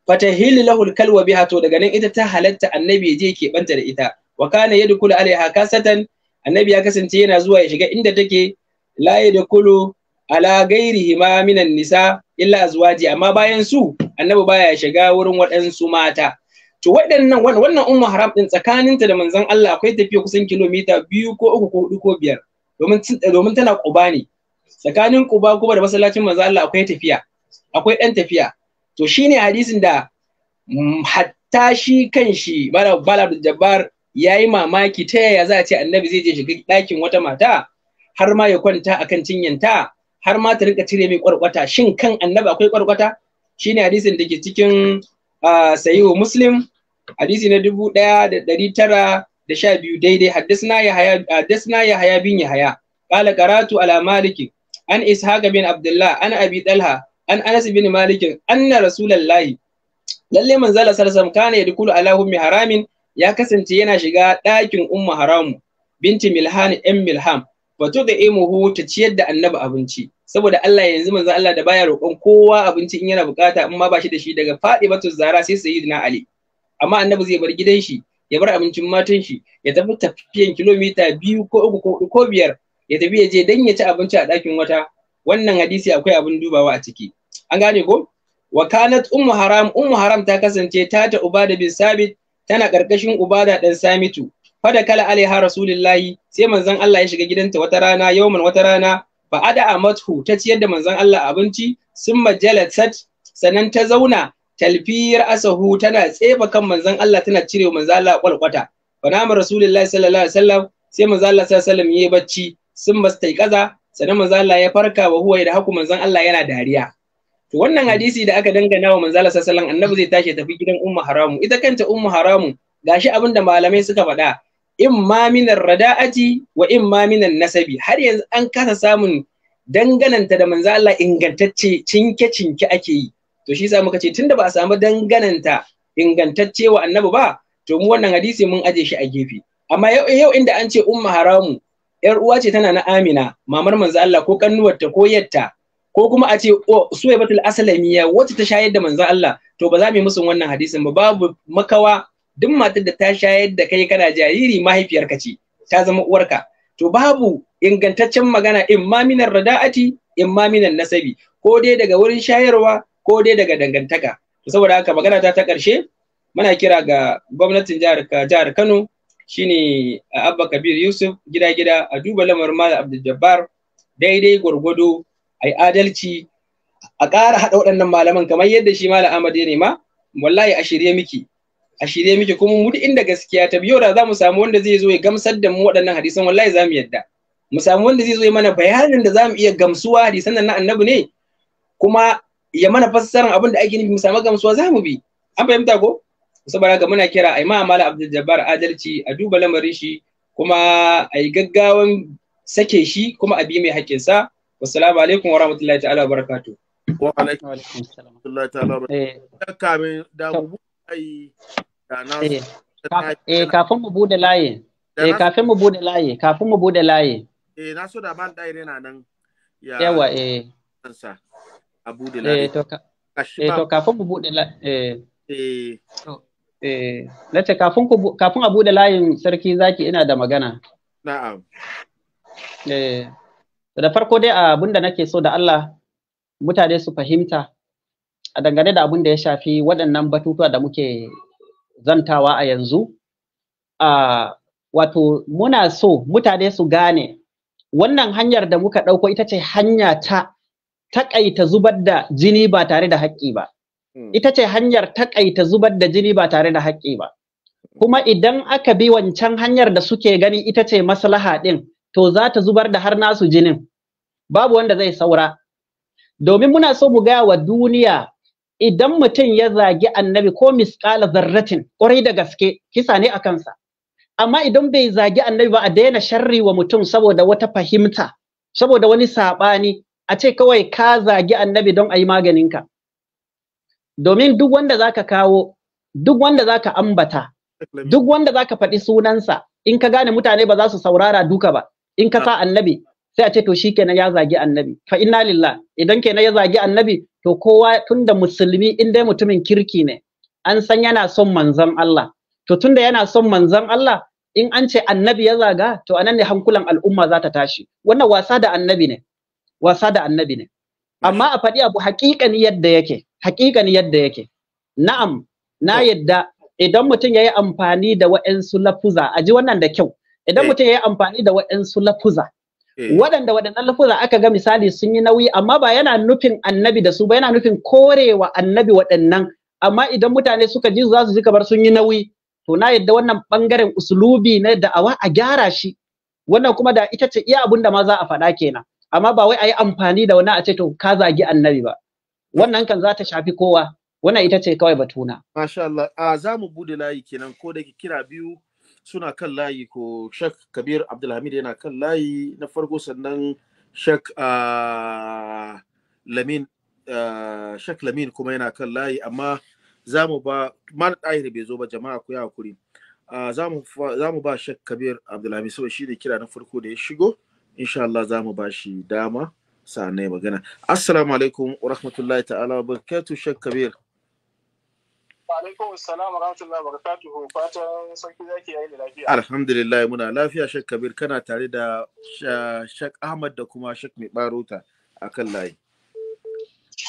[SPEAKER 9] fatahil lahul kalwa biha to daga nan ita ta halatta annabi je ke banta da ita wa kana yadkhulu alaiha kasatan annabi ya kasance yana zuwa ya shiga inda take la yadkhulu ala ghairihi ma minan nisa illa azwaji amma bayan su annabi baya shiga wurin waɗansu mata to waɗannan wannan ummu haram din tsakaninta da manzon Allah akwai tafiya kusan kilomita biyu ko uku ko hudu ko biyar domin eh, domin tana kuba ne tsakanin kuba kuma da masallacin manzon Allah akwai tafiya akwai ɗan tafiya to shine hadisin da mm, hatta shi kanshi bala bala jabbar yayi mamaki ta yaya za a ce annabi zai je shiga ɗakin wata mata har ma ya kwanta akan cinyanta har ma ta rinka cire mai kwarkwata shin kan annabi akwai kwarkwata shine hadisin da ke cikin sahihu muslim hadisi na dubu ɗaya da ɗari tara da sha biyu daidai haddasna ya haya bin ya haya ƙala karatu ala maliki an ishaqa bin abdullah an abi talha an anas bin malikin anna Rasulallah. lalle manzala sallallahu kana yadkulu ala ummi haramin ya kasance yana shiga ɗakin ummu haramu binti milhan ɗan milham wato da imuhu ta ciyar da annabi abinci saboda Allah yanzu manzo Allah da baya roƙon kowa abinci in yana bukata in ma ba shi da shi daga faɗi batu zara sai Sayyidina Ali amma annabi zai bar gidan shi ya bar abincin matan shi ya tafi tafiyan kilomita biyu ko uku ko ko biyar ya tafi ya je dan ya ci abinci a ɗakin wata wannan hadisi akwai abin dubawa a ciki an gane ko wa kanat ummu haram ummu haram ta kasance ta ta ubada bin sabit tana karkashin ubada dan samitu Fa da kala alaiha rasulullahi sai manzon Allah ya shiga gidanta wata rana yawman wata rana fa ada amathu ta ciyar da manzon Allah abinci sun majalatsat sannan ta zauna talfiyar asahu tana tsefa kan manzon Allah tana cire manzon Allah kwalkwata fa nama rasulullahi sallallahu alaihi wasallam sai manzon Allah sallallahu alaihi wasallam yayi bacci sun mastaiqaza sannan manzon Allah ya farka wa huwa da haku manzon Allah yana dariya to wannan hadisi da aka dangana wa manzon Allah sallallahu alaihi wasallam annabi zai tashi tafi gidan ummu haramu ita kanta ummu haramu gashi abinda malamai suka faɗa in ma Rada aji wa in ma nasabi har yanzu an kasa samun dangananta da manzo Allah ingantacce cinke cinke ake yi to shi yasa muka ce tunda ba a samu dangananta ingantacce wa annabi ba to mu wannan hadisi mun aje shi a gefe amma yau yau inda an ce umma haramu yar uwa ce tana na Amina mamar manzo Allah ko kannuwarta ko yatta ko kuma a ce oh, suwaibatul aslamiya wacce ta shayar da manzo Allah to ba za mu yi musu wannan hadisin ba babu makawa duk matar da ta shayar da kai kana jariri mahaifiyarka ce ta zama uwarka to babu ingantaccen magana in ma rada'ati in ma minan nasabi ko dai daga wurin shayarwa ko dai daga dangantaka saboda haka magana ta ta karshe muna kira ga gwamnatin jihar Kano shine uh, Abba Kabir Yusuf gida gida a duba lamarin Malam Abdul Jabbar daidai gwargwado ai adalci a ƙara haɗa waɗannan malaman kamar yadda shi Malam Ahmad ya nema wallahi a shirye miki a shirye muke kuma mu duk inda gaskiya ta biyo da za mu samu wanda zai zo ya gamsar da mu waɗannan hadisan wallahi za mu yadda mu samu wanda zai zo ya mana bayanin da za mu iya gamsuwa hadisan nan na annabi ne kuma ya mana fassarar abin da ake nufi mu samu gamsuwa za mu bi an fahimta ko saboda ga muna kira a imam mala abdul jabbar adalci a duba lamarin shi kuma a yi gaggawan sake shi kuma a bi mai haƙƙinsa wassalamu alaikum wa rahmatullahi ta'ala wa barakatuh wa alaikum wa rahmatullahi
[SPEAKER 10] ta'ala wa eh, barakatuh kamin da mu ai Eh, eh kafin mu bude layi. Eh kafin mu bude layi, kafin mu bude layi.
[SPEAKER 1] Eh na so da man dai na nan. Yawa eh. Kansa. A bude eh, layi. Eh to ka.
[SPEAKER 10] Eh to kafin mu bude layi. Eh.
[SPEAKER 1] Eh. Eh,
[SPEAKER 10] nace kafin ku kafin a bude layin sarki zaki ina da magana. Na'am. Eh, da farko dai abin da nake so da Allah mutane su fahimta a dangane da abin da ya shafi waɗannan batutuwa da muke zantawa a yanzu wato muna so mutane su gane wannan hanyar da muka ɗauko ita ce hanya ta taƙaita zubar da jini ba tare da haƙƙi ba hmm. ita ce hanyar taƙaita zubar da jini ba tare da haƙƙi ba kuma idan aka bi wancan hanyar da suke gani ita ce maslaha ɗin to za ta zubar da har nasu jinin babu wanda zai saura domin muna so mu gaya wa duniya idan mutum ya zagi annabi ko misƙala zarratin ƙwarai da gaske kisa ne a kansa amma idan bai zagi annabi ba a daina sharri wa mutum saboda wata fahimta saboda wani saɓani a ce kawai ka zagi annabi don a yi maganinka domin duk wanda za ka kawo duk wanda za ka ambata duk wanda za ka faɗi sunansa in ka gane mutane ba za su saurara duka ba in ka sa annabi sai a ce to shi kenan ya zagi annabi fa inna lillah idan kenan ya zagi annabi to kowa tunda musulmi in dai mutumin kirki ne an san yana son manzon Allah to tunda yana son manzon Allah in an ce annabi ya zaga to anan ne hankulan al'umma za ta tashi wannan wasa da annabi ne wasa da annabi ne amma a faɗi abu haƙiƙani yadda yake haƙiƙani yadda yake na'am na yadda idan mutum ya yi amfani da wa'ensu lafuza a ji wannan da kyau idan eh. mutum ya yi amfani da wa'ensu lafuza Eh. waɗanda waɗannan lafuza aka ga misali sun yi nauyi amma ba yana nufin annabi da su ba yana nufin korewa annabi waɗannan amma idan mutane suka ji za su ji kamar sun yi nauyi to na yadda wannan bangaren uslubi na da'awa a gyara shi wannan kuma da ita ce iya abin da ma za a faɗa kenan amma ba wai a yi amfani da wani a ce to ka zagi annabi ba wannan kan za ta shafi kowa wannan ita ce kawai batuna masha
[SPEAKER 1] Allah a ah, za mu bude layi kenan ko da kira biyu suna kan layi ko shak kabir abdulhamid yana kan layi na farko sannan shak ah, lamin ah, shek lamin kuma yana kan layi amma za mu ba man ɗahir bai zo ba jama'a ku ya hakuri ah, za mu ba shak kabir abdulhamid saboda shi ne kira na farko da ya shigo insha Allah za mu ba shi dama sa'an magana assalamu alaikum wa rahmatullahi ta'ala wa barakatuh shak kabir
[SPEAKER 6] alaikum salam wa rahmatullahi wa fatan sarki zaki yayi lafiya
[SPEAKER 1] alhamdulillah muna lafiya shek kabir kana tare da shek ahmad da kuma shek mai barota akan layi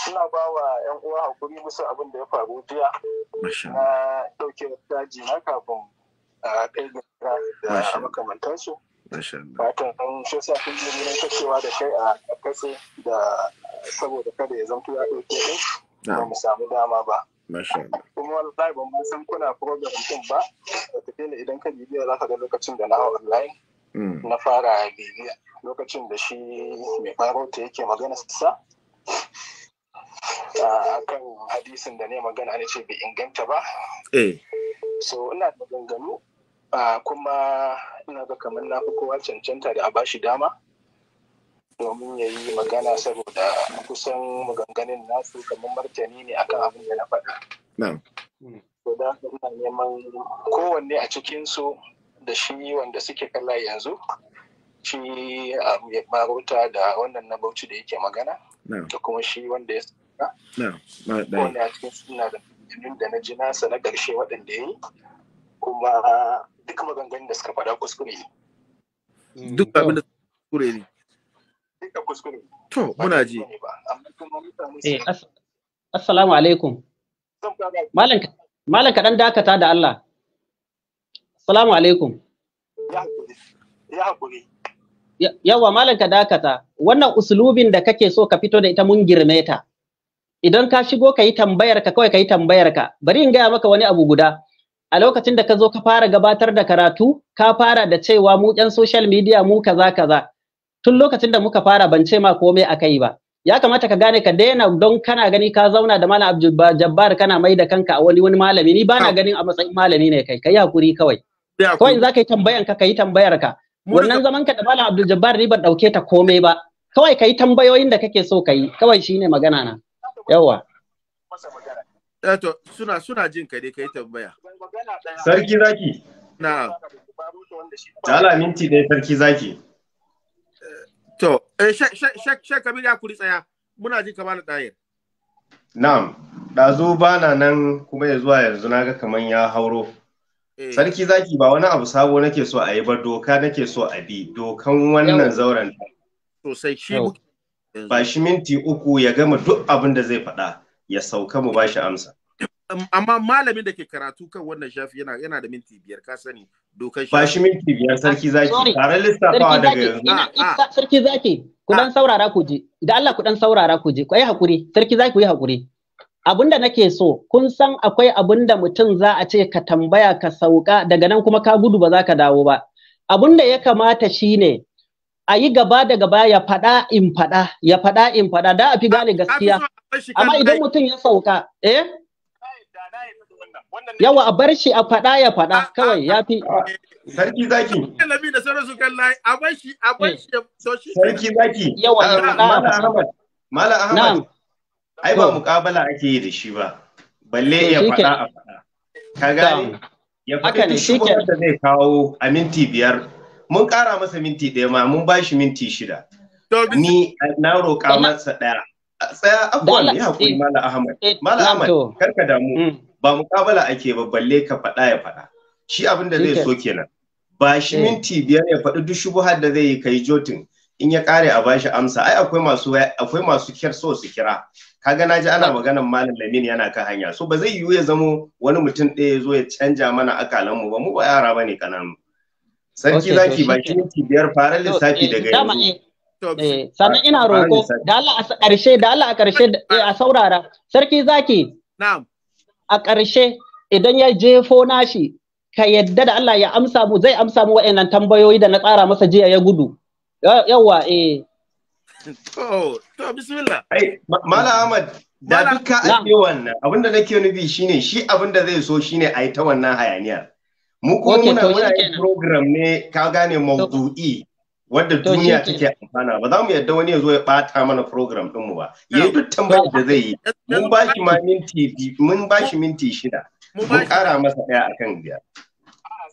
[SPEAKER 6] ina ba wa yan uwa hakuri musu abin da ya faru jiya na dauke daji na kafin
[SPEAKER 5] a kai da Allah fatan an shi sa
[SPEAKER 6] kun yi wurin kacewa da kai a kace, da saboda kada ya zanto ya dauke din ba mu samu dama ba kuma wallahi ban ma san kuna program din ba wataƙila idan ka bibiya za ka ga lokacin da na online hmm. na fara bibiya lokacin da shi mai farauta yake magana sa a kan hadisin da ne magana ne ce bai inganta ba eh. so ina da ganganu kuma ina ga kamar na fi kowa cancanta da a bashi dama domin ya yi magana saboda kusan maganganun nasu kamar martani ne akan abin da na faɗa. To da ina neman kowanne a cikinsu da shi wanda suke kalla yanzu shi um, ya maruta da wannan na bauchi da yake magana da kuma shi wanda ya kowanne a cikinsu na da da na ji nasa na ƙarshe waɗanda ya yi
[SPEAKER 10] kuma duk maganganun da suka faɗa kuskure ne.
[SPEAKER 1] Mm, duk abin da kuskure ne.
[SPEAKER 10] to muna ji eh assalamu alaikum malam malam dakata da Allah assalamu alaikum ya hakuri yawa malam ka dakata wannan usulubin da kake so ka fito da ita mun girme ta idan ka shigo ka yi tambayar ka kawai ka yi tambayar ka bari in gaya maka wani abu guda a lokacin da ka zo ka fara gabatar da karatu ka fara da cewa mu yan social media mu kaza kaza tun lokacin da muka fara ban ce ma komai a kai ba ya kamata ka gane ka daina don kana gani ka zauna da malam Abdul Jabbar kana mai da kanka a wani wani malami ni bana ganin a matsayin malami ne kai kai hakuri kawai kawai in zaka yi tambayan ka kai tambayar ka wannan zaman ka da malam Abdul Jabbar ni ban dauke ta komai ba kawai kai tambayoyin da kake so kai kawai shine magana na yawa
[SPEAKER 1] eh suna suna jin ka dai kai tambaya
[SPEAKER 10] sarki zaki
[SPEAKER 2] na'am ta minti ne sarki zaki To,
[SPEAKER 1] eh, Kabir ya kuri tsaya, muna ji kamar ɗayar.
[SPEAKER 2] Na'am, ɗazu ba na nan kuma ya zuwa yanzu naga ga kamar ya hauro. Eh. Sarki zaki ba wani abu sabo nake so a yi ba doka nake so a bi dokan wannan zauren. Sosai shi Ba shi minti uku ya gama duk abin da zai faɗa ya sauka mu ba shi amsa.
[SPEAKER 1] amma malamin da ke karatu kan wannan shafi yana yana da minti biyar ka sani
[SPEAKER 2] dokar shafi ba shi minti biyar sarki zaki tare lissafawa daga yanzu ah,
[SPEAKER 10] ah. sarki zaki ku dan ah. saurara ku je idan Allah ku dan saurara ku je ku yi hakuri sarki zaki ku yi hakuri abinda nake so kun san akwai abinda mutum za a ce ka tambaya ka sauka daga nan kuma ka gudu ba za ka dawo ba abinda ya kamata shine a yi gaba da gaba ya faɗa in faɗa ya faɗa in faɗa da a fi gane gaskiya amma idan mutum ya sauka eh yawa a bar shi a faɗa ya faɗa kawai ya fi ah, sarki zaki
[SPEAKER 1] annabi da sauran su kan lai a bar shi a bar eh. shi to shi sarki zaki yawa ah, mala ahmad
[SPEAKER 2] mala ahmad ai ba muqabala ake yi da shi ba balle ya faɗa a faɗa ka gane ya faɗi shi da zai kawo a minti biyar mun ƙara masa minti ɗaya ma mun ba shi minti shida ni na roƙa masa ɗaya tsaya abuwan ya haƙuri eh. mala ahmad eh, mala ahmad karka damu mm. ba mukabala ake ba balle ka faɗa ya faɗa shi abin da zai so kenan ba shi eh. minti biyar ya faɗi duk har da zai yi kai jotin in ya kare a bashi amsa ai akwai masu akwai masu kyar so su kira kaga naji ana maganar malam Lamin yana kan hanya so ba zai yiwu ya zamo wani mutum ɗaya ya zo ya canja mana akalan mu ba mu ba yara bane kananu sarki zaki ba shi minti biyar fara lissafi eh, daga yanzu
[SPEAKER 10] eh, sannan ina roƙo da Allah a ƙarshe da Allah a ƙarshe a saurara sarki zaki na'am a ƙarshe idan ya jefo nashi ka yadda da Allah ya amsa mu zai amsa mu waɗannan tambayoyi da na tsara masa jiya ya gudu yawa eh
[SPEAKER 2] to to bismillah ai mala ahmad da duka ake wannan abinda nake nufi shine shi abinda zai so shine a yi ta wannan hayaniya mu kuma muna muna program ne ka gane mawdu'i wadda duniya take amfana ba za mu yadda wani ya zo ya bata mana program mu ba yayi duk tambayar da zai yi mun ba shi ma minti mun ba shi minti shida mun kara masa ɗaya akan biyar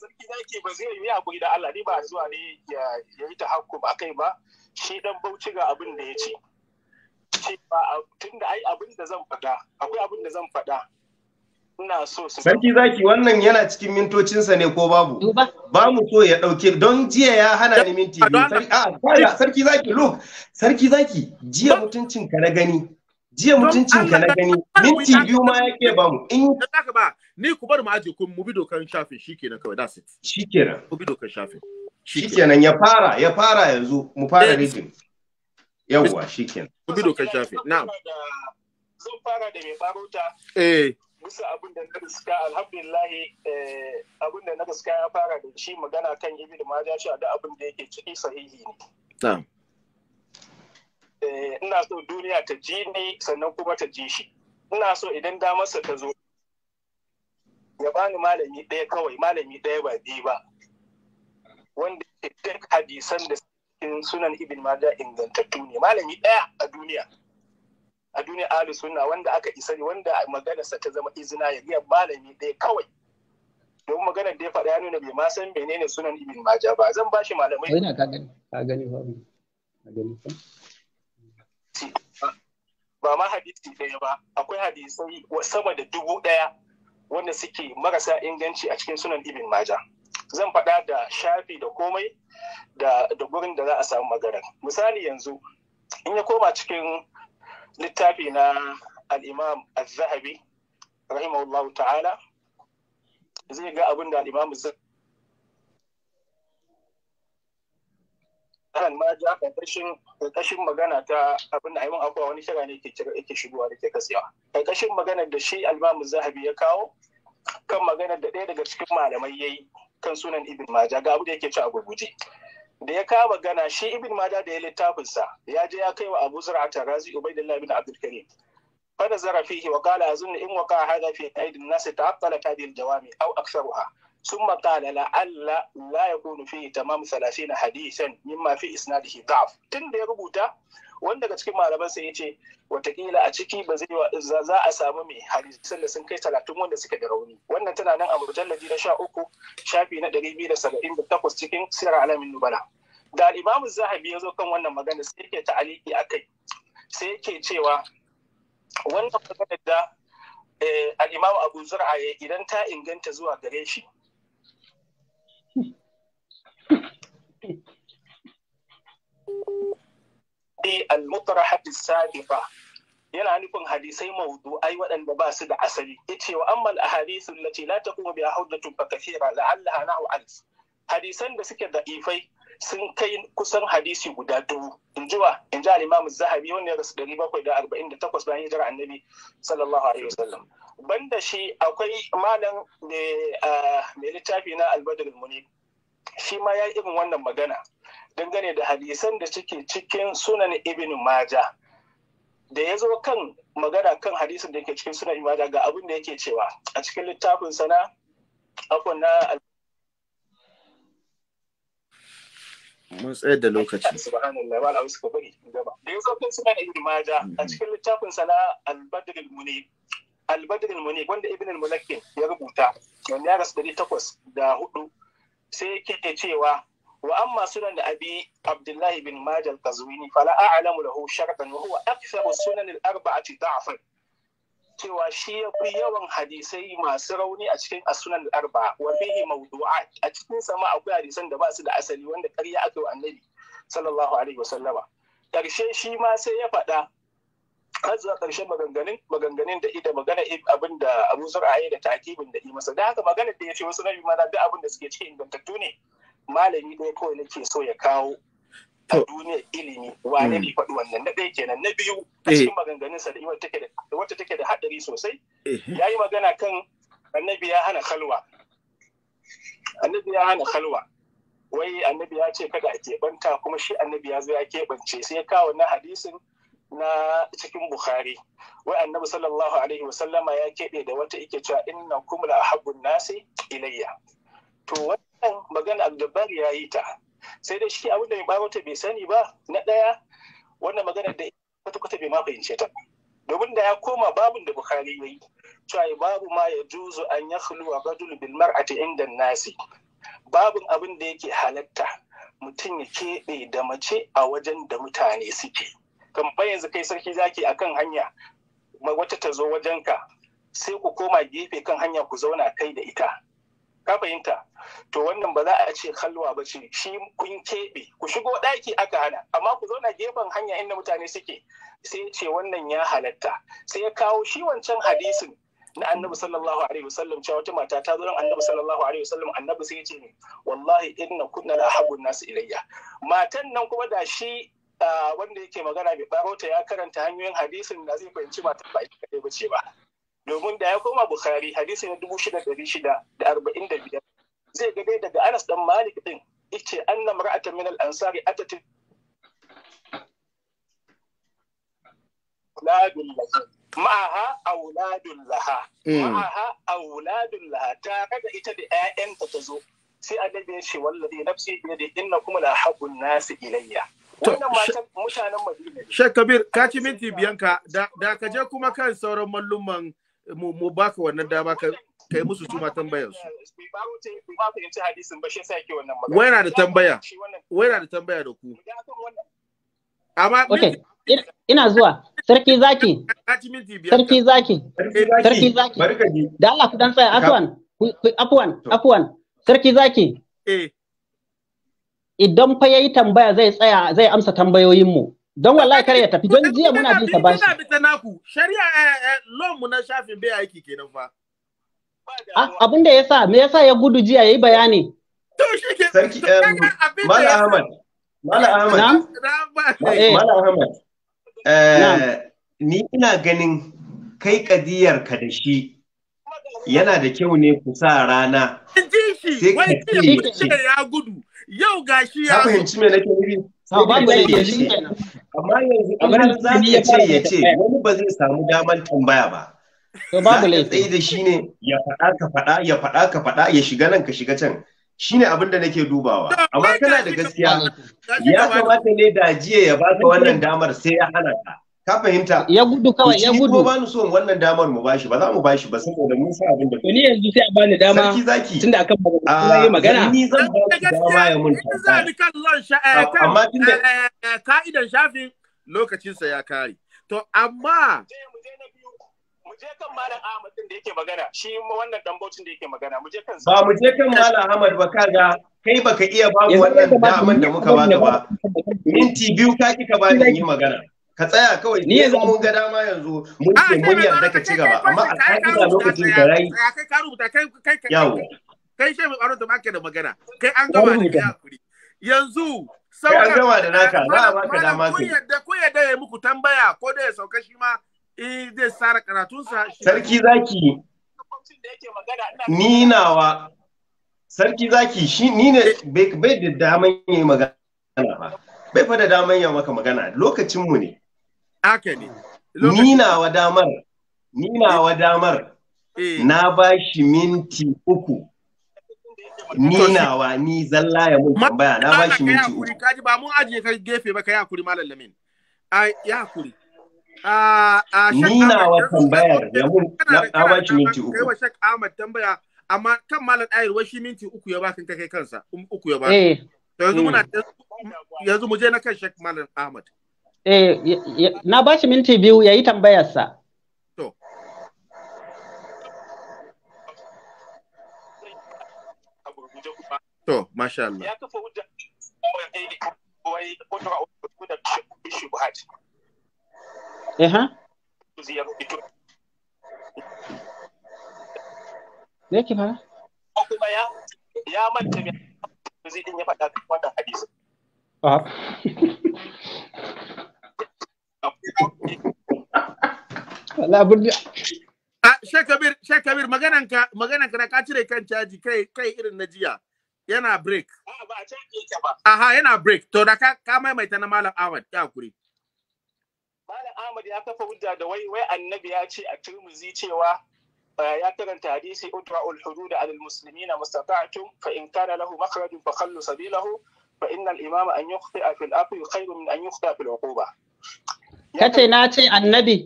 [SPEAKER 6] sarki zaki ba zai yi hakuri da Allah ne ba zuwa ne ya yi ta ba akai ba shi dan bauchi ga abin da ya ce tunda ai abin da zan fada akwai abin da zan faɗa Sarki
[SPEAKER 2] zaki wannan yana cikin mintocinsa ne ko babu? Ba mu so ya ɗauke don jiya ya hana ni minti biyu. Ah, sarki zaki look, sarki zaki jiya mutuncin ka na gani. Jiya mutuncin ka na gani. Minti biyu ma yake ba mu. In ka
[SPEAKER 1] ba ni ku bar mu aje kun mu bi dokar shafin shikenan kawai that's it. Shikenan. Mu bi dokar shafin.
[SPEAKER 2] Shikenan ya fara ya fara yanzu mu fara reading. Yawwa shikenan.
[SPEAKER 1] Mu bi Na'am. fara da mai barota. Eh. bisa abin da na riska alhamdulillah eh, abin da na gaskiya ya fara da shi magana
[SPEAKER 6] kan ibi da ma da abin da yake ciki sahihi ne eh, ina so duniya ta ji ni sannan kuma ta ji shi ina so idan damarsa ta zo ya bani malami ɗaya kawai malami ɗaya ba biyu ba wanda duk hadisan da sunan ibn maja ingantattu ne malami ɗaya a duniya a duniya ahli sunna wanda aka isa ne wanda maganarsa ta zama izina ya biya malami ɗaya kawai don maganar da ya faɗa ya nuna bai ma san menene sunan ibn maja ba zan bashi malamai ina ka gani ka gani ba ka gani ba ma hadisi ɗaya ba akwai hadisai sama da dubu ɗaya wanda suke marasa inganci a cikin sunan ibn maja zan faɗa da shafi da komai da gurin da za a samu maganar misali yanzu in ya koma cikin littafi na al'imam al-zahabi rahimahullahu ta'ala zai ga abin da al'imam zan ma ja karkashin ƙarƙashin magana ta abin da aimin akwai wani shara ne ke yake shigowa da ke kasewa karkashin magana da shi al'imam zahabi ya kawo kan magana da ɗaya daga cikin malamai ya yi kan sunan ibn maja ga abu da yake ci a gurguje da ya kama gana shi ibn mada da ya littafinsa ya je ya kai wa abu zur'ata razi ubaidillah bin abdul karim fada zarafihi wa qala azun in waqa hadha fi aidin nas ta'aqqala hadhihi al-jawami aw aktharuha ثم قال لعل la يكون فيه تمام 30 حديثا مما في اسناده ضعف tun da ya rubuta wanda daga cikin malaman sai yace watakila a ciki ba zai za a samu mai hari da sun kai talatin wanda suka da rauni wannan tana nan a mujalladi na sha uku shafi na ɗari biyu da saba'in da takwas cikin sirar alamin nubala da al'imamu zahabi ya zo kan wannan magana sai yake ta'aliki a kai sai yake cewa wannan maganar da eh, al'imamu abu zur'a idan ta inganta zuwa gare shi al mutarahat as-sadiqa yana nufin hadisai mawdu'ai waɗanda ba su da asali yace wa amma al-ahadith allati la taqumu biha hujjatun fa kathira la'allaha nahu alf hadisan da suke da ifai sun kai kusan hadisi guda dubu in ji wa in al-imam zahabi wanda ya rasu 748 bayan hijira annabi sallallahu alaihi wasallam banda shi akwai malam mai ah, littafi na al-badr al-munib shi ma ya irin wannan magana dangane da hadisan da suke cikin sunan ibn maja da ya zo kan magana kan hadisin da yake cikin sunan ibn maja ga abin da yake cewa a cikin littafin sana Akwai na
[SPEAKER 1] mun tsayar da lokaci da
[SPEAKER 6] ya zo kan sunan ibn maja a mm-hmm. cikin littafin sana al-badr al al-badr al wanda ibn al-mulakkin ya rubuta wanda ya rasu 804 sai yake cewa wa amma sunan abi abdullahi bin majal tazwini fala a'lamu lahu shartan wa huwa aktharu sunan a cikin da'fan cewa shi ya fi yawan hadisai masu rauni a cikin asunan arba wa fihi mawdu'at a cikin sama akwai hadisan da ba su da asali wanda ƙarya aka yi annabi sallallahu alaihi wasallama ƙarshe shi ma sai ya faɗa har zuwa ƙarshen maganganun maganganun da ida magana abin da Abu Zur'a da takibin da yi masa da haka magana da ya ce wasu nabi ma da abin da suke cikin ingantattu ne malami ɗaya kawai nake so ya kawo a duniyar ilimi wane ne hmm. faɗi wannan na ɗaya kenan na biyu a eh. cikin sa da wata take da haɗari sosai eh. ya yi magana kan annabi ya hana kalwa annabi ya hana kalwa wai annabi ya ce kada a keɓanta kuma shi annabi ya zo ya keɓance sai ya kawo na hadisin na cikin bukhari wai annabi sallallahu alaihi wasallama ya keɓe da wata ike cewa inna kumla la habbun nasi ilayya to wannan magana abdulbar ya yi ta sai dai shi abin da mai bawata bai sani ba na ɗaya wannan magana da kwata-kwata bai ma fahimce ta domin da ya koma babun da bukari ya yi cewa babu ma ya juzu an ya khuluwa rajul bil mar'ati inda nasi babun abin da yake halatta mutum ya keɓe da mace a wajen da mutane suke kamar yanzu kai sarki zaki akan hanya wata ta zo wajen ka, sai ku koma gefe kan hanya ku zauna kai da ita ka fahimta to wannan ba za a ce halwa ba ce shi kun keɓe ku shigo ɗaki aka hana amma ku zauna gefen hanya inda mutane suke sai ya ce wannan ya halatta sai ya kawo shi wancan hadisin na annabi sallallahu alaihi wasallam cewa wata mata ta zuran annabi sallallahu alaihi wasallam annabi sai ya ce ne wallahi inna kunna la habbun nasu ilayya matan nan kuma da shi ah, wanda yake magana mai barota ya karanta hanyoyin hadisin da zai fahimci matan ba ita ba ce ba domin da ya koma bukhari hadisi na dubu shida dari shida da arba'in da biyar zai ga dai daga anas dan malik din ice anna mar'atan min al ansari atat auladun laha ma'aha auladun laha hmm. ma'aha auladun laha tare da ita da ƴaƴanta ta zo sai annabi ya ce wallahi nafsi bi yadi innakum la haqqun nasi ilayya wannan matan mutanen madina shek
[SPEAKER 1] kabir ka ci minti biyanka da ka je kuma kan sauran mallumman mu baka wannan dama ka kai musu su ma tambayar su. Wai na da tambaya, wai da tambaya da ku.
[SPEAKER 10] Amma ina zuwa sarki zaki sarki zaki sarki zaki da Allah ku dan tsaya afwan afwan afwan sarki zaki eh. idan fa yayi tambaya zai tsaya zai amsa tambayoyin mu don wallahi kar ya tafi don jiya muna bin sa bashi kuna bita
[SPEAKER 6] naku shari'a eh, eh, law mu na shafin
[SPEAKER 1] bai aiki kenan fa
[SPEAKER 10] ah, abin da yasa me yasa ya gudu jiya yayi bayani
[SPEAKER 2] to shike sarki mala ahmad mala ahmad mala eh. ahmad eh ni ina ganin kai kadiyar ka da shi yana da kyau ne ku sa rana sai ka
[SPEAKER 1] ya gudu yau gashi ya fahimci me nake
[SPEAKER 2] nufi Amma
[SPEAKER 6] yanzu kamar za ya ce ya ce
[SPEAKER 2] wani ba zai samu damar tambaya ba. To babu Tsaye da shi ne ya faɗa ka faɗa ya faɗa ka faɗa ya shiga nan ka shiga can. Shi ne abin da nake dubawa. Amma kana da gaskiya ya kamata ne da jiya ya baka wannan damar sai ya hana ka. ka fahimta ya gudu kawai ya gudu ba ni son wannan damar mu bashi ba za mu bashi ba saboda mun sa abin da ni yanzu sai a bani dama tunda akan magana ah, yayi magana ni zan
[SPEAKER 1] ba ki dama ya mun ta kan lon sha eh, ah, amma tunda eh, eh, ka'idan shafin lokacin sa ya kare to amma
[SPEAKER 6] mu je kan malam Ahmad din da yake magana shi wannan dan da yake magana mu je kan
[SPEAKER 2] ba mu je kan malam Ahmad ba kaga kai baka iya babu wannan damar da muka baka ba minti biyu ka kika ba da yin magana ka tsaya kawai ni yanzu mun ga dama yanzu mun ce mun yarda ka ci gaba amma a ka'ida lokacin da rai
[SPEAKER 1] kai ka rubuta kai kai kai kai shi mai baron da baka da magana kai an gama da hakuri yanzu sauran an gama da naka ba ba ka dama kai yadda ku yadda ya muku tambaya ko da ya sauka shi ma eh zai sara karatun sa sarki
[SPEAKER 2] zaki ni nawa sarki zaki shi ni ne bai da daman yi magana ba bai fa da daman yi maka magana lokacin mu ne haka ne ni nawa damar damar eh. na ba shi minti uku Nina wa ni zalla ya mun tambaya na ba shi minti uku
[SPEAKER 1] kaji ba mun ajiye kai gefe ba kai hakuri malam lamin ai ya hakuri Nina wa tambayar
[SPEAKER 2] ya mun na ba shi minti uku kai wa
[SPEAKER 1] shek Ahmad tambaya amma kan malam Ayir wai shi minti uku ya baka kai kansa um, uku ya baka
[SPEAKER 2] eh. yanzu hmm. muna
[SPEAKER 1] yanzu mu je na kan shek malam Ahmad
[SPEAKER 10] Eh, na bashi minti biyu ya yi tambayarsa.
[SPEAKER 1] To, masha Allah.
[SPEAKER 6] Eh ha? Me yake fara? Kuma ya ya manta me zai din ya faɗa wannan hadisi.
[SPEAKER 10] Ah. Wala abin da
[SPEAKER 1] ah, Shekabir, Shekabir, magananka, magananka na ka cire kan caji kai kai irin na jiya. Yana break.
[SPEAKER 6] A'a ah, ba caji yake ba.
[SPEAKER 1] Aha, yana break. To da ka ka maimaita na Malam Ahmad, ya kuri.
[SPEAKER 6] Malam Ahmad ya kafa hujja da wai wai Annabi ya ce a Tirmidhi cewa ya karanta hadisi udra'ul hudud 'ala al-muslimina mustata'tum fa in kana lahu makhrajun fa khallu sabilahu fa inna al-imama an yukhti'a fil afi khairu min an yukhti'a fil 'uquba.
[SPEAKER 10] kace na ce annabi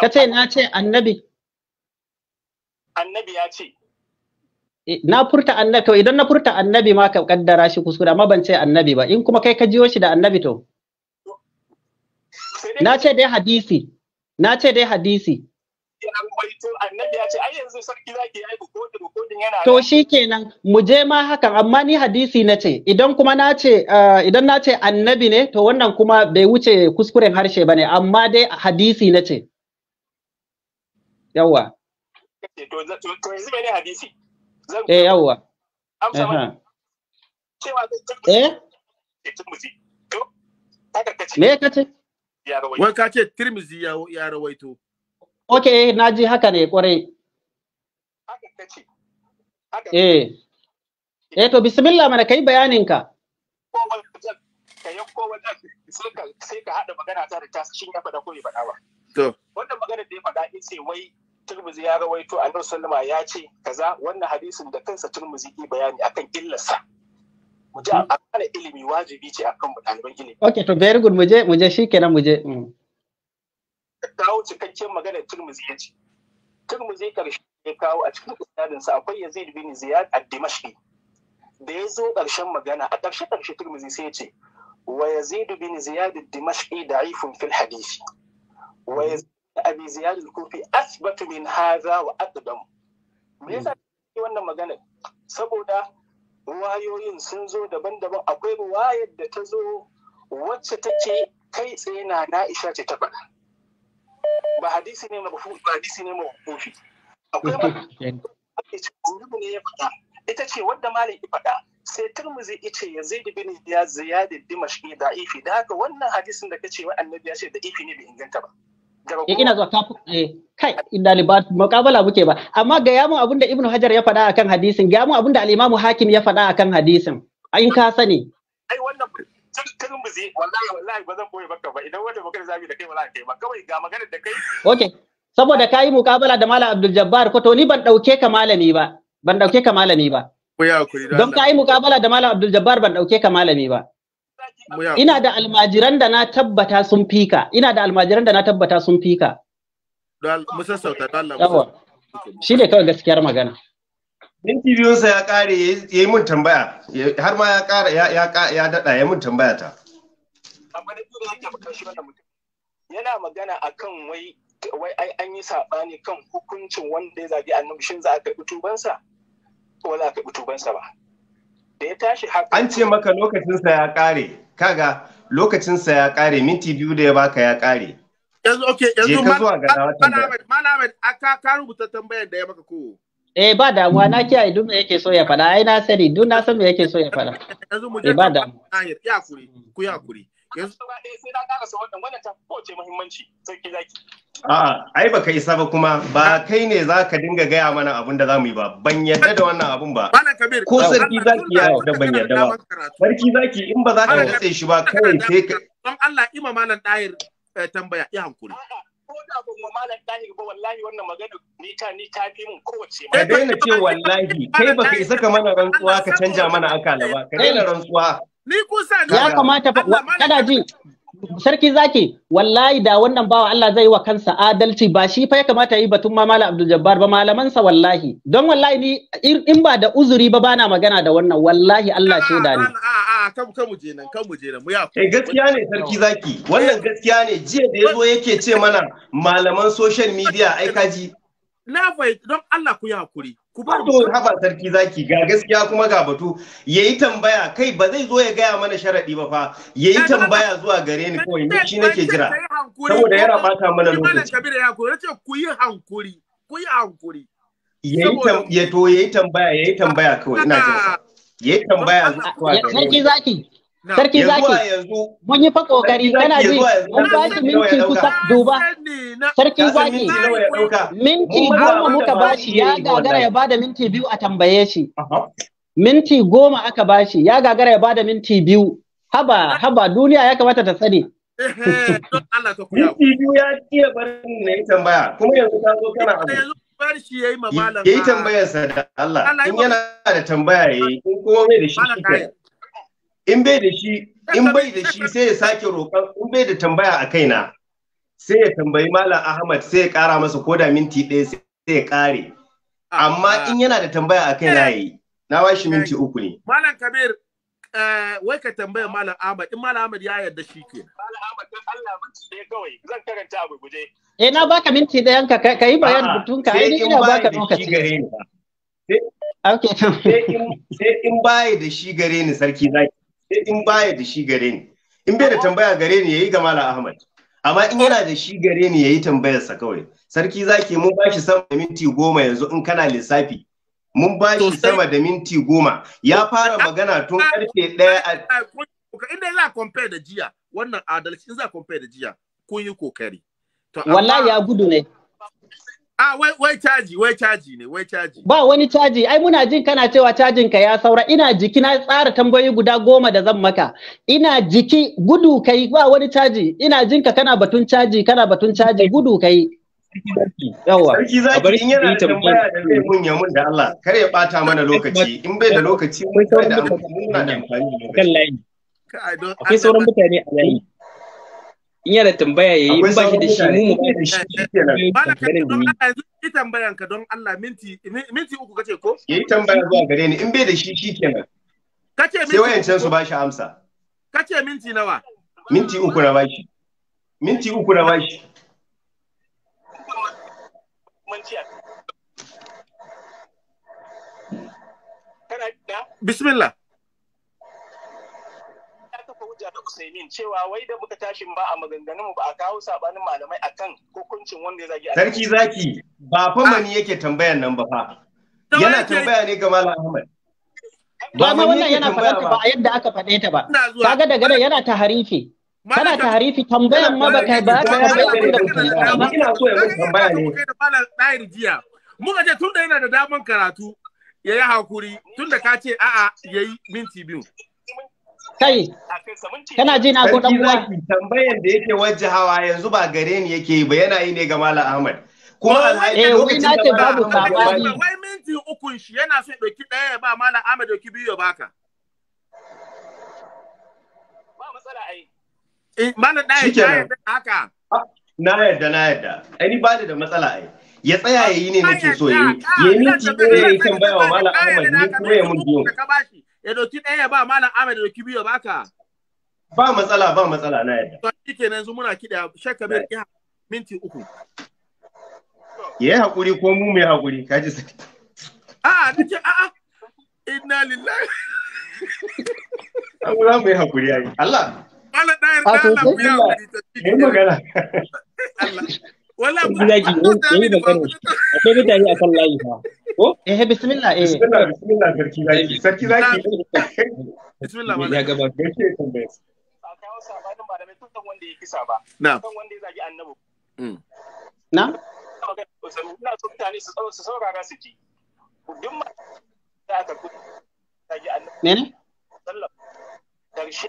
[SPEAKER 10] kace na ce annabi annabi ya ce eh, na furta annabi to idan na furta annabi ma ka kaddara shi kuskure amma ban ce annabi ba in kuma kai ka jiyo shi da annabi to na ce dai hadisi na ce dai hadisi To shi kenan mu je ma hakan amma ni hadisi na ce idan kuma na ce eh, idan na ce annabi ne to wannan kuma bai wuce kuskuren harshe bane amma dai hadisi na ce yawa
[SPEAKER 6] to to yanzu ne hadisi
[SPEAKER 10] eh yawa amsa eh Me ka ce? Wai ka
[SPEAKER 1] ce Tirmizi ya rawaito.
[SPEAKER 10] ok na ji haka ne kwarai eh eh to bismillah mana kai bayanin ka
[SPEAKER 6] ka yanko sai ka sai magana ta da ta shin ya fada to wannan magana da ya fada in wai ya rawaito Annabi sallama ya ce kaza wannan hadisin kansa ce akan ilimi
[SPEAKER 10] okay to very good mu je mu je shikenan mu je mm.
[SPEAKER 6] kawo cikakken magana turmuzi ya ce turmuzi karshe ya kawo a cikin isnadinsa akwai yazid bin ziyad ad-dimashqi da ya zo ƙarshen magana a ƙarshe ƙarshe turmuzi sai ya ce wa yazid bin ziyad ad-dimashqi da'ifun fil hadisi wa mhm. yazid abi ziyad al-kufi asbatu min hadha wa aqdam me yasa mhm. wannan magana saboda wayoyin sun zo daban-daban akwai wayar da ta zo wacce take kai tsaye na na ce ta faɗa ba hadisi ne mafu ba hadisi ne mafufi akwai annabi ne ya faɗa ita ce wadda malam ya faɗa sai turmuzi ya ce yanzu da bin ya ziyada dimashi da ifi da haka wannan hadisin da kace wa annabi ya ce da ifi ne bai inganta ba eh, ina zuwa
[SPEAKER 10] kafin eh, kai inda libat muqabala muke ba amma ga yamu abinda da Ibn Hajar ya faɗa akan hadisin ga yamu abinda da al imamu Hakim ya faɗa akan hadisin in ka sani ai wannan
[SPEAKER 6] tun mu zai wallahi wallahi ba zan maka ba idan wanda da kai wallahi kai ba kawai ga maganar da kai
[SPEAKER 10] okay saboda kayi mukabala da Malam Abdul Jabbar ko to ni ban dauke ka malami ba ban dauke ka malami ba don kayi mukabala da Malam Abdul Jabbar ban dauke ka malami ba ina da almajiran da na tabbata sun fika ina da almajiran da na tabbata sun fika
[SPEAKER 1] mu sassauta Allah
[SPEAKER 10] shi ne kawai gaskiyar magana minti biyunsa
[SPEAKER 2] ya kare ya yi mun tambaya har ma ya kara ya daɗa ya mun tambaya ta
[SPEAKER 6] amma da biyu yake akan shi wannan mutum yana magana akan wai wai ai an yi saɓani kan hukuncin wanda ya zabi annabi shin za a karɓi tubansa ko za a karɓi
[SPEAKER 2] tubansa ba da ya tashi haka an ce maka lokacinsa ya kare kaga lokacinsa ya kare minti biyu da ya baka ya kare
[SPEAKER 1] yanzu okay yanzu malamai malamai aka ka rubuta tambayar da ya maka ko
[SPEAKER 10] Eh ba damuwa na kiyaye duk me yake so ya faɗa ai na sani duk na san me yake so ya faɗa. Yanzu mu je eh, ba damuwa.
[SPEAKER 6] Ya kuri ku ya kuri. Yanzu ba dai eh, sai na ƙara sa wannan wannan ta koce muhimmanci sai ki zaki.
[SPEAKER 10] A'a ai
[SPEAKER 2] ba kai ba kuma ba kai ne za ka dinga gaya mana abun da zamu yi ba ban yadda da wannan abun ba. Ko sarki zaki ya da ban yadda ba. Sarki zaki in ba za ka matse shi ba kai sai ka.
[SPEAKER 1] Don Allah imama nan ɗayar eh, tambaya ya hankuri.
[SPEAKER 6] ko da ban mu malam dani ba wallahi wannan magana ni ta ni ta fi mun kowace ka
[SPEAKER 2] daina ce wallahi kai baka isa ka mana rantsuwa ka canja mana akala ba ka daina rantsuwa ni
[SPEAKER 10] kusa ya kamata kada ji sarki zaki wallahi da wannan bawa Allah zai wa kansa adalci ba shi fa ya kamata yi batun ma malam Abdul Jabbar ba malamansa wallahi don wallahi ni in ba da uzuri ba bana magana da wannan wallahi Allah ce da a
[SPEAKER 1] a kan kan mu je nan kan
[SPEAKER 2] mu je nan mu ya eh gaskiya ne sarki zaki wannan gaskiya ne jiya da yazo yake ce mana malaman social media ai kaji na don Allah ku yi hakuri. Ku ba to haba sarki zaki ga gaskiya kuma ga batu yayi tambaya kai ba zai zo ya gaya mana sharadi ba fa yayi tambaya zuwa gare ni kawai ni shi nake jira. Saboda yana bata mana lokaci.
[SPEAKER 1] Kabir ya hakuri nace ku yi hankuri ku yi hankuri.
[SPEAKER 2] Yayi tambaya yayi tambaya yayi tambaya kawai ina jira. Yayi tambaya zuwa gare ni. Sarki
[SPEAKER 10] zaki Sarki zaki mun yi fa kokari kana ji mun ba shi minti kusa duba sarki zaki minti goma muka ba shi ya gagara ya bada minti biyu a tambaye shi minti goma aka ba shi ya gagara ya bada minti biyu haba haba duniya ya kamata ta sani minti biyu ya iya barin ne tambaya kuma
[SPEAKER 2] yanzu ta zo kana abu
[SPEAKER 1] Ya yi tambayar, ma
[SPEAKER 2] tambayarsa da Allah in yana da tambaya yayi in kuma mai da shi in bai da shi in bai da shi sai ya sake roƙon in bai da tambaya a kaina sai ya tambayi malam ahmad sai ya ƙara masa ko da minti ɗaya sai ya ƙare amma ah. in yana da tambaya a kaina eh. yayi
[SPEAKER 10] na bashi minti eh. uku ne
[SPEAKER 1] malam kabir eh, wai ka tambaya malam ahmad in malam ahmad ya
[SPEAKER 6] yarda shi ke malam ahmad dan Allah minti ɗaya kawai zan karanta abu guje
[SPEAKER 10] eh na baka minti ɗayan ka kai bayan butun ka ai ina baka lokaci Okay,
[SPEAKER 2] sai in baya da shi gare ni sarki zaki in baya da shi gare ni in bai da tambaya gare ni yayi ga malam ahmad amma in yana da shi gare ni yayi tambayar sa kawai sarki zaki mun bashi sama da minti goma yanzu in kana lissafi mun bashi sama da minti goma ya fara ah, magana tun ah, karfe ɗaya a
[SPEAKER 1] ah, inda za compare da jiya wannan adalci za compare da jiya kun yi kokari wallahi ya gudu ne A ah, wai caji wai caji ne wai caji.
[SPEAKER 10] Ba wani caji ai muna jin kana cewa cajin ka ya saura ina jiki na tsara tambayoyi guda goma da zan maka ina jiki gudu kai ba wani caji ina jin ka kana batun caji kana batun caji gudu kai.
[SPEAKER 2] Yawa. Sarki zaki in yana da tambaya da zai mun ya mun da Allah kar ya bata mana lokaci in bai da lokaci mun da amfani da amfani. Akwai sauran mutane a layi.
[SPEAKER 9] in yana tambaya yayi in ba shi da shi mu mu ba da shi
[SPEAKER 2] yanzu
[SPEAKER 1] yi tambayan ka don Allah minti minti uku kace ko yi tambaya
[SPEAKER 2] zuwa gare ni in bai da shi shi shikenan kace minti sai wayancan su ba shi amsa kace minti nawa minti uku na bashi minti uku na bashi
[SPEAKER 1] bismillah Usaimin cewa wai da
[SPEAKER 6] muka tashi ba a maganganun mu ba a kawo sabanin malamai akan hukuncin wanda ya zagi Sarki
[SPEAKER 2] zaki ba fa mani yake tambayan nan ba fa. Yana tambaya ne ga Malam Ahmad.
[SPEAKER 10] Ba ma wannan yana faɗa ba a yadda aka faɗe ta ba. Kaga daga nan yana ta harifi. Kana ta harifi tambayan ma ba baka ba ka tambaye abin da kuke ba.
[SPEAKER 6] Ina so ya muku tambaya ne.
[SPEAKER 1] Malam Dahir jiya. Muka ce tunda yana da daman karatu ya yi hakuri tunda ka ce a'a yayi minti biyu.
[SPEAKER 2] kai kana ji na ko dan uwa tambayan da yake hawa, yanzu ba gare ni yake yi ba yana yi ne ga Malam Ahmad
[SPEAKER 10] kuma alhaji eh, lokacin da ce babu sabani wai
[SPEAKER 1] minti ukun shi yana so dauki daya ya ba Malam
[SPEAKER 2] Ahmad dauki biyu ya baka
[SPEAKER 6] ba matsala ai
[SPEAKER 2] eh Malam daya ya haka ah, na yarda na yarda ai ba da matsala ai ya tsaya yayi ne nake so yayi yayi minti ah, ɗaya yayi tambaya wa Malam Ahmad ne kuma ya mun biyo
[SPEAKER 1] ya doki ɗaya ba malam Ahmed da doki biyu baka
[SPEAKER 2] ba matsala ba matsala na yadda to
[SPEAKER 1] shikenan yanzu muna kida shakka bir ya
[SPEAKER 2] minti uku yayi hakuri ko mu mai hakuri kaji sai
[SPEAKER 6] a'a na ce a'a inna lillahi
[SPEAKER 2] an za mu yi hakuri ai Allah
[SPEAKER 6] Allah da
[SPEAKER 10] yarda *laughs* Allah ya hakuri Allah wala ba yaji da kano akwai mutane layi ko eh bismillah eh
[SPEAKER 6] bismillah bismillah sarki zaki sarki zaki bismillah ya gaba tambaye a kawo sabanin malamai tun wanda kisa ba na wanda ya annabi na ina so mutane su su saurara su ji duk ma da aka annabi ne sallah karshe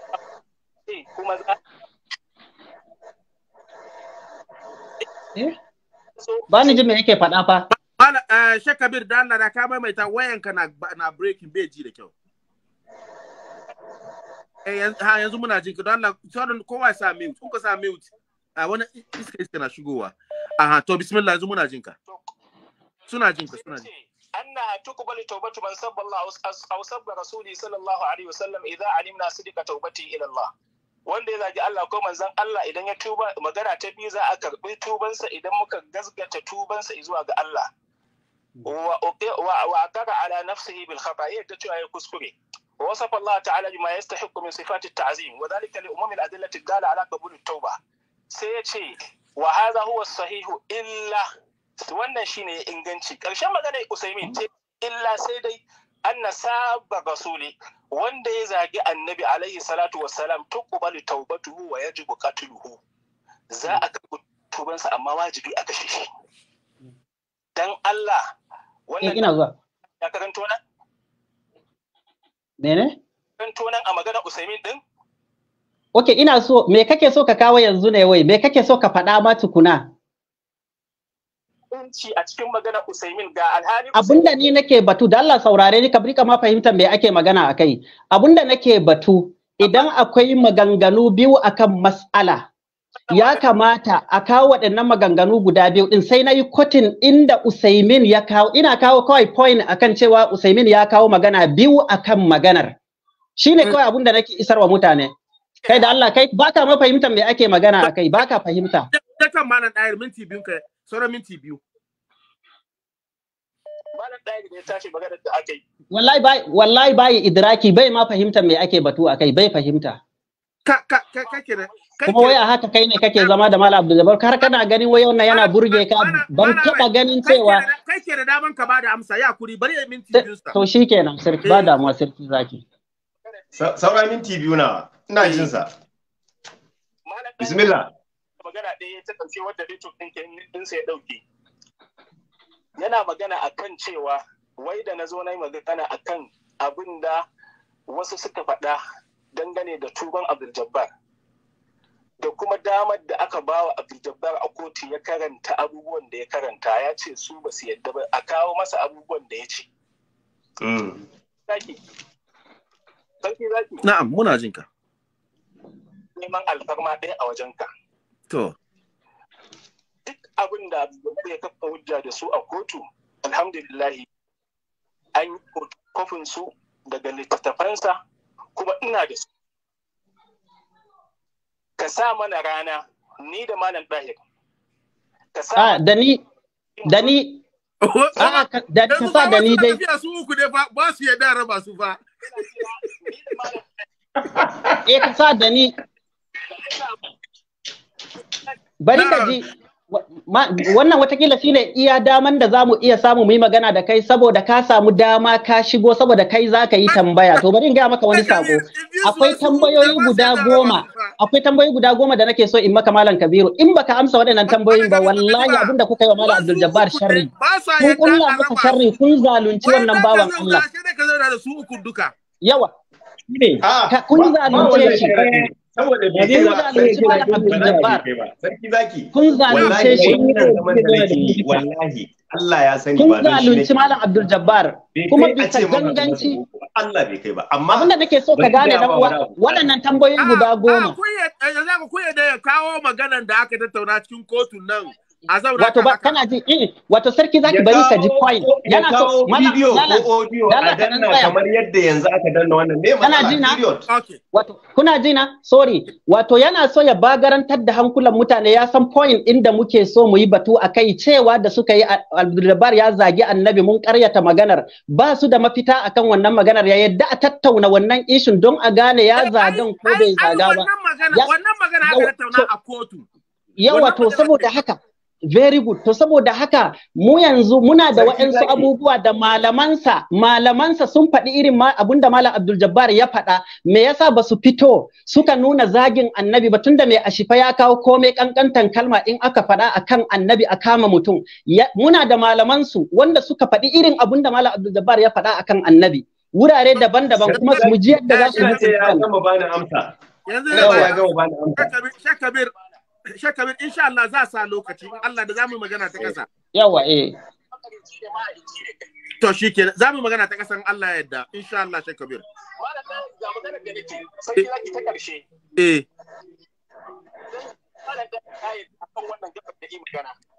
[SPEAKER 6] eh, kuma za
[SPEAKER 10] Eh? Ba ni jin me yake faɗa fa.
[SPEAKER 1] Bana eh Shekabir dan Allah da ka maimaita wayanka na na breaking bai ji da kyau. Eh ha yanzu muna jin ki don Allah sauran kowa ya sa mute. Kun ka sa mute. A ah, wani iska iska na shigowa. Aha to bismillah yanzu muna jin ka. Suna jin ka suna jin.
[SPEAKER 6] أنها تقبل توبة من سب الله أو سب رسوله صلى الله عليه وسلم إذا علمنا صدق توبته إلى الله. wanda ya zagi Allah ko manzon Allah idan ya tuba magana ta biyu za a karbi tubansa idan muka gazgata tubansa zuwa ga Allah wa aqara ala nafsihi bil khata ta cewa ya kuskure wa Allah ta'ala bima yastahiqu min sifati ta'zim wa dhalika li umum adillati gala ala qabul tauba sai ya ce wa hadha huwa sahihu illa wannan shine inganci karshen magana Usaimin ce illa sai dai anna saba rasuli wanda ya zagi annabi alaihi salatu wa wassalam tuqbalu taubatuhu wa yajibu qatluhu za a karɓi tubansa amma wajibi a kashe shi dan Allah wannan eh, ina zuwa ya karanto nan
[SPEAKER 10] mene karanto nan a magana Usaimin din Ok, ina so, me kake so ka kawo yanzu ne wai, me kake so ka faɗa ma tukuna?
[SPEAKER 6] inganci a cikin magana Usaimin ga alhali
[SPEAKER 10] abinda ni nake batu da Allah saurare ni kabri kama fahimtar me ake magana akai abinda nake batu idan akwai maganganu biyu akan mas'ala ya kamata a kawo waɗannan maganganu guda biyu din sai nayi yi kotin inda Usaimin ya kawo ina kawo kawai point akan cewa Usaimin ya kawo magana biyu akan maganar shine mm. kawai abinda nake isarwa mutane kai da Allah kai baka ma fahimta me ake magana akai baka fahimta
[SPEAKER 1] daktan malam ɗayar minti biyu ka sauran minti biyu
[SPEAKER 6] malam tashi maganar da aka
[SPEAKER 10] yi wallahi bai idraki bai ma fahimta me ake batu akai bai fahimta
[SPEAKER 6] ka ka ka
[SPEAKER 10] kuma waya haka kai ne kake zama da malam abdul har kana ganin wai wannan yana burge ka ban taɓa ganin cewa
[SPEAKER 1] kai ke da daman ka bada amsa ya kuri bari minti eh, biyu
[SPEAKER 10] to sarki ba
[SPEAKER 2] eh. damuwa sarki zaki Sauran minti biyu na ina jin sa eh. bismillah magana ɗaya ta
[SPEAKER 6] ƙarshe wadda network ɗin ɗinsa ya ɗauke yana magana a kan cewa wai da na zo na yi magana kan abin da wasu suka faɗa dangane da tuban abdul da kuma damar da aka ba wa abdul a kotu ya karanta abubuwan da ya karanta ya ce su ba su yadda ba a kawo masa abubuwan da ya ce mm. na'am muna jinka neman alfarma ɗaya a wajenka To. Duk abin da ya kafa hujja da su a kotu, alhamdulillahi an yi kofin su daga littattafansa kuma ina da su. Ka sa mana rana ni da malam dahir
[SPEAKER 10] Ka sa ah, da ni da ni *laughs* da ka sa da ni dai.
[SPEAKER 6] Su uku ne ba su yadda raba
[SPEAKER 4] su ba
[SPEAKER 10] Eh ka sa da ni. bari ka ji wannan watakila shine iya daman da zamu iya samu mu yi magana da kai saboda ka samu dama ka shigo saboda kai za ka yi tambaya to bari in gaya maka wani sako akwai tambayoyi guda goma akwai tambayoyi guda goma da nake so in maka malam kabiru in baka amsa waɗannan tambayoyin ba wallahi abin da kuka yi wa malam abdul jabbar sharri kun kulla masa sharri kun zalunci wannan bawan Allah yawa kun zalunce shi
[SPEAKER 6] saboda
[SPEAKER 1] bai zai
[SPEAKER 6] zaɓa
[SPEAKER 10] sarki
[SPEAKER 6] kun zalunce shi
[SPEAKER 2] ya kun zalunci malam
[SPEAKER 10] Abdul Jabbar
[SPEAKER 2] kuma bisa ganganci Allah bai kai ba amma abin da nake so ka gane dan uwa
[SPEAKER 10] waɗannan tambayoyi guda ah, ah,
[SPEAKER 1] goma eh, ya kawo maganar da aka tattauna cikin kotun nan a zauna wato
[SPEAKER 10] ba kana ji eh wato sarki zaki bari ka ji point yana so video ko audio a danna kamar
[SPEAKER 2] yadda yanzu aka danna wannan me kana ji na
[SPEAKER 10] wato kuna ji na sorry wato yana so ya bagarantar da hankulan mutane ya san point inda muke so mu yi batu akai cewa da suka yi Abdulbar ya zagi Annabi mun karyata maganar ba su da mafita akan wannan maganar ya yadda a tattauna wannan ishin don a gane ya eh, zagin ko bai zaga ba wannan magana wannan magana aka tattauna a kotu yawa to saboda haka very good to saboda haka mu yanzu muna da waɗansu abubuwa da malamansa malamansa sun faɗi irin ma da malam Abdul Jabbar ya faɗa me yasa ba su fito suka nuna zagin annabi ba tunda mai ashifa ya kawo komai kankantan kalma in aka faɗa akan annabi a kama mutum muna da malamansu wanda suka faɗi irin da malam Abdul Jabbar ya faɗa akan annabi wurare daban-daban kuma su mu ji yadda za su yi.
[SPEAKER 2] Yanzu da ba ya gama bani amsa. Shakabir,
[SPEAKER 1] shekarun insha Allah za sa lokaci Allah da za mu magana ta kasa yawa eh to shi ke za mu magana ta kasan Allah ya yadda insha Allah shakabir
[SPEAKER 6] ga magana da nake ta
[SPEAKER 1] eh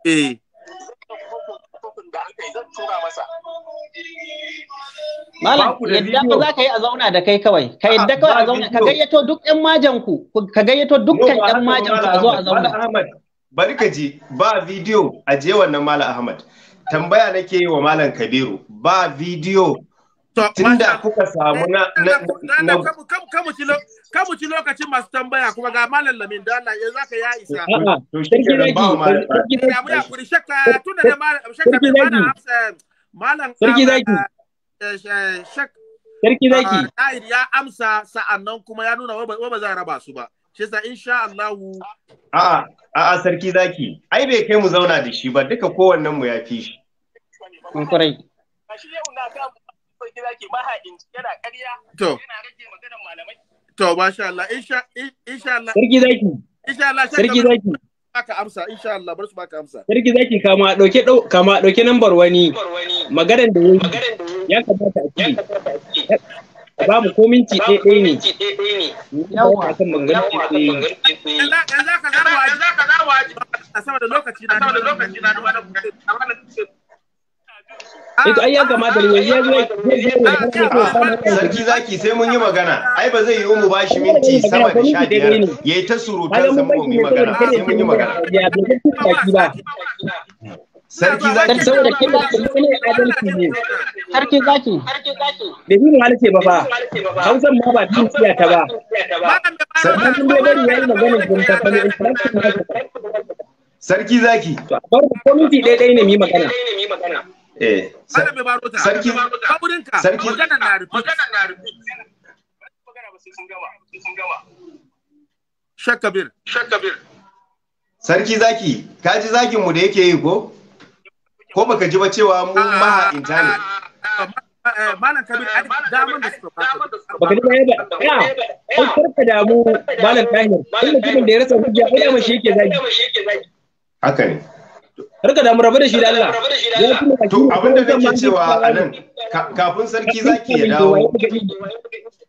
[SPEAKER 1] Eh. eh. eh. abin da aka yi zan
[SPEAKER 6] tura masa Malam yadda ba za ka yi a
[SPEAKER 10] zauna da kai kawai ka yadda ah, kawai a zauna ka gayyato duk 'yan majan ku ka gayyato dukkan 'yan majan ku a zo a zauna
[SPEAKER 2] Ahmad bari ka ji ba bidiyo a je wannan Malam Ahmad tambaya nake yi wa Malam Kabiru ba bidiyo Tunda kuka samu na eh, na
[SPEAKER 1] kamu ci lokacin masu tambaya kuma ga malam lamin da Allah ya isa. Ah, ah,
[SPEAKER 6] to eh,
[SPEAKER 1] Ya mu ya kuri shakka
[SPEAKER 4] tunda da shakka
[SPEAKER 1] da Sarki zaki. Eh, sarki zaki. Ah, ya amsa sa'annan kuma ya nuna wa ba za a raba su ba. Shi sa insha
[SPEAKER 6] Allah.
[SPEAKER 2] A'a a'a sarki zaki. Ai bai kai mu zauna da shi ba duka kowannen mu ya fi shi. Kun kurai.
[SPEAKER 6] Shi yana ƙarya
[SPEAKER 1] yana rage maganar malamai to Allah
[SPEAKER 6] insha Allah sarki zaki
[SPEAKER 1] insha Allah sarki zaki baka amsa insha Allah bar su baka amsa
[SPEAKER 9] sarki zaki kama dauke kama dauke nambar wani maganar da yayi ya kamata a ci ba mu ko ɗaya ɗaya ne yawa akan maganar ka
[SPEAKER 1] zarwa a sama da lokaci na da
[SPEAKER 2] Ah, Ito ai ya kamata ne ya Sarki zaki sai mun yi magana. Ai ba zai yi mu ba shi minti sama da sha Yayi ta surutan san mu yi magana. Sai mun yi magana.
[SPEAKER 10] Sarki zaki. Saboda kin da ne adalci ne. Sarki zaki.
[SPEAKER 9] Da yi halice ba fa.
[SPEAKER 10] Hausan ma ba din tsiya ta ba. Sarki mun bari yayi magana
[SPEAKER 9] din ta fa Sarki zaki. Bar komiti ɗaya ɗaya ne mu yi
[SPEAKER 6] magana. Eh, sarki.
[SPEAKER 2] zaki, ka ji zakin mu da yake yi ko? Ko baka ji ba cewa mu maha maha'inta ne? Ah, ah,
[SPEAKER 1] ah, eh, Malam Kabir, damar da
[SPEAKER 9] suka fata.
[SPEAKER 2] Baka ji ba ya ba. Ya, an karka damu Malam Tahir. Wani mutumin
[SPEAKER 9] da ya rasa hujja, ai dama shi yake zagi. Haka ne. karka da da shi da
[SPEAKER 2] Allah to abin da kake cewa a nan kafin sarki zaki ya dawo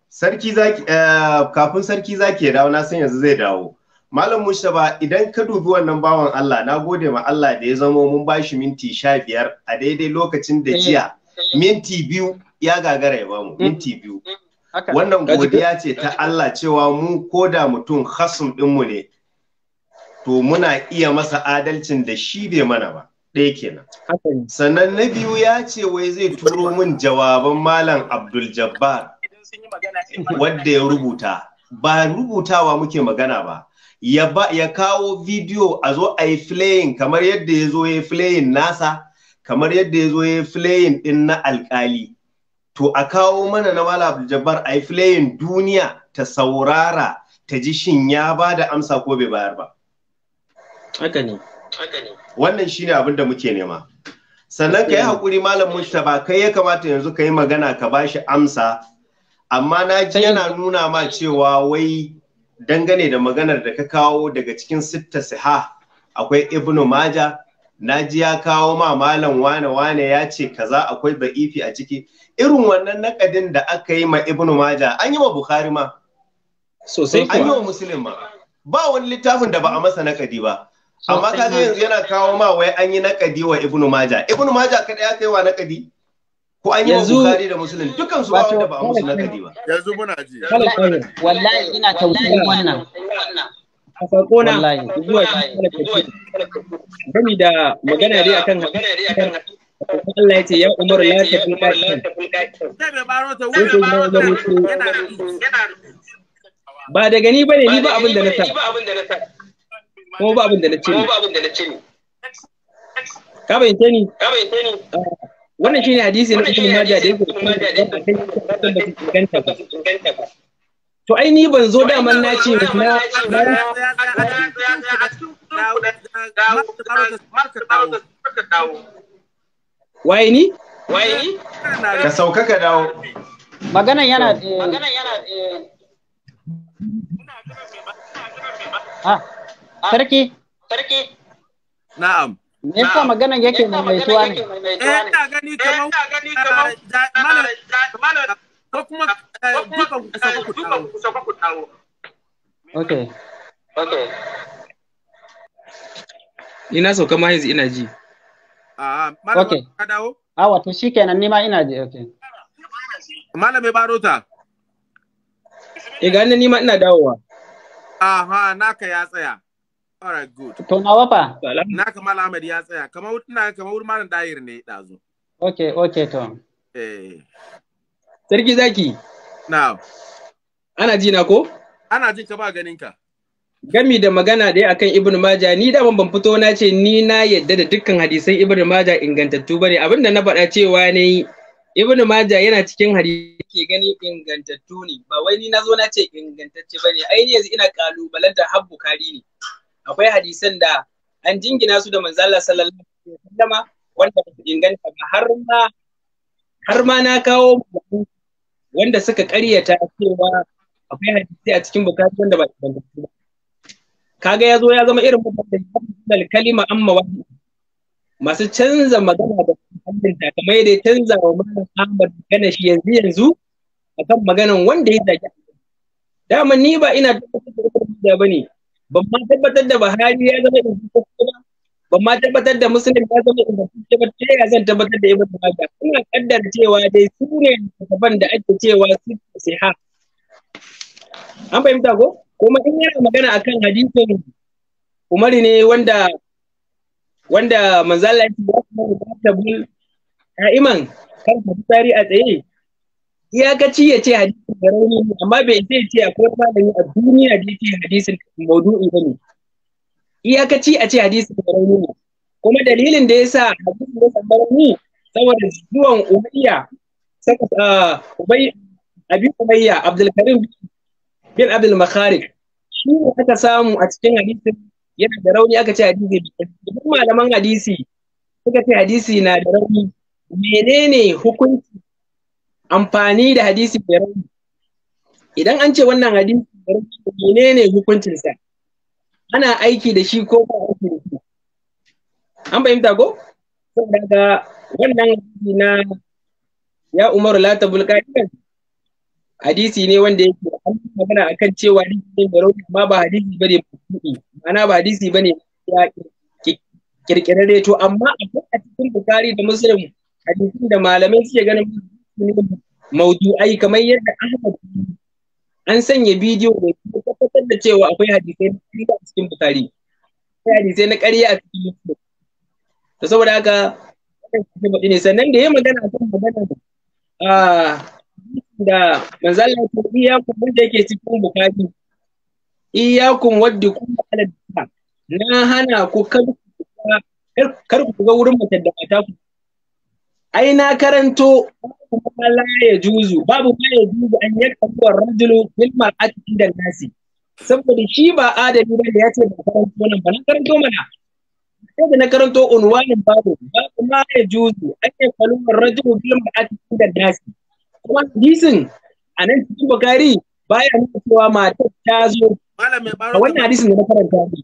[SPEAKER 2] sarki zaki eh, kafin sarki zaki ya dawo na san yanzu zai dawo Malam mustafa idan ka dubi wannan bawan Allah na gode ma Allah da ya zamo mun ba shi minti sha biyar a daidai lokacin da eh, eh, jiya minti biyu ya gagara ya bamu mm, minti biyu mm, mm. wannan godiya ce ta Allah cewa mu koda mutum hasum mu ne to muna iya masa adalcin da shi bai mana ba ɗaya kenan sannan na biyu ya ce wai zai turo min jawaban malam abdul jabbar wadda ya rubuta ba rubutawa muke magana ba ya, kawo bidiyo a zo a yi flayin kamar yadda ya zo ya flayin nasa kamar yadda ya zo ya flayin ɗin na alkali to a kawo mana na wala abdul a yi flayin duniya ta saurara ta ji shin ya ba da amsa ko bai bayar ba haka ne wannan shine abin da muke nema sannan ka yi haƙuri malam mustapha kai ya kamata yanzu ka yi magana ka ba shi amsa amma na ji yana nuna ma cewa wai dangane da maganar da ka kawo daga cikin sitta siha akwai ibnu maja na ji ya kawo ma malam wane wane ya ce kaza akwai ba'ifi a ciki irin wannan nakadin da aka yi ma ibnu maja an yi ma bukhari ma sosai an yi wa Musulun ma ba wani littafin da ba a masa nakadi ba amma ka ji yanzu yana kawo ma wai an yi nakadi wa Ibn maja Ibn maja kada ya kai wa nakadi ko an yi wa bukari da musulun dukan su ba wanda ba musu nakadi ba yanzu muna ji
[SPEAKER 10] wallahi ina tausayin wannan
[SPEAKER 9] a farko na zuwa gami da magana dai akan Allah ya ce ya umar la ta fi ɗakin. Ba da gani ba ne ni ba abin da na sa. kuma ba abin da na ce ne ka bayyance ni ah, wannan ne hadisi na ibn majah da yake da ba to ai ni ban zo da man nace na
[SPEAKER 10] waye ni waye ni ka sauka ka dawo maganan yana eh, maganan yana eh. ah Ah, sarki. Sarki. Na'am. Me yasa maganan yake tuwa ne? Eh ina gani kamar mana ko
[SPEAKER 1] kuma eh, eh, ku kusa ku tawo. Okay. Okay.
[SPEAKER 9] Ina so kamar yanzu ina ji. A'a, ah, ah,
[SPEAKER 1] malam
[SPEAKER 10] ka dawo? A wato shikenan ni ma ina ji, okay.
[SPEAKER 9] mai
[SPEAKER 1] Barota.
[SPEAKER 10] E eh, ga ni ma ina dawowa.
[SPEAKER 1] Aha, naka ya tsaya. All good. To nawa fa? Na kamar Ahmad ya tsaya. Kamar ina kamar wurin malam Dahir ne dazu.
[SPEAKER 10] Okay, okay to. Eh. Sarki zaki.
[SPEAKER 9] Na'am. Ana ji na ko?
[SPEAKER 1] Ana jin ka ba ganin ka.
[SPEAKER 9] Gami da magana dai akan Ibn Majah ni da ban fito na ce ni na yadda da dukkan hadisan Ibn Majah ingantattu bane abinda na faɗa cewa ne Ibn Majah yana cikin hadisi ke gani ingantattu ne ba wai ni na zo na ce ingantacce bane ai yanzu ina kalubalanta har Bukhari ne. akwai hadisan da an jingina su da manzo Allah sallallahu alaihi wasallam wanda ba su inganta ba har ma har ma na kawo wanda suka karyata cewa akwai hadisi a cikin bukatu wanda ba inganta ba kaga ya zo ya zama irin mutanen kalima amma wani masu canza magana da hannunta kamar yadda ya canza wa malam Ahmad magana shi yanzu yanzu akan maganan wanda ya Da dama ni ba ina da ba ne ban ma tabbatar da Buhari ya zama ingantacce ba ban ma tabbatar da musulun ya zama ingantacce ba ta ya zan tabbatar da Ibn Majah ina kaddar cewa dai su ne littattafan da ake cewa su siha an fahimta ko kuma in yana magana akan hadisin Umar ne wanda wanda manzala ya ce ba ta bul ka'iman kan tsari a tsaye ya ga ci ya ce hadisin da rauni ne amma bai zai ce akwai malami a duniya da yake hadisin maudu'i ba ne iyakaci a ce hadisin da rauni ne kuma dalilin da yasa hadisin da samu rauni saboda zuwan umayya ah, ubay abi umayya abdul karim bin abdul makharij shi ne aka samu a cikin hadisin yana da rauni aka ce hadisi duk malaman hadisi suka ce hadisi na da rauni menene hukunci amfani da hadisi mai rauni idan an ce wannan hadisi mai rauni menene hukuncinsa ana aiki da shi ko ba aiki da shi an fahimta ko daga wannan hadisi na ya umaru la tabul hadisi ne wanda yake magana akan cewa hadisi ne mai rauni amma ba hadisi bane ma'ana ba hadisi bane ya kirkirare to amma akwai a cikin bukari da muslim hadisin da malamai suke ganin maudu'ai kamar yadda Ahmad an sanya bidiyo da ke tabbatar da cewa akwai hadisai na ƙarya a cikin Bukhari akwai hadisai na ƙarya a cikin Muslim to saboda haka ne sannan da ya magana kan magana A ah, da manzala ta iyakun wanda yake cikin Bukhari iyakun wadda kuma ala na hana ku kar ku ga wurin mutum da mata ku ai na karanto la ya juzu babu ma ya juzu an yi kafuwar rajulu bil mar'ati da nasi saboda shi ba adami ba ya ce ba karanto wannan ba na karanto mana sai da na karanto unwanin babu babu ma ya juzu an yi kafuwar rajulu bil mar'ati da nasi kuma hadisin a nan cikin bukari baya nuna cewa matar ta zo a wannan hadisin da na karanta ne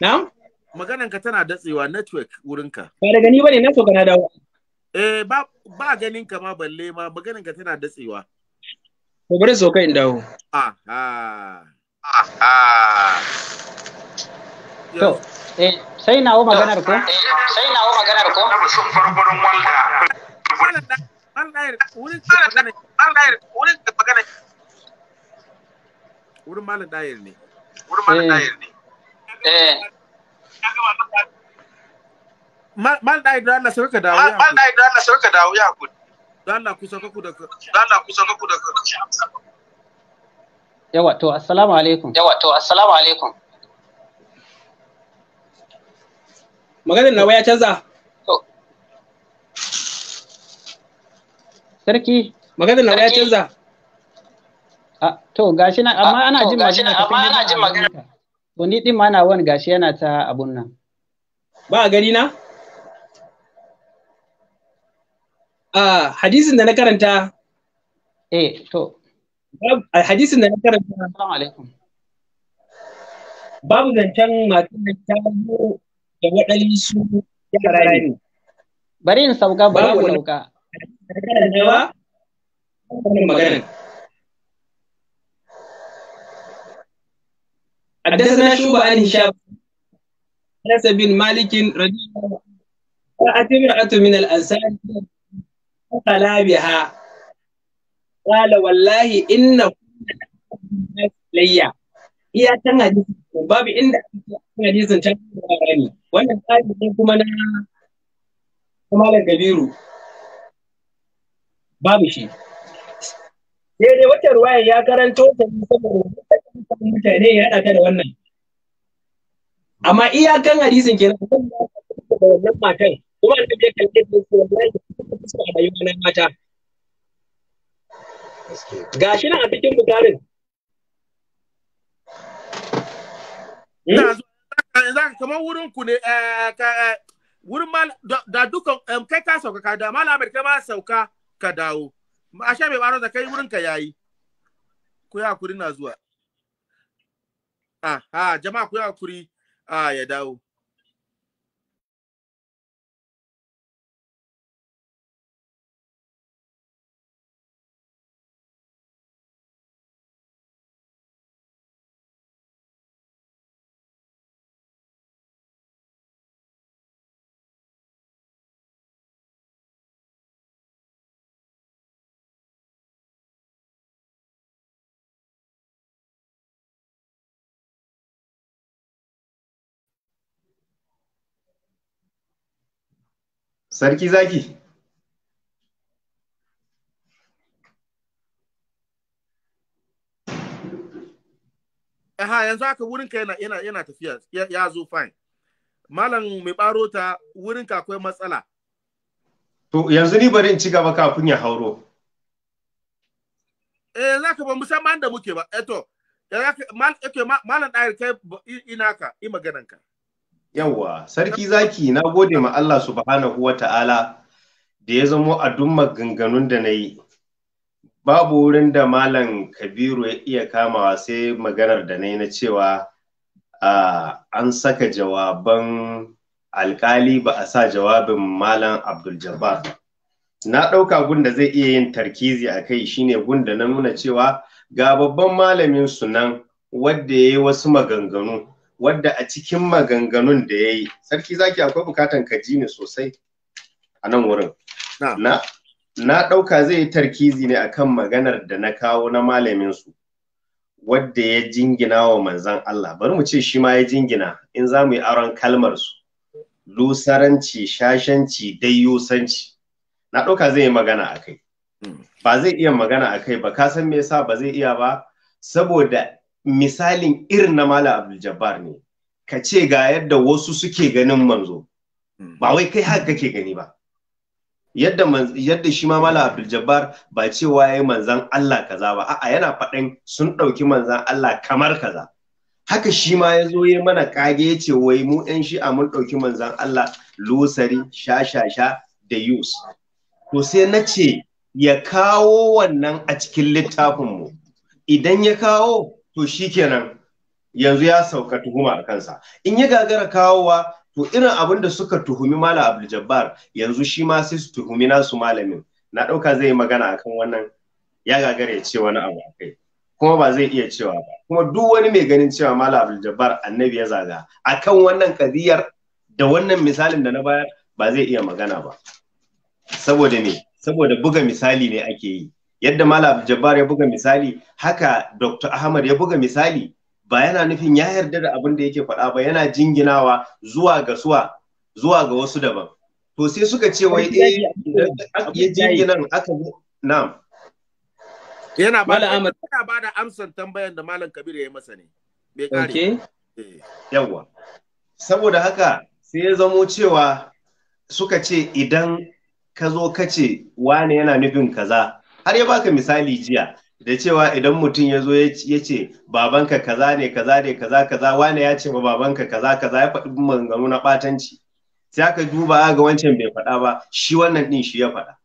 [SPEAKER 1] na'am maganan ka tana datsewa network wurinka.
[SPEAKER 9] Ba da gani bane na so kana dawo.
[SPEAKER 1] Eh ba ba ganin ka ma balle ma maganan ka tana datsewa.
[SPEAKER 9] Ko bari so kai in dawo.
[SPEAKER 1] Ah ah. ha.
[SPEAKER 10] To eh sai nawo maganar ko?
[SPEAKER 6] Sai nawo maganar ko? Na sun farfarin walda.
[SPEAKER 4] Wurin
[SPEAKER 1] malin dayar ne.
[SPEAKER 6] Wurin malin dayar ne.
[SPEAKER 1] Eh. eh. Mal da idan Allah sarka dawo ya. Mal da idan Allah sarka dawo ya hakuri. Dan Allah kusa kaku da Dan Allah kusa kaku da
[SPEAKER 10] Yawa to assalamu alaikum. Yawa to assalamu alaikum.
[SPEAKER 9] Maganar nawa ya canza?
[SPEAKER 10] Sarki. Maganar nawa ya canza? To ah, gashi nan amma ah, ana jin magana. Amma ana jin magana. To ɗin mana wani gashi yana ta abun nan. Ba a gani na? Uh, hadisin da na
[SPEAKER 9] karanta. Eh, to. Hadisin da na karanta. Assalamu alaikum.
[SPEAKER 10] Babu zancen masu da ta zo da waɗali waɗansu yara ne. Bari in sauka, bari in sauka. Babu wani magana.
[SPEAKER 9] حدثنا شوبة عن هشام أنس بن مالك رضي الله عنه من الأنصار فقلا بها قال والله إن ليا iya can hadisi babu inda ake hadisin can ne wannan tsari
[SPEAKER 6] ne kuma na kabiru babu shi
[SPEAKER 9] Daidai wata ruwaya ya karanto ta ne saboda mutane ya haɗa da wannan. Amma iyakan hadisin ke nan da
[SPEAKER 6] wannan matan kuma da bai kan da su wallahi su a yi na mata. Ga shi nan a cikin bukarin.
[SPEAKER 1] Na za kamar wurin ku ne wurin da dukan kai ka sauka ka da malamar kai ma sauka ka dawo. a sha mai baro da kai wurin ka yayi ku ya kuri na zuwa
[SPEAKER 6] Ah ha jama'a ku ya kuri Ah ya dawo
[SPEAKER 2] Sarki zaki.
[SPEAKER 1] Aha, yanzu haka wurinka yana, yana, yana tafiya, ya, zo fine. Malam mai ɓaro ta wurinka akwai matsala.
[SPEAKER 2] To, yanzu ni bari in ci gaba kafin ya hauro.
[SPEAKER 1] Eh, za ka ba musamman da muke ba. Eto, eh, malam ɗayar kai ina ka, i magananka. ka.
[SPEAKER 2] Yawwa, sarki zaki na gode ma Allah subhanahu wa ta'ala da ya zamo a duk maganganun da na yi. Babu wurin da Malam Kabiru ya iya kamawa sai maganar da na yi na cewa an saka jawaban alkali ba a sa jawabin Malam Abdul Na ɗauka gunda zai iya yin tarkizi a kai shine gunda na nuna cewa ga babban malamin sunan wadda ya yi wasu maganganu. wadda a cikin maganganun da ya yi sarki zaki akwai bukatan ka ji ni sosai a nan wurin na na ɗauka zai yi tarkizi ne akan maganar da na kawo na malamin su wadda ya jingina wa manzan Allah bari mu ce shi ma ya jingina in za mu yi auren kalmar su lusaranci shashanci dayyusanci na ɗauka zai yi magana a kai hmm. ba zai iya magana a kai ba ka san me yasa ba zai iya ba saboda misalin irin na Malam Abdul Jabbar ne ka ce ga yadda wasu suke ganin manzo hmm. ba wai kai haka kake gani ba yadda yadda shi ma Malam Abdul Jabbar ba cewa yi manzan Allah kaza ba a'a yana faɗin sun ɗauki manzan Allah kamar kaza haka shi ma ya zo ya mana kage ya ce wai mu yan shi'a mun ɗauki manzan Allah losari shashasha da yus to sai na ce ya kawo wannan a cikin littafinmu idan ya kawo to shi kenan yanzu ya sauka tuhuma a kansa in ya gagara kawowa to irin abin da suka tuhumi malam abdul yanzu shi ma sai su tuhumi nasu malamin na ɗauka zai magana akan wannan ya gagara ya ce wani abu akai kuma ba zai iya cewa ba kuma duk wani mai ganin cewa malam abdul annabi ya zaga akan wannan kadiyar da wannan misalin da na bayar ba zai iya magana ba saboda me saboda buga misali ne ake yi yadda malam jabbar ya buga misali haka dr ahmad ya buga misali ba yana nufin ya yarda da abin da yake faɗa ba yana jinginawa zuwa ga suwa zuwa ga wasu daban to sai suka ce wai eh ya jinginan aka na'am yana ba da yana
[SPEAKER 1] ba da amsar tambayar da malam kabir ya yi masa ne
[SPEAKER 2] bai kare eh. yawa saboda haka sai ya zamo cewa suka ce idan ka zo ka ce wane yana nufin kaza har ya baka misali jiya da cewa idan mutum ya zo ya ce babanka kaza ne kaza ne kaza kaza wane ya ce ma babanka kaza kaza ya faɗi maganganu na ɓatanci sai aka duba ga wancan bai faɗa ba shi wannan ɗin shi ya faɗa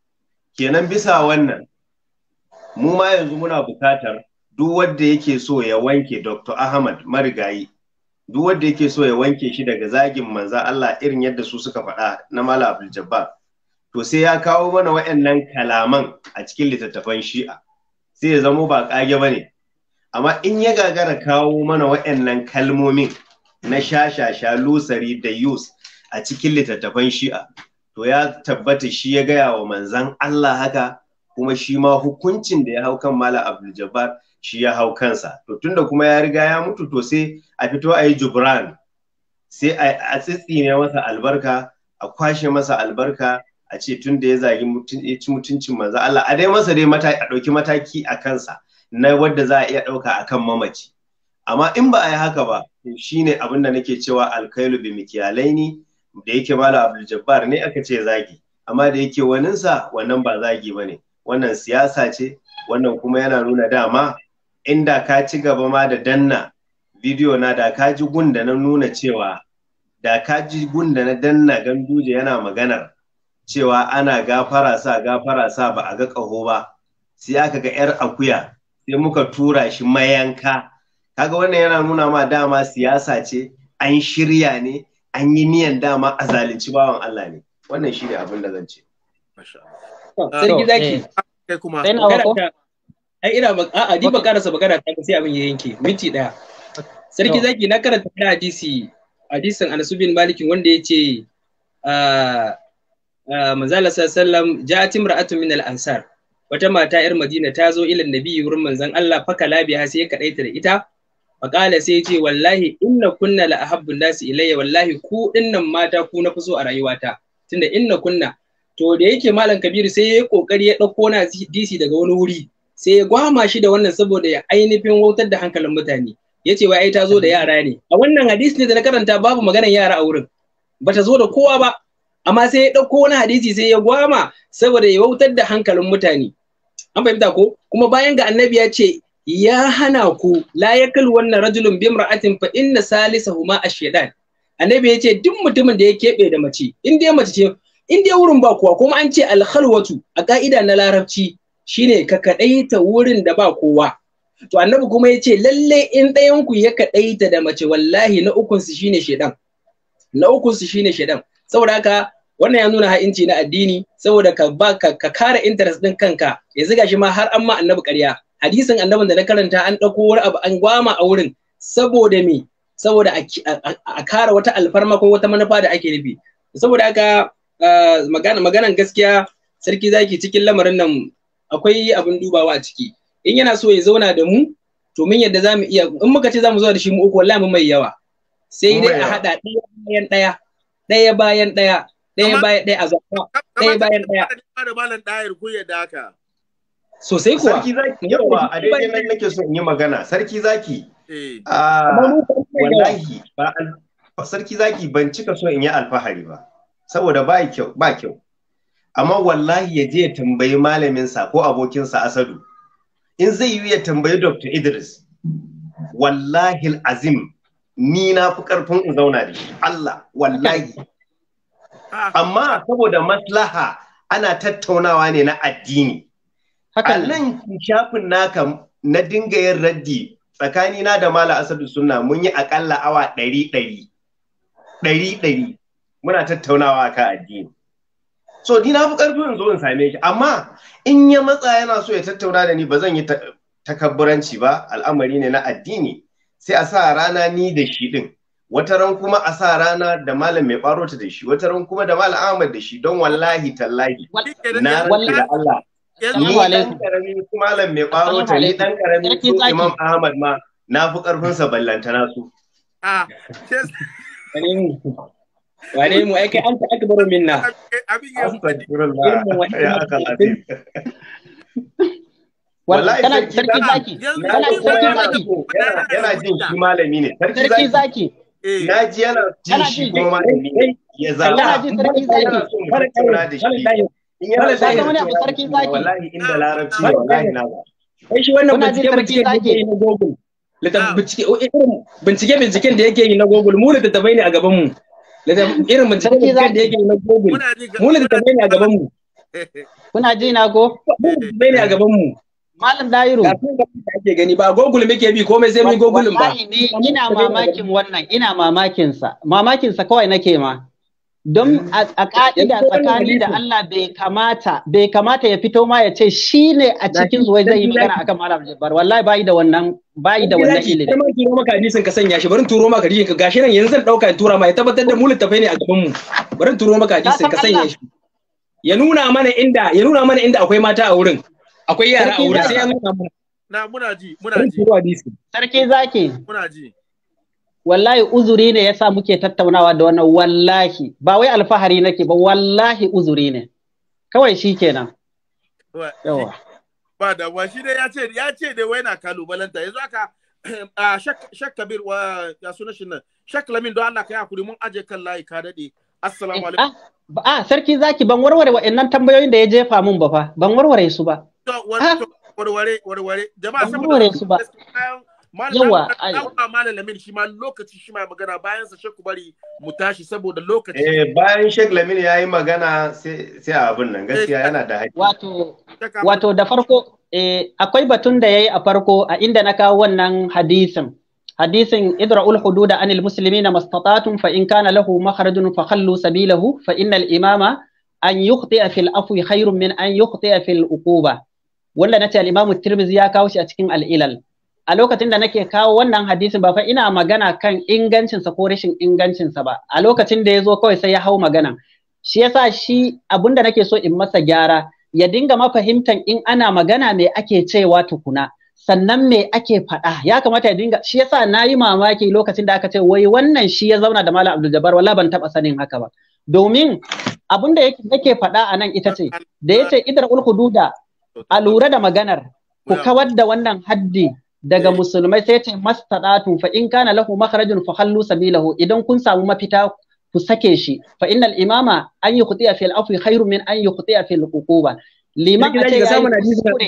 [SPEAKER 2] kenan bisa wannan mu ma yanzu muna buƙatar duk wanda yake so ya wanke Dr. Ahmad Marigayi duk wanda yake so ya wanke shi daga zagin manzan Allah irin yadda su suka faɗa na Malam Abdul Jabbar to sai ya kawo mana wa'annan kalaman a cikin littattafan shi'a sai ya zamo ba kage ba ne amma in ya gagara kawo mana wa'annan kalmomin na shashasha lusari da yus a cikin littattafan shi'a to ya tabbata shi ya gaya wa manzan Allah haka kuma shi ma hukuncin da ya hau kan Malam Abdul shi ya hau kansa to tunda kuma ya riga ya mutu to sai a fito a yi Jubran sai a tsitsine masa albarka a kwashe masa albarka a ce tun da ya zagi mutuncin manzo Allah a dai masa dai mataki a ɗauki mataki a kansa na wadda za a iya ɗauka a kan mamaci amma in ba a yi haka ba shine abin da nake cewa alkailu bi mikiyalaini da yake mala abdul jabbar ne aka ce zagi amma da yake waninsa wannan ba zagi ba ne wannan siyasa ce wannan kuma yana nuna dama inda ka ci gaba ma da danna bidiyo na da ka ji gunda na nuna cewa da ka ji gunda na danna ganduje yana maganar cewa ana gafara sa gafara sa ba a ga ƙaho ba sai aka ga 'yar akuya sai muka tura shi mayanka kaga wannan yana nuna ma dama siyasa ce an shirya ne an yi niyan dama a zalunci bawan Allah ne wannan shi ne abin da zan ce
[SPEAKER 6] sarki eh. zaki
[SPEAKER 9] a'a ni sai abin ya yanke minti sarki zaki na karanta hadisi hadisin Anas bin Malik wanda yace ah, Ah, manzala sallam ja'at imra'atun min ansar wata mata yar madina ta zo ilan nabi wurin manzan Allah fakala ha sai ka daita da ita faƙala sai ce wallahi inna kunna la ahabbun nasi ilayya wallahi ku dinnan mata ku na so a rayuwata tunda inna kunna to da yake malam kabiru sai ya yi kokari ya ɗauko na dc daga wani wuri sai ya gwama shi da wannan saboda ya ainihin wautar da hankalin mutane ya ce ai ta zo da yara ne a wannan hadisi ne da na karanta babu maganar yara a wurin bata zo da kowa ba amma sai ya ɗauko wani hadisi sai ya gwama saboda ya wautar da hankalin mutane an fahimta ko kuma bayan ga annabi ya ce ya hana ku la wannan rajulun bi imra'atin fa inna huma ash-shaytan annabi ya ce duk mutumin da ya keɓe da mace in dai mace ce in dai wurin ba kowa kuma an ce alkhalwatu a ka'ida na larabci shine ka ta wurin da ba kowa to annabi kuma ya ce lalle in ɗayan ku ya kaɗaita da mace wallahi na ukun su shine shedan na ukun su shine shedan saboda haka wannan ya nuna ha'inci na addini saboda ka ba ka, ka kare interest din kanka ya ziga shi ma har an ma annabi ƙarya hadisin annabin da na karanta an ɗauko wani abu an gwama a wurin saboda me saboda a kare wata alfarma ko wata manufa da ake nufi saboda haka ah, maganan gaskiya sarki zaki cikin lamarin nan akwai abin dubawa a ciki in yana so ya zauna da mu to min yadda zamu iya in muka ce zamu zo da shi mu uku wallahi mu mai yawa
[SPEAKER 5] sai dai a hada
[SPEAKER 9] ɗaya bayan ɗaya ɗaya bayan
[SPEAKER 2] ɗaya ɗaya
[SPEAKER 9] bayan ɗaya a zaɓa ɗaya bayan ɗaya. Kamar da malam ɗayar
[SPEAKER 1] ku yadda haka.
[SPEAKER 2] Sosai kuwa. Sarki zaki yawa a daidai nan nake so in yi magana sarki zaki. Eh. Wallahi sarki zaki ban cika so in yi alfahari ba saboda ba kyau ba kyau. Amma wallahi ya je ya tambayi malaminsa ko abokinsa Asadu. In zai yi ya tambayi Dr. Idris. Wallahi azim ni na fi karfin in zauna da shi Allah wallahi amma saboda maslaha ana tattaunawa ne na addini a nan shafin naka na dinga yin raddi tsakanina da mala asadu sunna mun yi akalla awa ɗari ɗari ɗari ɗari muna tattaunawa kan addini so ni na fi ƙarfi in zo in same shi amma in ya matsa yana so ya tattauna da ni ba zan yi takabburanci ba al'amari ne na addini sai a sa rana ni da shi ɗin wata ran kuma a sa rana da malam mai barota da shi wata ran kuma da malam Ahmad da shi don wallahi tallahi na rantsi da Allah ni dan karami kuma malam mai barota ni dan karami ko Imam Ahmad ma na fi karfin sa na su a ah, wane mu ai
[SPEAKER 6] kai an
[SPEAKER 9] ta akbar
[SPEAKER 2] minna abin ya
[SPEAKER 6] wallahi sarki zaki sarki zaki yana jin
[SPEAKER 2] shi malami ne sarki zaki Eh. na ji yana ji shi kuma ya zaba yana da shi in yana da shi wallahi inda ah.
[SPEAKER 6] larabci wallahi na ba kai shi wannan bincike bincike ne na google ah.
[SPEAKER 9] bincike binciken da yake yi na google mu ne a gaban mu irin bincike da
[SPEAKER 10] yake yi na google mu ne a gaban mu *laughs* kuna ji na mu ne a gaban mu Malam Dairu. ake gani ba Google muke bi komai sai mun Google ba. Wallahi ina mamakin wannan, ina mamakin sa. Mamakin sa kawai nake ma. Don a ka'ida tsakani da Allah bai kamata, bai kamata ya fito ma ya ce shi ne a cikin zuwa zai yi magana akan Malam Jabbar. Wallahi bayi da wannan, bayi da wannan ilimi. Kuma turo maka
[SPEAKER 9] hadisin ka sanya shi, Barin turo maka hadisin ka gashi nan yanzu zan dauka in tura ma ya tabbatar da mu littafai ne a gaban mu. Barin turo maka hadisin ka sanya shi. Ya nuna mana inda, ya nuna mana inda akwai mata a wurin.
[SPEAKER 10] Akwai yara a wurin sai ya nuna
[SPEAKER 1] mana. Na muna ji,
[SPEAKER 10] muna ji. Sarki zaki.
[SPEAKER 1] Muna
[SPEAKER 6] ji.
[SPEAKER 10] Wallahi uzuri ne yasa muke tattaunawa da wannan wallahi ba wai alfahari nake ba wallahi uzuri ne. Kawai shikenan. Yawa.
[SPEAKER 1] Ba da wa shi dai ya ce ya ce dai wai na kalubalanta yanzu aka *clears throat* a shak shak kabir wa ya suna shin nan shak lamin don Allah kai hakuri mun aje kan layi ka dade assalamu eh,
[SPEAKER 10] alaikum ah, a ah, sarki zaki ban warware wa'annan tambayoyin da ya jefa mun ba fa ban warware su ba
[SPEAKER 1] warware ah. warware jama'a
[SPEAKER 10] saboda yawa
[SPEAKER 1] yawa malamin shi ma lokaci shi ma magana bayan sa shek bari mu tashi saboda lokaci
[SPEAKER 2] eh bayan shek lamin yayi magana sai sai abin nan gaskiya eh, yana da haƙi
[SPEAKER 10] wato wato da farko eh akwai batun da yayi a farko a inda na kawo wannan hadisin hadisin idra'ul hududa anil muslimina mastata'tum fa in kana lahu makharajun fa khallu sabilahu fa innal imama an yukhti'a fil afwi khairun min an yukhti'a fil uquba wanda na ce al’imamu tirmizi ya kawo shi a cikin al'ilal, a lokacin da nake kawo wannan hadisin ba fa ina magana kan ingancinsa ko rashin ingancinsa ba a lokacin da ya zo kawai sai ya hau magana shi yasa shi abinda nake so in masa gyara ya dinga mafahimtan in ana magana me ake cewa tukuna sannan me ake faɗa ya kamata ya dinga shi yasa na yi mamaki lokacin da aka ce wai wannan shi ya zauna da malam abdul jabbar wala ban taɓa sanin haka ba domin abin da yake faɗa a nan ita ce da ya ce idar ulhududa a lura da maganar ku kawar da wannan haddi daga eh. musulmai sai ce mastadatu fa in kana lahu makhrajun fa hallu sabilahu idan kun samu mafita ku sake shi fa innal imama an yukhtiya fil afwi khairun min an a fil uquba liman a ce kuskure.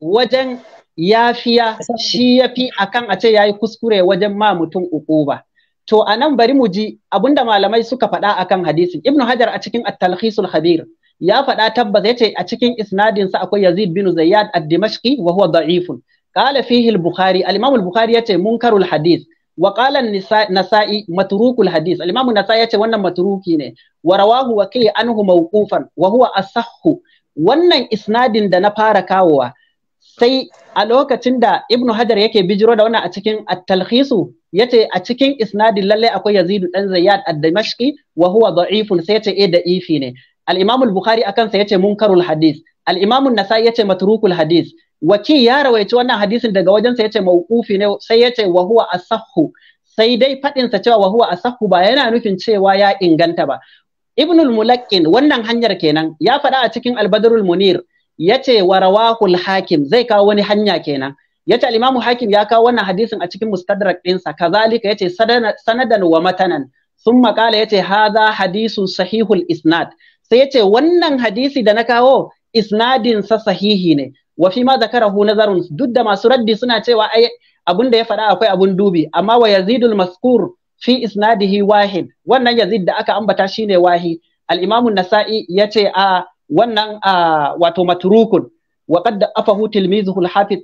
[SPEAKER 10] wajen yafiya shi yafi akan a ce yayi kuskure wajen ma mutum ukuba. to anan bari mu ji abinda malamai suka faɗa akan hadisin ibnu hajar a cikin at talhisul khabir ya faɗa tabbas yace a cikin isnadin sa akwai Yazid bin Zayyad ad-Dimashqi wa huwa da'ifun qala fihi al-Bukhari al-Imam al-Bukhari yace munkarul hadith wa qala an-Nasa'i matrukul hadith al-Imam an-Nasa'i yace wannan matruki ne wa rawahu wakili anhu mawqufan wa huwa asahhu wannan isnadin da na fara kawowa sai a lokacin da Ibn Hajar yake bijiro da wannan a cikin at-talkhisu yace a cikin isnadin lalle akwai Yazid dan Zayyad ad-Dimashqi wa huwa da'ifun sai yace eh da'ifi ne Al'imamul Buhari al-Bukhari akan sa yace munkarul hadis. al-Imam an-Nasa'i yace matrukul hadis. waki ya rawaici wannan hadisin daga wajen sa yace mauqufi ne sai yace wa huwa asahhu sai dai fadin sa cewa wa huwa asahhu ba yana nufin cewa ya inganta ba Ibnul Mulaqqin wannan hanyar kenan ya faɗa a cikin albadarul Munir yace wa rawahul hakim zai kawo wani hanya kenan yace al-Imam Hakim ya kawo wannan hadisin a cikin Mustadrak ɗinsa kazalika yace sanadan wa matanan ثم قال يتي هذا حديث صحيح الإسناد sai ya ce wannan hadisi da na kawo isnadinsa sahihi ne wa fi ma zakarahu nazarun duk da masu raddi suna cewa ai abin da ya faɗa akwai abun dubi amma wa yazidul maskur fi isnadihi wahid wannan yazid da aka ambata shine wahi al-imamu nasa'i ce a wannan wato matrukun وقد أفه تلميذه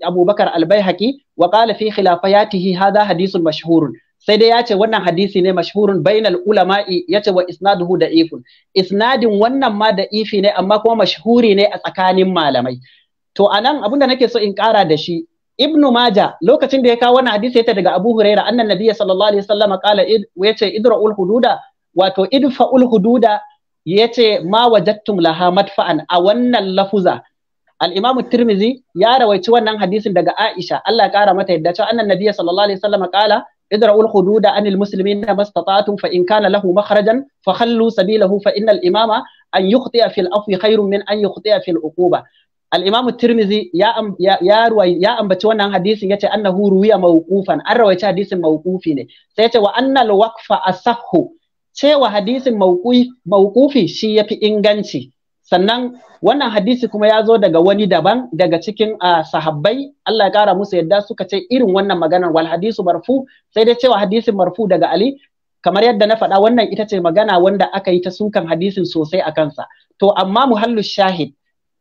[SPEAKER 10] abubakar al بكر البيهقي fi في خلافياته haza hadisin مشهور sai dai ya ce wannan hadisi ne mashhurun bainal ulama'i ya ce wa isnaduhu da ifun isnadin wannan ma da ifi ne amma kuma mashhuri ne a tsakanin malamai to anan abinda nake so in kara da shi ibnu maja lokacin da ya kawo wannan hadisi yace daga abu huraira annan nabiyyi sallallahu alaihi wasallam qala yace idra'ul hududa wato idfa'ul hududa ce ma wajattum laha madfa'an a wannan lafuza al-imam tirmizi ya rawaici wannan hadisin daga aisha Allah ya kara mata yadda cewa annan nabiyyi sallallahu alaihi wasallam qala idra'ul hududa anil muslimina mastata'tum fa in kana lahu makhrajan fa khallu sabilahu fa innal imama an yukhtiya fil afwi khairun min an yukhtiya fil uquba al-imam tirmizi ya ambaci wannan hadisin yace annahu ruwiya mawqufan an rawaici hadisin mawqufi ne sai yace wa annal waqfa asahhu cewa hadisin mawqufi shi yafi inganci sannan wannan hadisi kuma ya zo daga wani daban daga cikin uh, sahabbai Allah ya kara musu yadda suka ce irin wannan maganar wal hadisu marfu sai dai cewa hadisin marfu daga Ali kamar yadda na faɗa wannan ita ce magana wanda aka yi ta sukan hadisin sosai a kansa to amma muhallu shahid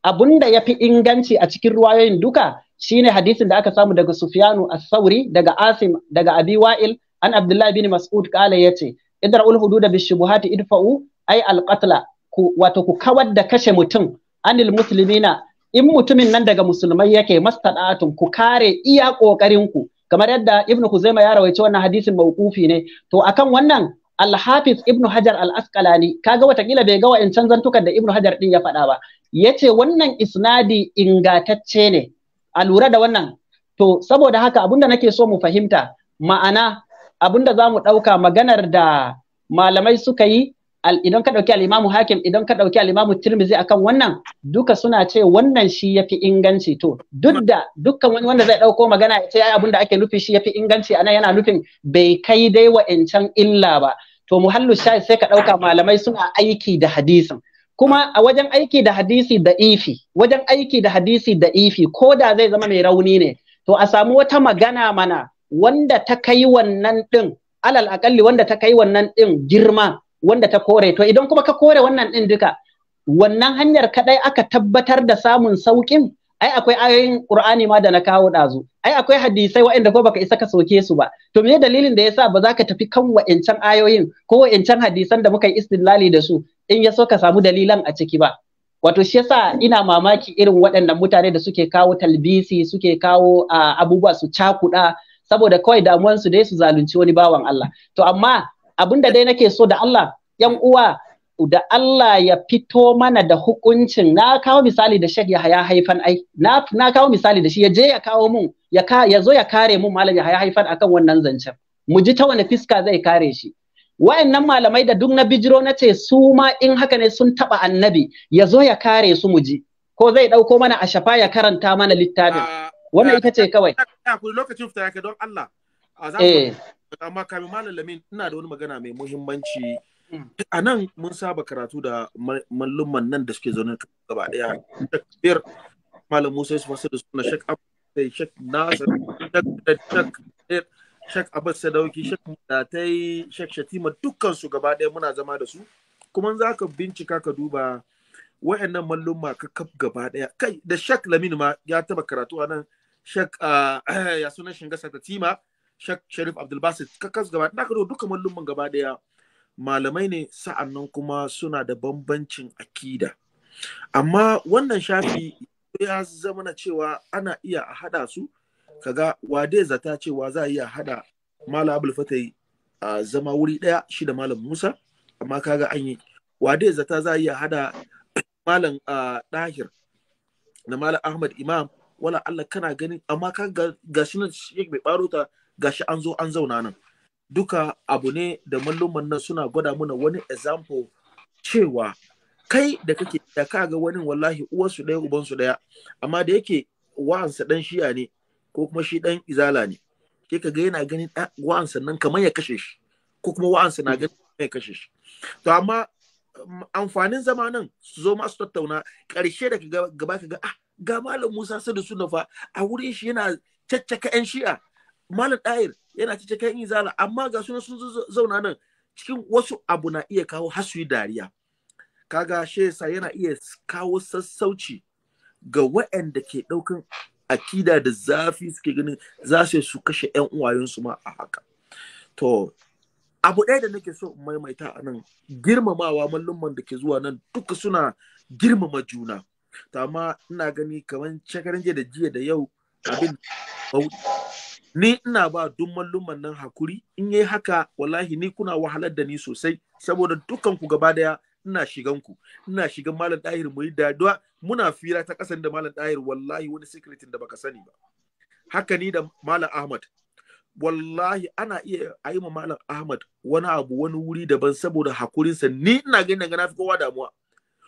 [SPEAKER 10] abun da ya fi inganci a cikin ruwayoyin duka shine hadisin da aka samu daga Sufyanu as-Sauri daga Asim daga Abi Wa'il an Abdullah bin Mas'ud kala yace idra'ul hududa shubuhati idfa'u ay al-qatla ku wato ku kawar da kashe mutum anil muslimina in mutumin nan daga musulmai yake mastada'atun ku kare iya kokarin ku kamar yadda ibn Huzaima ya rawaice wannan hadisin mawqufi ne to akan wannan Al-Hafiz Ibn Hajar Al-Asqalani kaga watakila bai ga wa'in zantukan da Ibn Hajar din ya faɗa ba yace wannan isnadi ingatacce ne a lura da wannan to saboda haka da nake so mu fahimta ma'ana da za mu ɗauka maganar da malamai suka yi idan ka ɗauki al'imamu hakim idan ka ɗauki al'imamu tirmizi akan wannan duka suna ce wannan shi yafi inganci to duk da dukkan wani wanda zai ɗauko magana ya ce abin da ake nufi shi yafi inganci anan yana nufin bai kai dai wa'incan illa ba to muhallu shayi sai ka ɗauka malamai suna aiki da hadisin kuma a wajen aiki da hadisi da ifi wajen aiki da hadisi da ifi ko da zai zama mai rauni ne to a samu wata magana mana wanda ta kai wannan ɗin alal akalli wanda ta kai wannan ɗin girma wanda ta kore to idan kuma ka kore wannan din duka wannan hanyar kadai aka tabbatar da samun saukin ai akwai ayoyin qur'ani ma da na kawo dazu ai akwai hadisai waɗanda ko baka isa ka soke su ba to me dalilin da yasa ba za ka tafi kan wa'incan ayoyin ko wa'incan hadisan da muka yi istidlali da su in ya so ka samu dalilan a ciki ba wato shi yasa ina mamaki irin waɗannan mutane da suke kawo talbisi suke kawo uh, abubuwa su cakuɗa saboda kawai damuwansu dai su zalunci wani bawan Allah to amma abinda dai nake so da Allah yan uwa da Allah ya fito mana da hukuncin na kawo misali da Sheikh ya Haifan ai na na kawo misali da shi ya je ya kawo mun ya ka ya zo ya kare mun malam Yahaya Haifan akan wannan zancen mu ji ta wani fiska zai kare shi wayannan malamai da duk na bijiro na ce su ma in haka ne sun taba annabi ya zo ya kare su mu ji ko zai dauko mana a shafa ya karanta mana littafin ah, wannan ita ce kawai
[SPEAKER 1] lokacin fita yake don Allah ah, a amma kamin malam lamin ina da wani magana mai muhimmanci hmm. a nan mun saba karatu da mallumman nan da suke zaune gaba daya takbir malam musa yusuf wasu da suna shek sai shek nasir shek shek sadauki shek mutatai shek shatima dukkan su gaba daya muna zama da su kuma za ka bincika ka duba wa'annan mallumma ka kaf gaba daya kai da shek lamin ma ya taba karatu a nan shek ah, *clears throat* ya sunan shinga satatima Sheikh Sharif Abdulbasit kakas gaba da kado duka mun gaba daya malamai ne sa'annan kuma suna da bambancin akida amma wannan shafi ya zama na cewa ana iya a hada su kaga wade zata cewa za a iya hada malam abul fatai a zama wuri daya shi da malam musa amma kaga an yi wade zata za a iya hada malam dahir da malam ahmad imam wala allah kana ganin amma kaga shi nan shi bai baro ta gashi an zo an zauna nan duka abu ne da malluman nan suna gwada mana wani example cewa kai da kake da ka ga wani wallahi uwarsu ɗaya ubansu daya, amma da yake wa'ansa ɗan shiya ne ko kuma shi ɗan izala ne ke ka ga yana ganin ah, wa'ansa nan kamar ya kashe shi ko kuma wa'ansa na ganin kamar ya kashe shi to amma mm, amfanin zama nan su zo masu tattauna ƙarshe da gaba ka ga ah ga malam Musa Sadu fa a wurin shi yana caccaka 'yan shi'a malam ɗayar yana cikin kan izala amma ga suna sun zauna nan cikin wasu abu na iya kawo hasu dariya kaga shi yasa yana iya kawo sassauci ga waɗanda ke ɗaukan akida da zafi suke ganin za su su kashe 'yan uwayensu ma a haka to abu ɗaya da nake so in maimaita a nan girmamawa mallumman da ke zuwa nan duka suna girmama juna ta amma ina gani kamar shekaran jiya da jiya da yau abin ni ina ba duk malluman nan hakuri in yi haka wallahi ni kuna wahalar da ni sosai saboda dukkan ku gaba daya ina shigan ku ina shigan malam dahir mu yi daduwa muna fira ta kasan da malam dahir wallahi wani secretin da baka sani ba haka ni da malam ahmad wallahi ana iya ayi ma malam ahmad wani abu wani wuri daban saboda hakurinsa ni ina ganin ga na fi kowa damuwa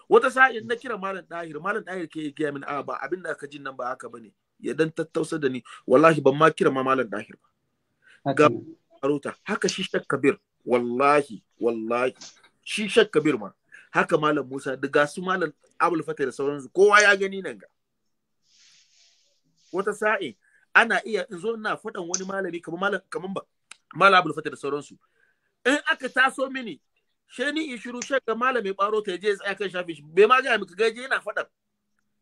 [SPEAKER 1] wata sa'in na kira malam dahir malam dahir ke gaya min a ba abin da ka jin nan ba haka bane ya dan tattausa da ni wallahi ban ma kira ma malam dahir ba ga farota haka shi shak kabir wallahi wallahi shi shak kabir ma haka malam musa da ga su malam abul fatah da sauransu kowa ya gani nan ga wata sa'i ana iya in zo ina faɗan wani malami kamar malam kamar ba malam abul fatah da sauransu in aka taso mini she ni in shiru shek ga malam mai baro ta je tsaya kan shafin shi bai ma ga miki je ina faɗan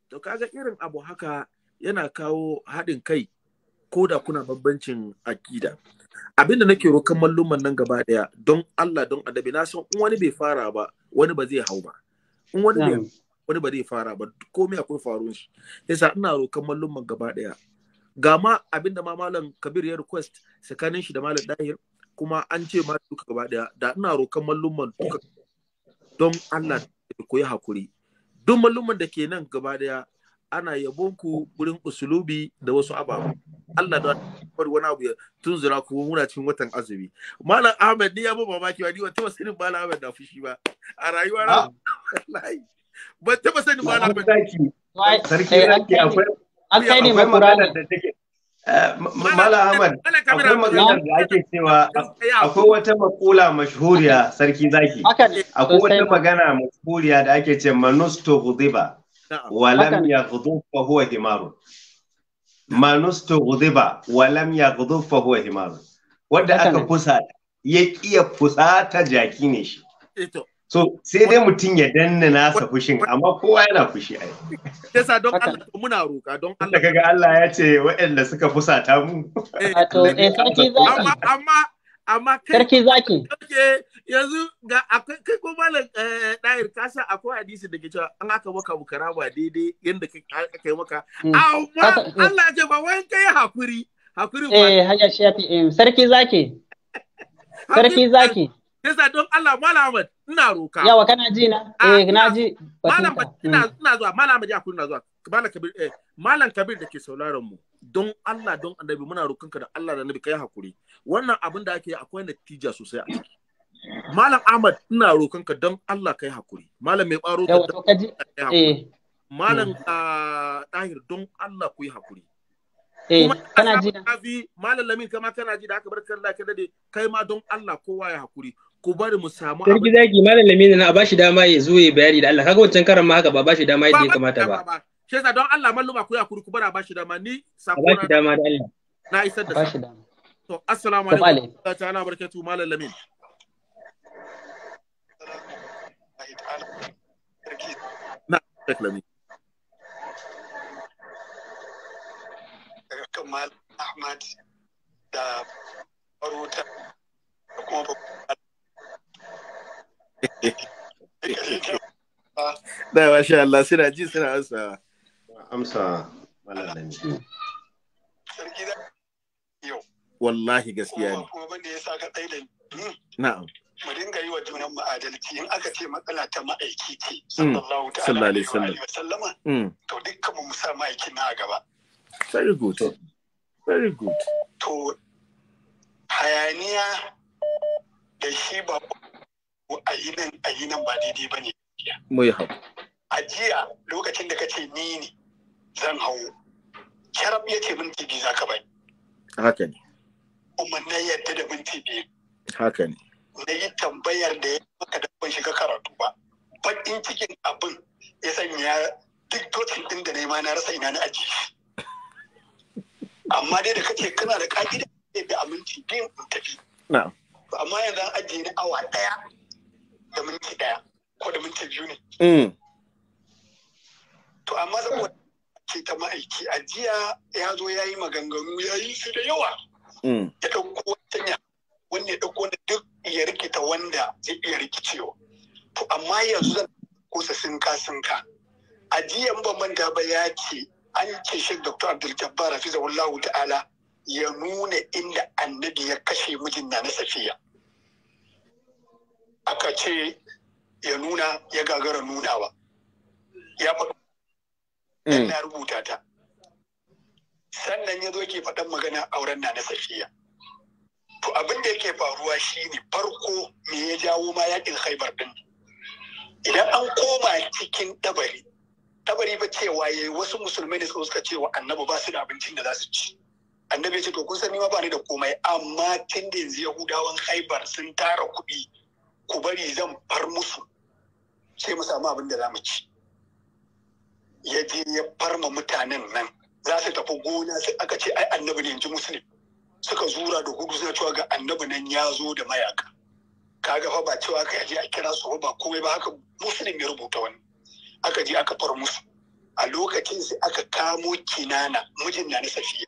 [SPEAKER 1] to kaga irin abu haka yana kawo haɗin kai ko da kuna bambancin akida abinda nake rokan malluman nan gaba daya don Allah don adabi na san in wani bai fara ba wani ba zai hau ba in wani bai hmm. wani ba zai fara ba komai akwai faruwar shi yasa ina rokan malluman gaba daya ga ma abinda ma malam Kabir ya request tsakanin shi da malam Dahir kuma an ce ma duka gaba daya da ina rokan malluman duka don Allah ku yi hakuri duk malluman da ke nan gaba daya ana yabon ku wurin usulubi da wasu ababu Allah da wani wani abu ya tunzura kuma muna cikin watan azumi malam Ahmed ni yabo mamaki ba ni wa taba sanin malam Ahmed da fushi ba a rayuwa na ah. ban taba sanin malam Ahmed
[SPEAKER 6] sarki sarki eh, akwai akwai ne malam
[SPEAKER 2] da take eh, Mala Ahmad, akwai magana da ake cewa akwai wata makula mashhuriya sarki zaki. Akwai wata magana mashhuriya da ake ce to hudiba. ولم yaghdhub fa huwa himarun manustu ولم walam فهو fa huwa اكا wanda aka fusata ya kiya fusata jaki ne shi so sai dai mutum ya danna nasa fushin amma kowa yana fushi ai
[SPEAKER 1] yasa don Allah muna roka don
[SPEAKER 2] Allah kaga Allah ya ce waɗanda suka fusata mu
[SPEAKER 1] amma amma amma kai sarki zaki yanzu ga akwai kai ko malam ɗayar eh, ka san akwai hadisi da ke cewa an aka maka bukara ba daidai yanda aka yi maka mm. amma mm. Allah ya ba wai kai hakuri hakuri ba eh
[SPEAKER 10] hanya shafi eh, sarki zaki *laughs* sarki zaki
[SPEAKER 1] yasa don Allah malam Ahmad ina roka yawa kana ji na eh ah,
[SPEAKER 10] na ji malam ina
[SPEAKER 1] mm. ina zuwa malam Ahmad ya kuri na zuwa malam kabir eh malam kabir dake sauraron mu don Allah don annabi muna roƙonka da Allah da annabi kai hakuri wannan abin da ake yi akwai natija sosai a ciki malam Ahmad ina roƙonka don Allah kai hakuri malam mai baro da eh malam ah, tahir don Allah ku yi hakuri Eh, kana ji na. Malam Lamin kama kana ji da aka bar Allah ka dade kai ma don Allah kowa ya hakuri. ku bari mu samu abin. Sarki
[SPEAKER 9] zaki malam lamin na bashi dama ya zo ya bayani da Allah kaga wancan karan ma haka ba bashi dama yadda ya kamata ba.
[SPEAKER 1] shi yasa don Allah malluma ku ya kuri ku bara bashi dama ni sako na bashi
[SPEAKER 9] dama da Allah na isar da bashi dama
[SPEAKER 1] to assalamu alaikum Allah ta'ala barakatuhu malal lamin
[SPEAKER 6] na taklami
[SPEAKER 4] Kamal Ahmad da Baruta da kuma
[SPEAKER 2] *laughs*
[SPEAKER 1] Da sha Allah suna ji suna asawa. amsa malalami. Wallahi gaskiya ne.
[SPEAKER 4] Kuma bane ya sa ka tsaye da
[SPEAKER 1] Na'am. Mu dinga yi wa junan mu adalci in aka ce matsala ta ma'aiki ce. Mm. Sallallahu ta'ala alaihi wa sallama. Mm. To dukkan mu sa ma'aiki
[SPEAKER 2] na gaba. Very good. Very good.
[SPEAKER 4] To hayaniya da shi ba ku a yi nan ba daidai ba ne. Mu yi hau. A jiya lokacin da ka ce ni ne. zan hau kyarab ya ce minti biyu za ka bai haka ne kuma na yadda da minti biyu haka ne na yi tambayar da ya maka da ban shiga karatu ba baƙin cikin abin ya sanya duk totin ɗin da na yi ma na rasa ina na aji amma dai da kace kana da ƙa'ida da aminci biyu in tafi amma yanzu an aji ni awa ɗaya da minti ɗaya ko da minti biyu ne mm. to amma saboda ke ta ma'aiki a jiya ya zo ya yi maganganu ya yi su da yawa mm. ya ɗauko wata wanda ya ɗauko wanda duk ya rikita wanda zai iya rikicewa to amma yanzu zan ko sa sinka sinka a jiya ban manta ba ya ce an ce shek dr abdul jabbar hafizahullahu ta'ala ya nuna inda annabi ya kashe mijin na na safiya aka ce ya nuna ya gagara nunawa ya faɗi Mm. na rubuta ta sannan ya zo ke faɗan magana auren na na safiya to abin da yake faruwa shine farko me ya jawo ma yakin haibar din idan an koma cikin tabari tabari ba cewa yi wasu musulmai da suka ce wa annabi ba su da abincin da za su ci annabi ya ce to kun sani ma ba ni da komai amma tun da yanzu yahudawan haibar sun tara kuɗi ku bari zan far musu sai mu samu abin da za mu ci ya je ya farma mutanen nan za su tafi gona sai aka ce ai annabi ne yanzu musulmi suka zura da gudu suna cewa ga annabi nan ya zo da mayaka kaga fa ba cewa aka je a kira su ba komai ba haka musulmi ya rubuta wani aka je aka far musu a lokacin sai aka kamo kinana mijin na na safiya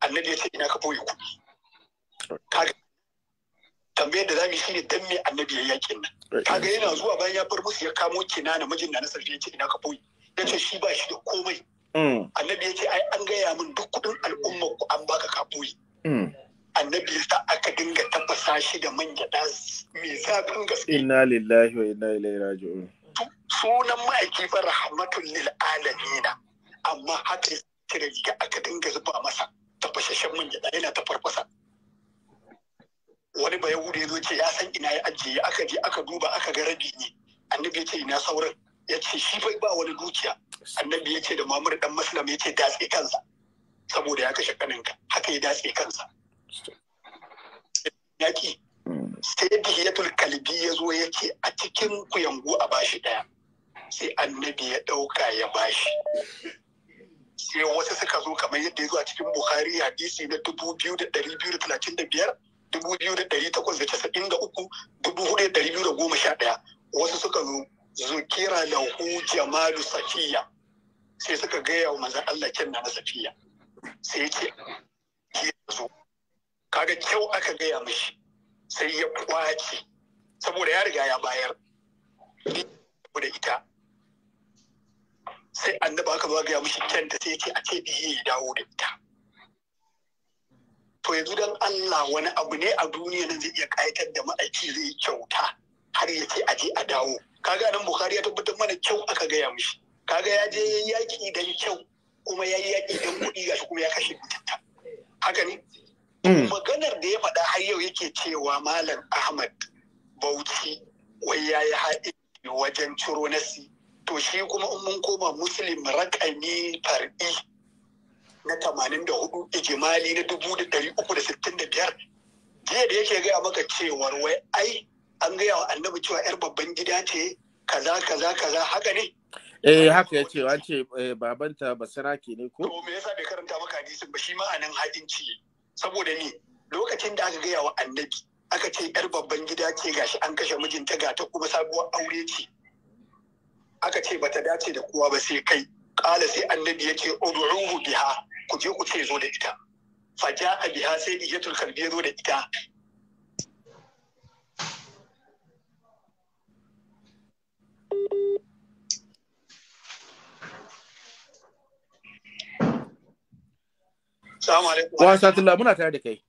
[SPEAKER 4] annabi ya ce ina ka boye kuɗi kaga tambayar da zamu shine dan me annabi ya yakin nan kaga yana zuwa bayan ya far musu ya kamo kinana mijin na na safiya ya ce ina ka boye ya ce shi ba shi da komai mm. annabi ya ce ai an gaya min duk kudin al'umma ku an baka kafoyi. Mm. annabi ya sa aka dinga tafasa shi da man gyada mai zafin gaske
[SPEAKER 1] inna lillahi wa inna ilaihi raji'un
[SPEAKER 4] sunan ma'aiki fa rahmatun lil alamina amma haka cire riga aka dinga zuba masa tabbasashen man gyada yana ta farfasa wani wuri ya zo ce ya san ina ya ajiye aka je aka duba aka ga rabi ne annabi ya ce ina sauran ya ce shi fai ba wani dukiya annabi ya ce da mamur dan maslam ya ce datse kansa saboda ya kashe kaninka haka ya datse kansa yaki sai bihiyatul kalbi ya zo ya ce a cikin kuyangu a bashi daya sai annabi ya dauka ya bashi sai wasu suka zo kamar yadda ya zo a cikin bukhari hadisi na dubu biyu da dari biyu da talatin da biyar dubu biyu da dari takwas da casa'in da uku dubu hudu da dari biyu da goma sha daya wasu suka zo zukira da hu jamalu safiya sai suka gaya wa manzan Allah kyan na safiya sai ce ki zo kaga kyau aka gaya mishi sai ya kwace saboda ya riga ya bayar da ita sai annaba aka zo gaya mishi kyanta sai ce a ce biye ya dawo da ita to yanzu dan Allah wani abu ne a duniya nan zai iya kaitar da ma'aiki zai kyauta har ya ce a je a dawo kaga nan bukari ya tabbatar mana kyau aka gaya mishi kaga ya je yaki dan kyau kuma ya yi yaƙi dan kuɗi gashi kuma ya kashe mutunta haka ne mm. maganar da ya faɗa har yau yake cewa malam ahmad bauchi wai ya yi haɗi wajen ciro nasi to shi kuma in mun koma muslim rakami far'i na tamanin da hudu ijimali na dubu da dari uku da sittin da biyar jiya da yake gaya maka cewar wai ai an gaya wa annabi cewa yar babban gida ce kaza kaza kaza haka
[SPEAKER 1] ne eh haka ya ce an ce eh, babanta ke ne ko to
[SPEAKER 4] me yasa bai karanta maka hadisin ba shi ma anan hadinci saboda ni lokacin da aka gaya wa annabi aka ce yar babban gida ce gashi an kashe mijinta ga ta kuma sabuwar aure ce aka ce bata dace da kowa ba sai kai kala sai annabi ya ce ud'uhu biha ku je ku ce zo da ita faja a biha sai ijatul biya zo da ita Salamu alaikum. Wa
[SPEAKER 1] satullah muna tare da kai.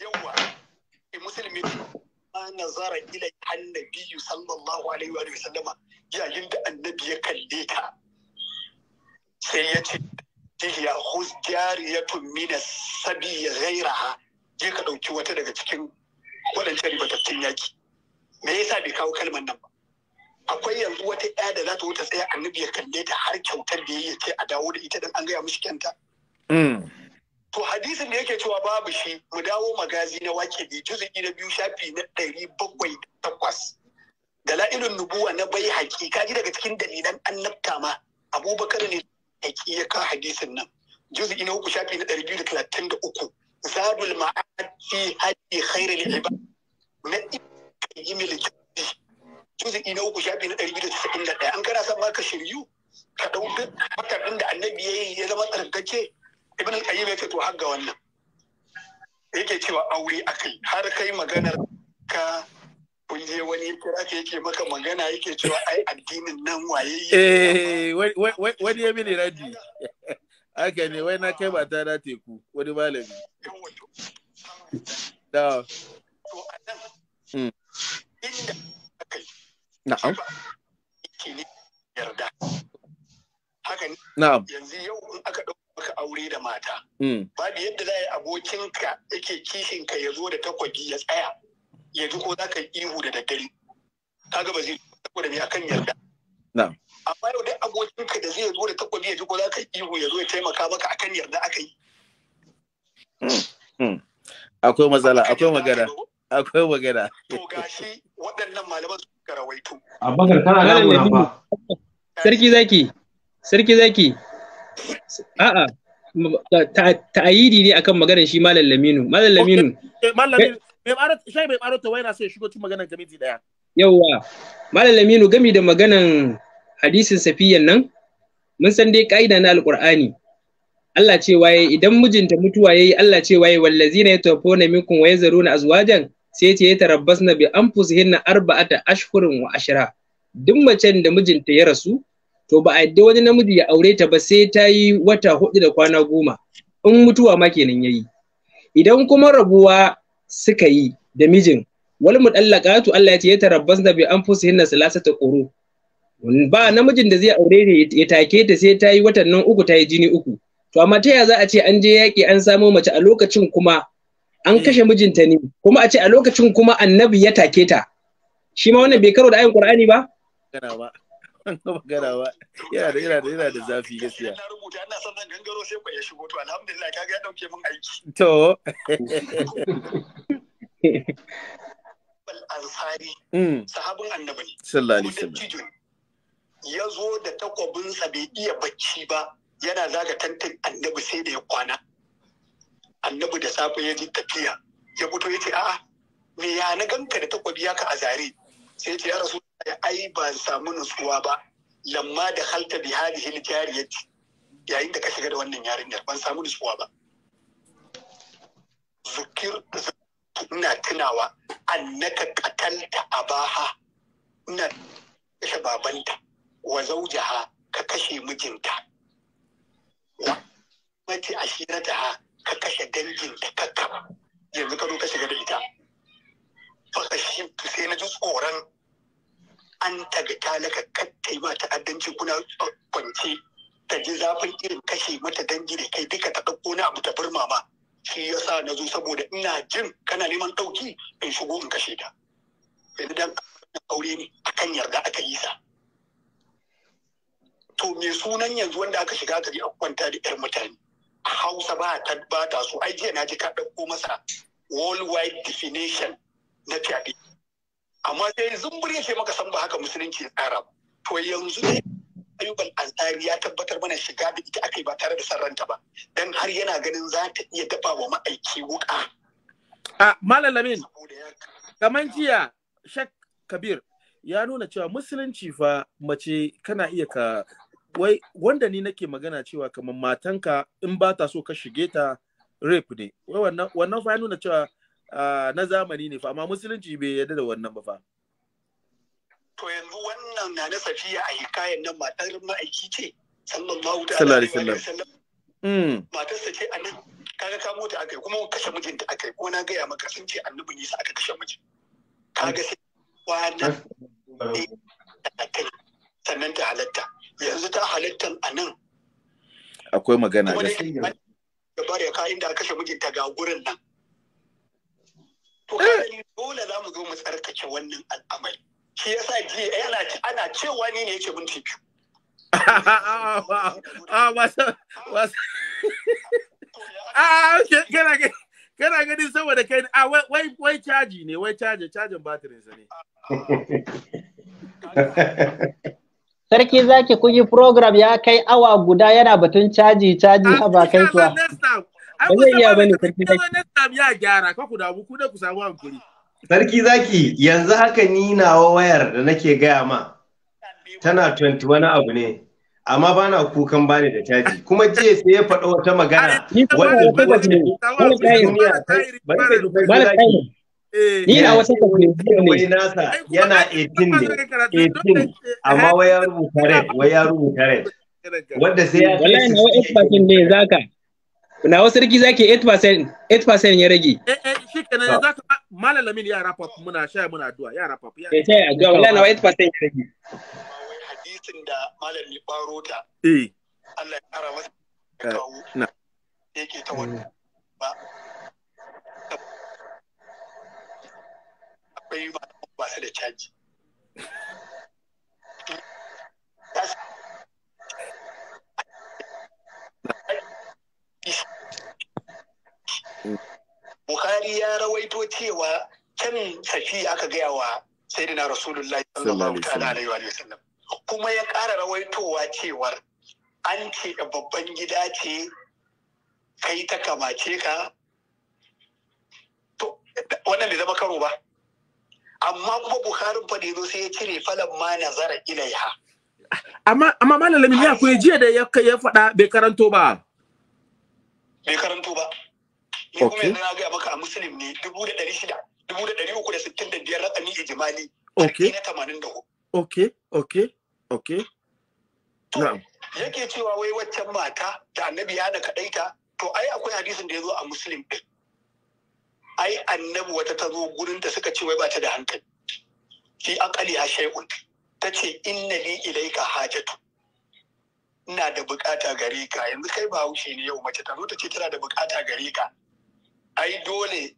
[SPEAKER 1] Yawwa, eh, musulmi nazara ila annabi sallallahu alaihi wa sallama yayin da annabi ya
[SPEAKER 4] kalle ta sai ya ce dihiya hus jariyatun mina sabi ghairaha je ka dauki wata daga cikin waɗancan ribatattun yaki me yasa bai kawo kalmar nan ba akwai yanzu wata ɗaya da za ta wuta tsaya annabi ya kalle ta har kyautar da ya ce a dawo da ita dan an gaya mishi kyanta Mm. To hadisin da yake cewa
[SPEAKER 8] babu shi mu dawo magazi na wake waƙidi
[SPEAKER 4] juzuki na biyu shafi na ɗari bakwai takwas. Dala'ilun nubuwa na bai haƙi kaji daga cikin dalilan annabta ma abubakar ne haƙi ya ka hadisin nan. Juzuki na uku shafi na ɗari biyu da talatin da uku. zabul ma'ad fi haɗi khairul ibad na yi miliki. Juzuki na uku shafi na ɗari biyu da tasa'in da ɗaya. An kana son ma ka shiryu ka ɗau duk da annabi ya yi ya zama tsarkake ibn al-qayyim yake to har ga wannan yake cewa aure akai har kai maganar ka kun je wani kira ka yake maka magana yake cewa ai addinin nan waye
[SPEAKER 1] eh wani ya mini radi *laughs* aka ne wai na kai ba ta da teku wani malami da to anan hmm. inda na'am
[SPEAKER 4] yarda haka ne na'am yanzu yau in aka dauka
[SPEAKER 6] maka aure da mata. Hmm. Babu yadda za a yi abokinka
[SPEAKER 4] yake kishinka ya zo da takwabi ya tsaya ya ji ko za ka yi ihu da daddare. Ka ga ba zai saboda me akan yarda.
[SPEAKER 1] Amma
[SPEAKER 4] yau dai abokinka da zai zo da takwabi ya ji ko za ka yi ihu ya zo ya taimaka maka akan yarda aka yi.
[SPEAKER 1] Hmm. Hmm. Akwai matsala, akwai magana. Akwai magana. To gashi waɗannan malaman
[SPEAKER 6] suka rawaito. Abubakar kana
[SPEAKER 9] da ba. Sarki zaki, sarki zaki. A'a, ta'ayidi ne akan maganar shi Malam Laminu. Malam Laminu. Eh, Malam Laminu,
[SPEAKER 1] bai ɓaro ta waina sai shigo maganar
[SPEAKER 9] Yawwa, Malam Laminu gami da maganar hadisin safiyan nan, mun san dai ka'ida na Alƙur'ani. Allah ce waye idan mijinta mutuwa yayi Allah ce waye wallazina yatawaffawna minkum wa yazaruna azwajan sai ce yatarabbasna bi anfusihinna arba'ata ashhurin wa ashra. Duk macen da mijinta ya rasu, to ba a yadda wani namiji ya aure ta ba sai ta yi wata hudu da kwana goma in mutuwa ma kenan ya yi. idan kuma rabuwa suka yi da mijin mu wal mudallaqatu Allah ya ce ya tarabbas da bi anfusihinna ta quru ba namijin da zai aure ya take ta sai ta yi watan nan uku ta yi jini uku to amma ta ya za a ce an je yaƙi an samo mace a lokacin kuma an kashe mijinta ne kuma a ce a lokacin kuma annabi ya take ta shi ma wannan bai karo da ayin qur'ani ba
[SPEAKER 1] magana *laughs* ba yana da yana da yana da zafi gaskiya na rubuta ina gangaro sai ku ya shigo
[SPEAKER 6] to alhamdulillah kaga ya dauke min aiki to
[SPEAKER 4] ansari mm. sahabin annabi
[SPEAKER 5] sallallahu alaihi wasallam
[SPEAKER 4] ya zo da takwabinsa bai iya bacci ba yana zaga tantan annabi sai da ya kwana annabi da safe ya ji tafiya ya fito ya ce a'a me ya na ganka da takwabi ya ka a sai ce ya rasu ai ban samu nutsuwa ba lamma da halta bi hadihi jariyati yayin da ka shiga da wannan yarinyar ban samu nutsuwa ba zukir ina tunawa annaka qatalta abaha ina kashe babanta wa zaujaha ka kashe mijinta wa mace ashirataha ka kashe danginta kakka yanzu ka zo ka shiga da ita sai na ji tsoron an taga talaka kattai ba ta'addanci kuna kwance ta ji zafin irin kashe mata dangi da kai duka ta ɗauko na abu ta birma ma shi ya sa na zo saboda ina jin kana neman ɗauki in shigo in kashe ta yanzu dan aure ne akan yarda aka yi sa to me sunan yanzu wanda aka shiga gari a kwanta da yar mutane hausa ba ta ba ta so ai jiya na ji ka ɗauko masa worldwide definition na fyaɗe amma sai zumburin ce maka san ba haka musulunci tsara to yanzu ne ayyukan ansari ya tabbatar mana shiga da ita aka yi ba tare da sarranta ba
[SPEAKER 1] dan har yana ganin za ta iya dafa wa ma'aiki wuka a ah, malalamin kamar jiya shak kabir ya nuna cewa musulunci fa mace kana iya ka wai wanda ni nake magana cewa kamar matanka in ba ta so ka shige ta rape ne wai wannan fa ya nuna cewa na zamani ne fa amma musulunci bai yadda da wannan ba fa
[SPEAKER 4] to yanzu wannan na na safiya a hikayen nan matar ma'aiki ce sallallahu alaihi
[SPEAKER 5] wasallam
[SPEAKER 1] hmm. matarsa ce a nan kaga ka mota akai kuma kashe mijinta akai ko na gaya maka sun ce annabi ne aka
[SPEAKER 4] kashe miji kaga sai kwana sannan ta halatta yanzu ta halatta a nan akwai magana sai da bari ka inda kashe mijinta ga gurin nan to eh. kaga dole za mu zo mu tsarkake wannan al'amari shi yasa jiya yana eh, ana cewa ni ne yake minti biyu
[SPEAKER 1] a a a a kana kana ganin saboda kai a ah, wai wai caji ne wai caji cajin batirin sa ne
[SPEAKER 6] *laughs*
[SPEAKER 10] Sarki zaki kun yi program ya kai awa guda yana batun caji caji a ah, ba kai kuwa. Ba zai iya bane sarki zaki. Na
[SPEAKER 1] samu ya gyara ka ku damu ku ku samu hankuri.
[SPEAKER 2] Sarki zaki yanzu haka ni nawa wayar da nake gaya ma tana 21 abu ne. amma ba na kukan bani da caji kuma jiya sai ya faɗa wata magana wanda ba ta duniya eh, ni na wata ta ne Wani nasa yana 18 ne 18 amma wai ya rubuta red wai ya rubuta red wanda
[SPEAKER 10] sai ya wallahi na
[SPEAKER 9] wai ne zaka na wasu sarki zaki 8% 8% ya rage eh, eh shi kenan
[SPEAKER 1] za ka malalamin yara pop muna shaya muna addu'a ya pop ya sai addu'a wallahi na
[SPEAKER 9] 8% ya rage hadisin da malami baro ta eh Allah ya kara masa eh, kawo na
[SPEAKER 4] yake ta wannan mm. ba akwai ba ba sai da caji Bukhari ya rawaito cewa can safi aka gaya wa
[SPEAKER 6] sayyidina Rasulullah sallallahu alaihi wa sallam. Kuma ya ƙara rawaitowa cewar
[SPEAKER 4] an ce babban gida ce kai ta kamace ka to wannan bai zama karo ba amma kuma Buhari fa da yazo sai ya cire falan ma nazara ilaiha
[SPEAKER 1] amma amma malam ya koyi jiya da ya faɗa bai karanto ba
[SPEAKER 4] bai karanto ba ni kuma yanzu na gaya maka a musulun ne dubu da ɗari shida dubu da ɗari uku da sittin da biyar rakami ijimali okay. na tamanin da
[SPEAKER 1] ok, na. okay na'am yake cewa wai waccan mata da annabi ya da kaɗaita
[SPEAKER 5] to ai akwai hadisin da ya zo a musulun ɗin ai annabi wata ta zo
[SPEAKER 4] gurin ta suka ce wai ba ta da hankali fi akali ha shay'un ta ce inna li ilaika hajatu ina da bukata gare ka yanzu kai ba haushe ne yau mace ta zo ta ce tana da bukata gare ka ai dole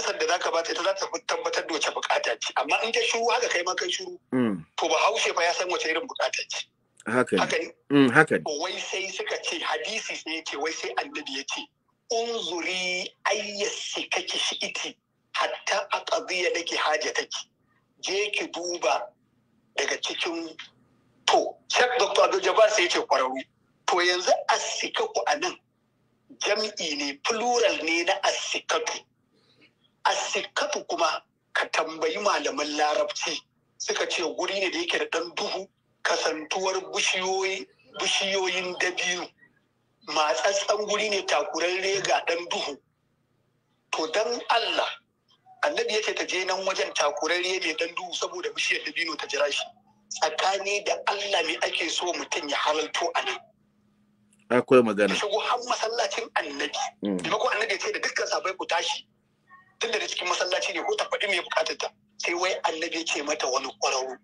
[SPEAKER 4] san da zaka bata ta za ta tabbatar da wace bukata ce amma in ta shiru haka kai ma kai shiru mm. to ba haushe fa ya san wace irin bukata
[SPEAKER 2] ce haka haka mm, wai sai suka ce hadisi sai yake wai sai annabi yake
[SPEAKER 4] unzuri ayyasi kake shi iti hatta a ƙabiya nake haja take je ki duba daga cikin to shek dr abdul jabbar sai ce kwararru to yanzu asikaku a nan jam'i ne plural ne na asikatu asikatu kuma ka tambayi malaman larabci suka ce guri ne da yake da ɗan duhu kasantuwar bishiyoyin dabiru matsatsan guri ne takuran rega ɗan duhu to dan allah annabi ya ce ta je nan wajen takurarre mai ɗan duhu saboda bishiyar dabino ta jira shi tsakani da Allah me ake so mutum ya halalto a nan akwai magana shigo har masallacin annabi mm. maimakon annabi ce da dukkan sabai ku tashi tunda da cikin masallaci ne ko ta faɗi me bukatar ta sai wai annabi ce mata wani ƙwararru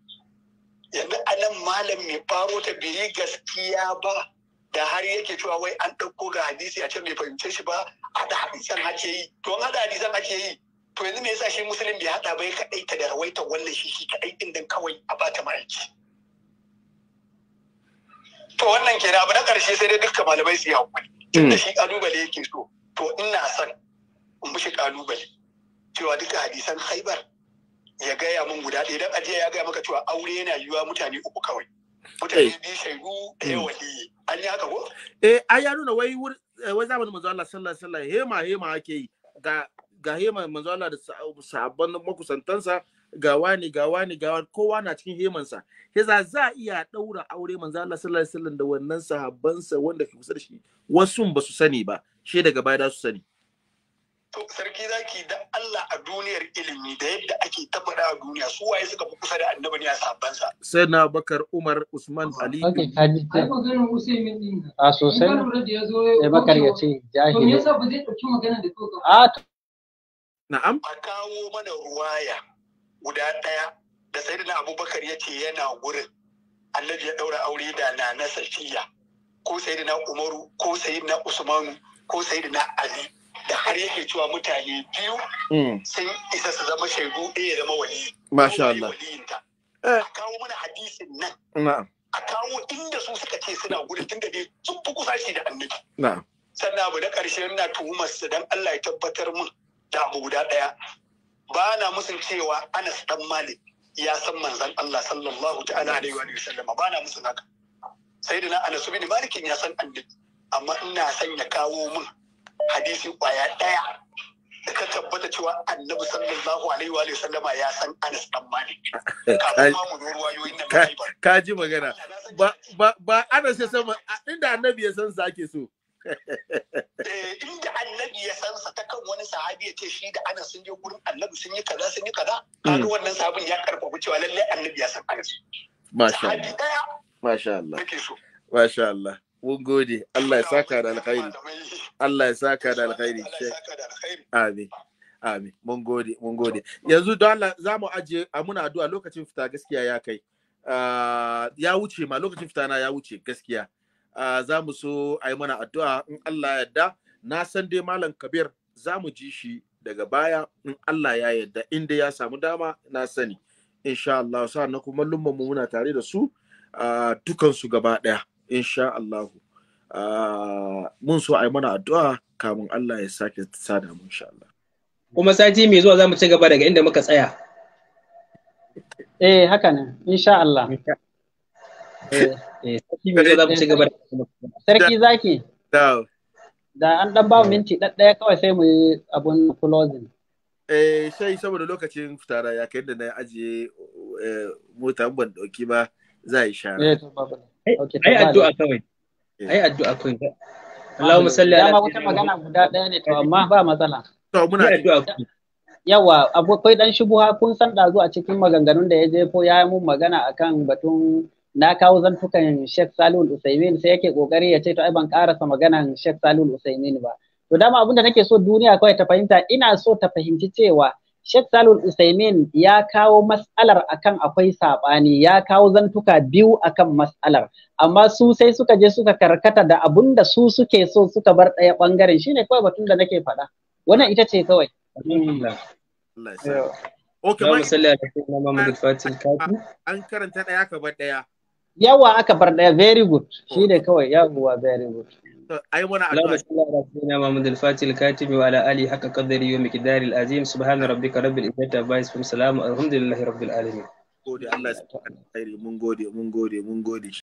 [SPEAKER 4] yanzu anan malam mai faro ta biri gaskiya ba da har yake cewa wai an ɗauko ga hadisi a can bai fahimce shi ba haɗa hadisan ake yi to an haɗa hadisan ake yi to yanzu me yasa shi musulun bai hada bai kadai ta da rawaitar wannan shi shi kaɗai ɗin don kawai a ta ma'aiki to wannan ke abu na ƙarshe sai dai dukkan malamai su yi hakuri tunda mm. shi ya yake so to ina son in mishi ƙalubale. cewa duka hadisan haibar ya gaya min guda ɗaya Don ajiya ya gaya maka cewa aure yana yiwuwa mutane uku kawai mutane eh. biyu shaidu mm. ɗaya waliyi an yi
[SPEAKER 1] haka ko eh ai ya nuna wai eh, wai zamanin manzo Allah sallallahu alaihi wasallam hema hema ake yi ga ga heman manzo Allah da sabon makusantansa ga wani ga wani ga wani kowa na cikin hemansa yasa za a iya daura aure manzo Allah sallallahu alaihi wasallam da wannan sahabbansa wanda ke kusa da shi wasu ba su sani ba shi daga baya su sani to sarki
[SPEAKER 4] zaki da Allah a duniyar ilimi da yadda ake tabbada a duniya su waye suka fi kusa da annabi ne a sahabbansa
[SPEAKER 1] sai na Bakar Umar Usman Ali okay kaji
[SPEAKER 6] ai din a ah, sosai ne Bakar ya ce jahili to me yasa ba zai dauki magana da kowa
[SPEAKER 1] a ah, Na'am. A kawo mana
[SPEAKER 4] ruwaya guda ɗaya da sayyidina Abubakar ya ce yana wurin. Annabi ya ɗaura aure da na na Safiya ko na Umaru ko na Usmanu ko na Ali da har yake cewa mutane biyu hmm. sun isa su zama shaidu ɗaya ya zama wali.
[SPEAKER 1] Masha Allah.
[SPEAKER 4] Eh. A kawo mana
[SPEAKER 1] hadisin nan. Na'am. A kawo inda su suka ce suna gudu tun dai sun fi kusa shi da annabi. Na'am. Sannan
[SPEAKER 4] abu na ƙarshe na tuhumar su dan Allah ya tabbatar mun. da abu guda ɗaya ba na musun cewa anas dan malik ya san manzan Allah sallallahu ta'ala alaihi wa sallama ba na musun haka sai da na anas bin malikin ya san annabi amma ina son ya kawo mun hadisin kwaya ɗaya da ka tabbata cewa annabi sallallahu alaihi wa sallama ya san anas dan malik
[SPEAKER 1] *laughs* mu nan ka ji magana ba ba anas ya san inda annabi ya san sa ake so
[SPEAKER 4] Eh, inda annabi ya san sa ta kan wani sahabi ya ce shi da ana sun je gurin annabi sun yi kaza sun yi kaza kaga hmm. wannan sabon ya karfafa cewa lalle annabi ya san anas
[SPEAKER 1] masha Allah masha Allah masha Allah mun gode Allah ya saka da alkhairi. Allah ya saka da alkhairi Allah ya saka da alkhairi amin amin mun gode mun gode yanzu don Allah za mu aje a muna addu'a lokacin fita gaskiya ya kai ah, ya wuce ma lokacin fita na ya wuce gaskiya za mu so a yi mana addu'a in Allah yadda na san dai malam kabir za mu ji shi daga baya in Allah ya yadda inda ya samu dama na sani insha Allah na kuma lumman mu muna tare da su dukan su gaba daya insha Allah mun so a yi mana
[SPEAKER 9] addu'a kamun Allah ya sake sada mu insha Allah kuma sati mai zuwa za mu ci gaba daga inda muka tsaya
[SPEAKER 10] eh haka ne insha Allah Eh, eh, sarki zaki. Da an ɗan ba minti ɗaya kawai sai mu yi abun closing.
[SPEAKER 1] Eh, sai saboda lokacin fitara ya kai da na ajiye eh, mota ban ɗauki ba za a yi shara.
[SPEAKER 10] Ai addu'a kawai. Ai addu'a kawai.
[SPEAKER 1] Allahumma salli ala
[SPEAKER 10] Dama wata magana guda ɗaya ne to amma ba matsala. To muna addu'a yawa akwai dan shubuha kun san da zuwa cikin maganganun da ya jefo ya yi mun magana akan batun na kawo zantukan Sheikh Salul Usaimin sai yake kokari ya ce to ai ban karasa maganan Sheikh Salul Usaimin ba to dama abin da nake so duniya kawai ta fahimta ina so ta fahimci cewa Sheikh Salul Usaimin ya kawo mas'alar akan akwai sabani ya kawo zantuka biyu akan mas'alar amma su sai suka je suka karkata da abun da su suke so suka bar ɗaya bangaren shine kawai batun da nake faɗa wannan ita ce kawai Allah
[SPEAKER 2] ya
[SPEAKER 1] sa. Okay, An karanta ɗaya ka bar ɗaya.
[SPEAKER 10] yawa aka bar daya very good oh. shi ne kawai yawa very good
[SPEAKER 9] ai wani addu'a katimi wa ala ali haka qadari yawmi qidari azim subhana rabbika rabbil izzati
[SPEAKER 6] amma yasifun salamu alhamdulillahi rabbil alamin
[SPEAKER 2] gode Allah ya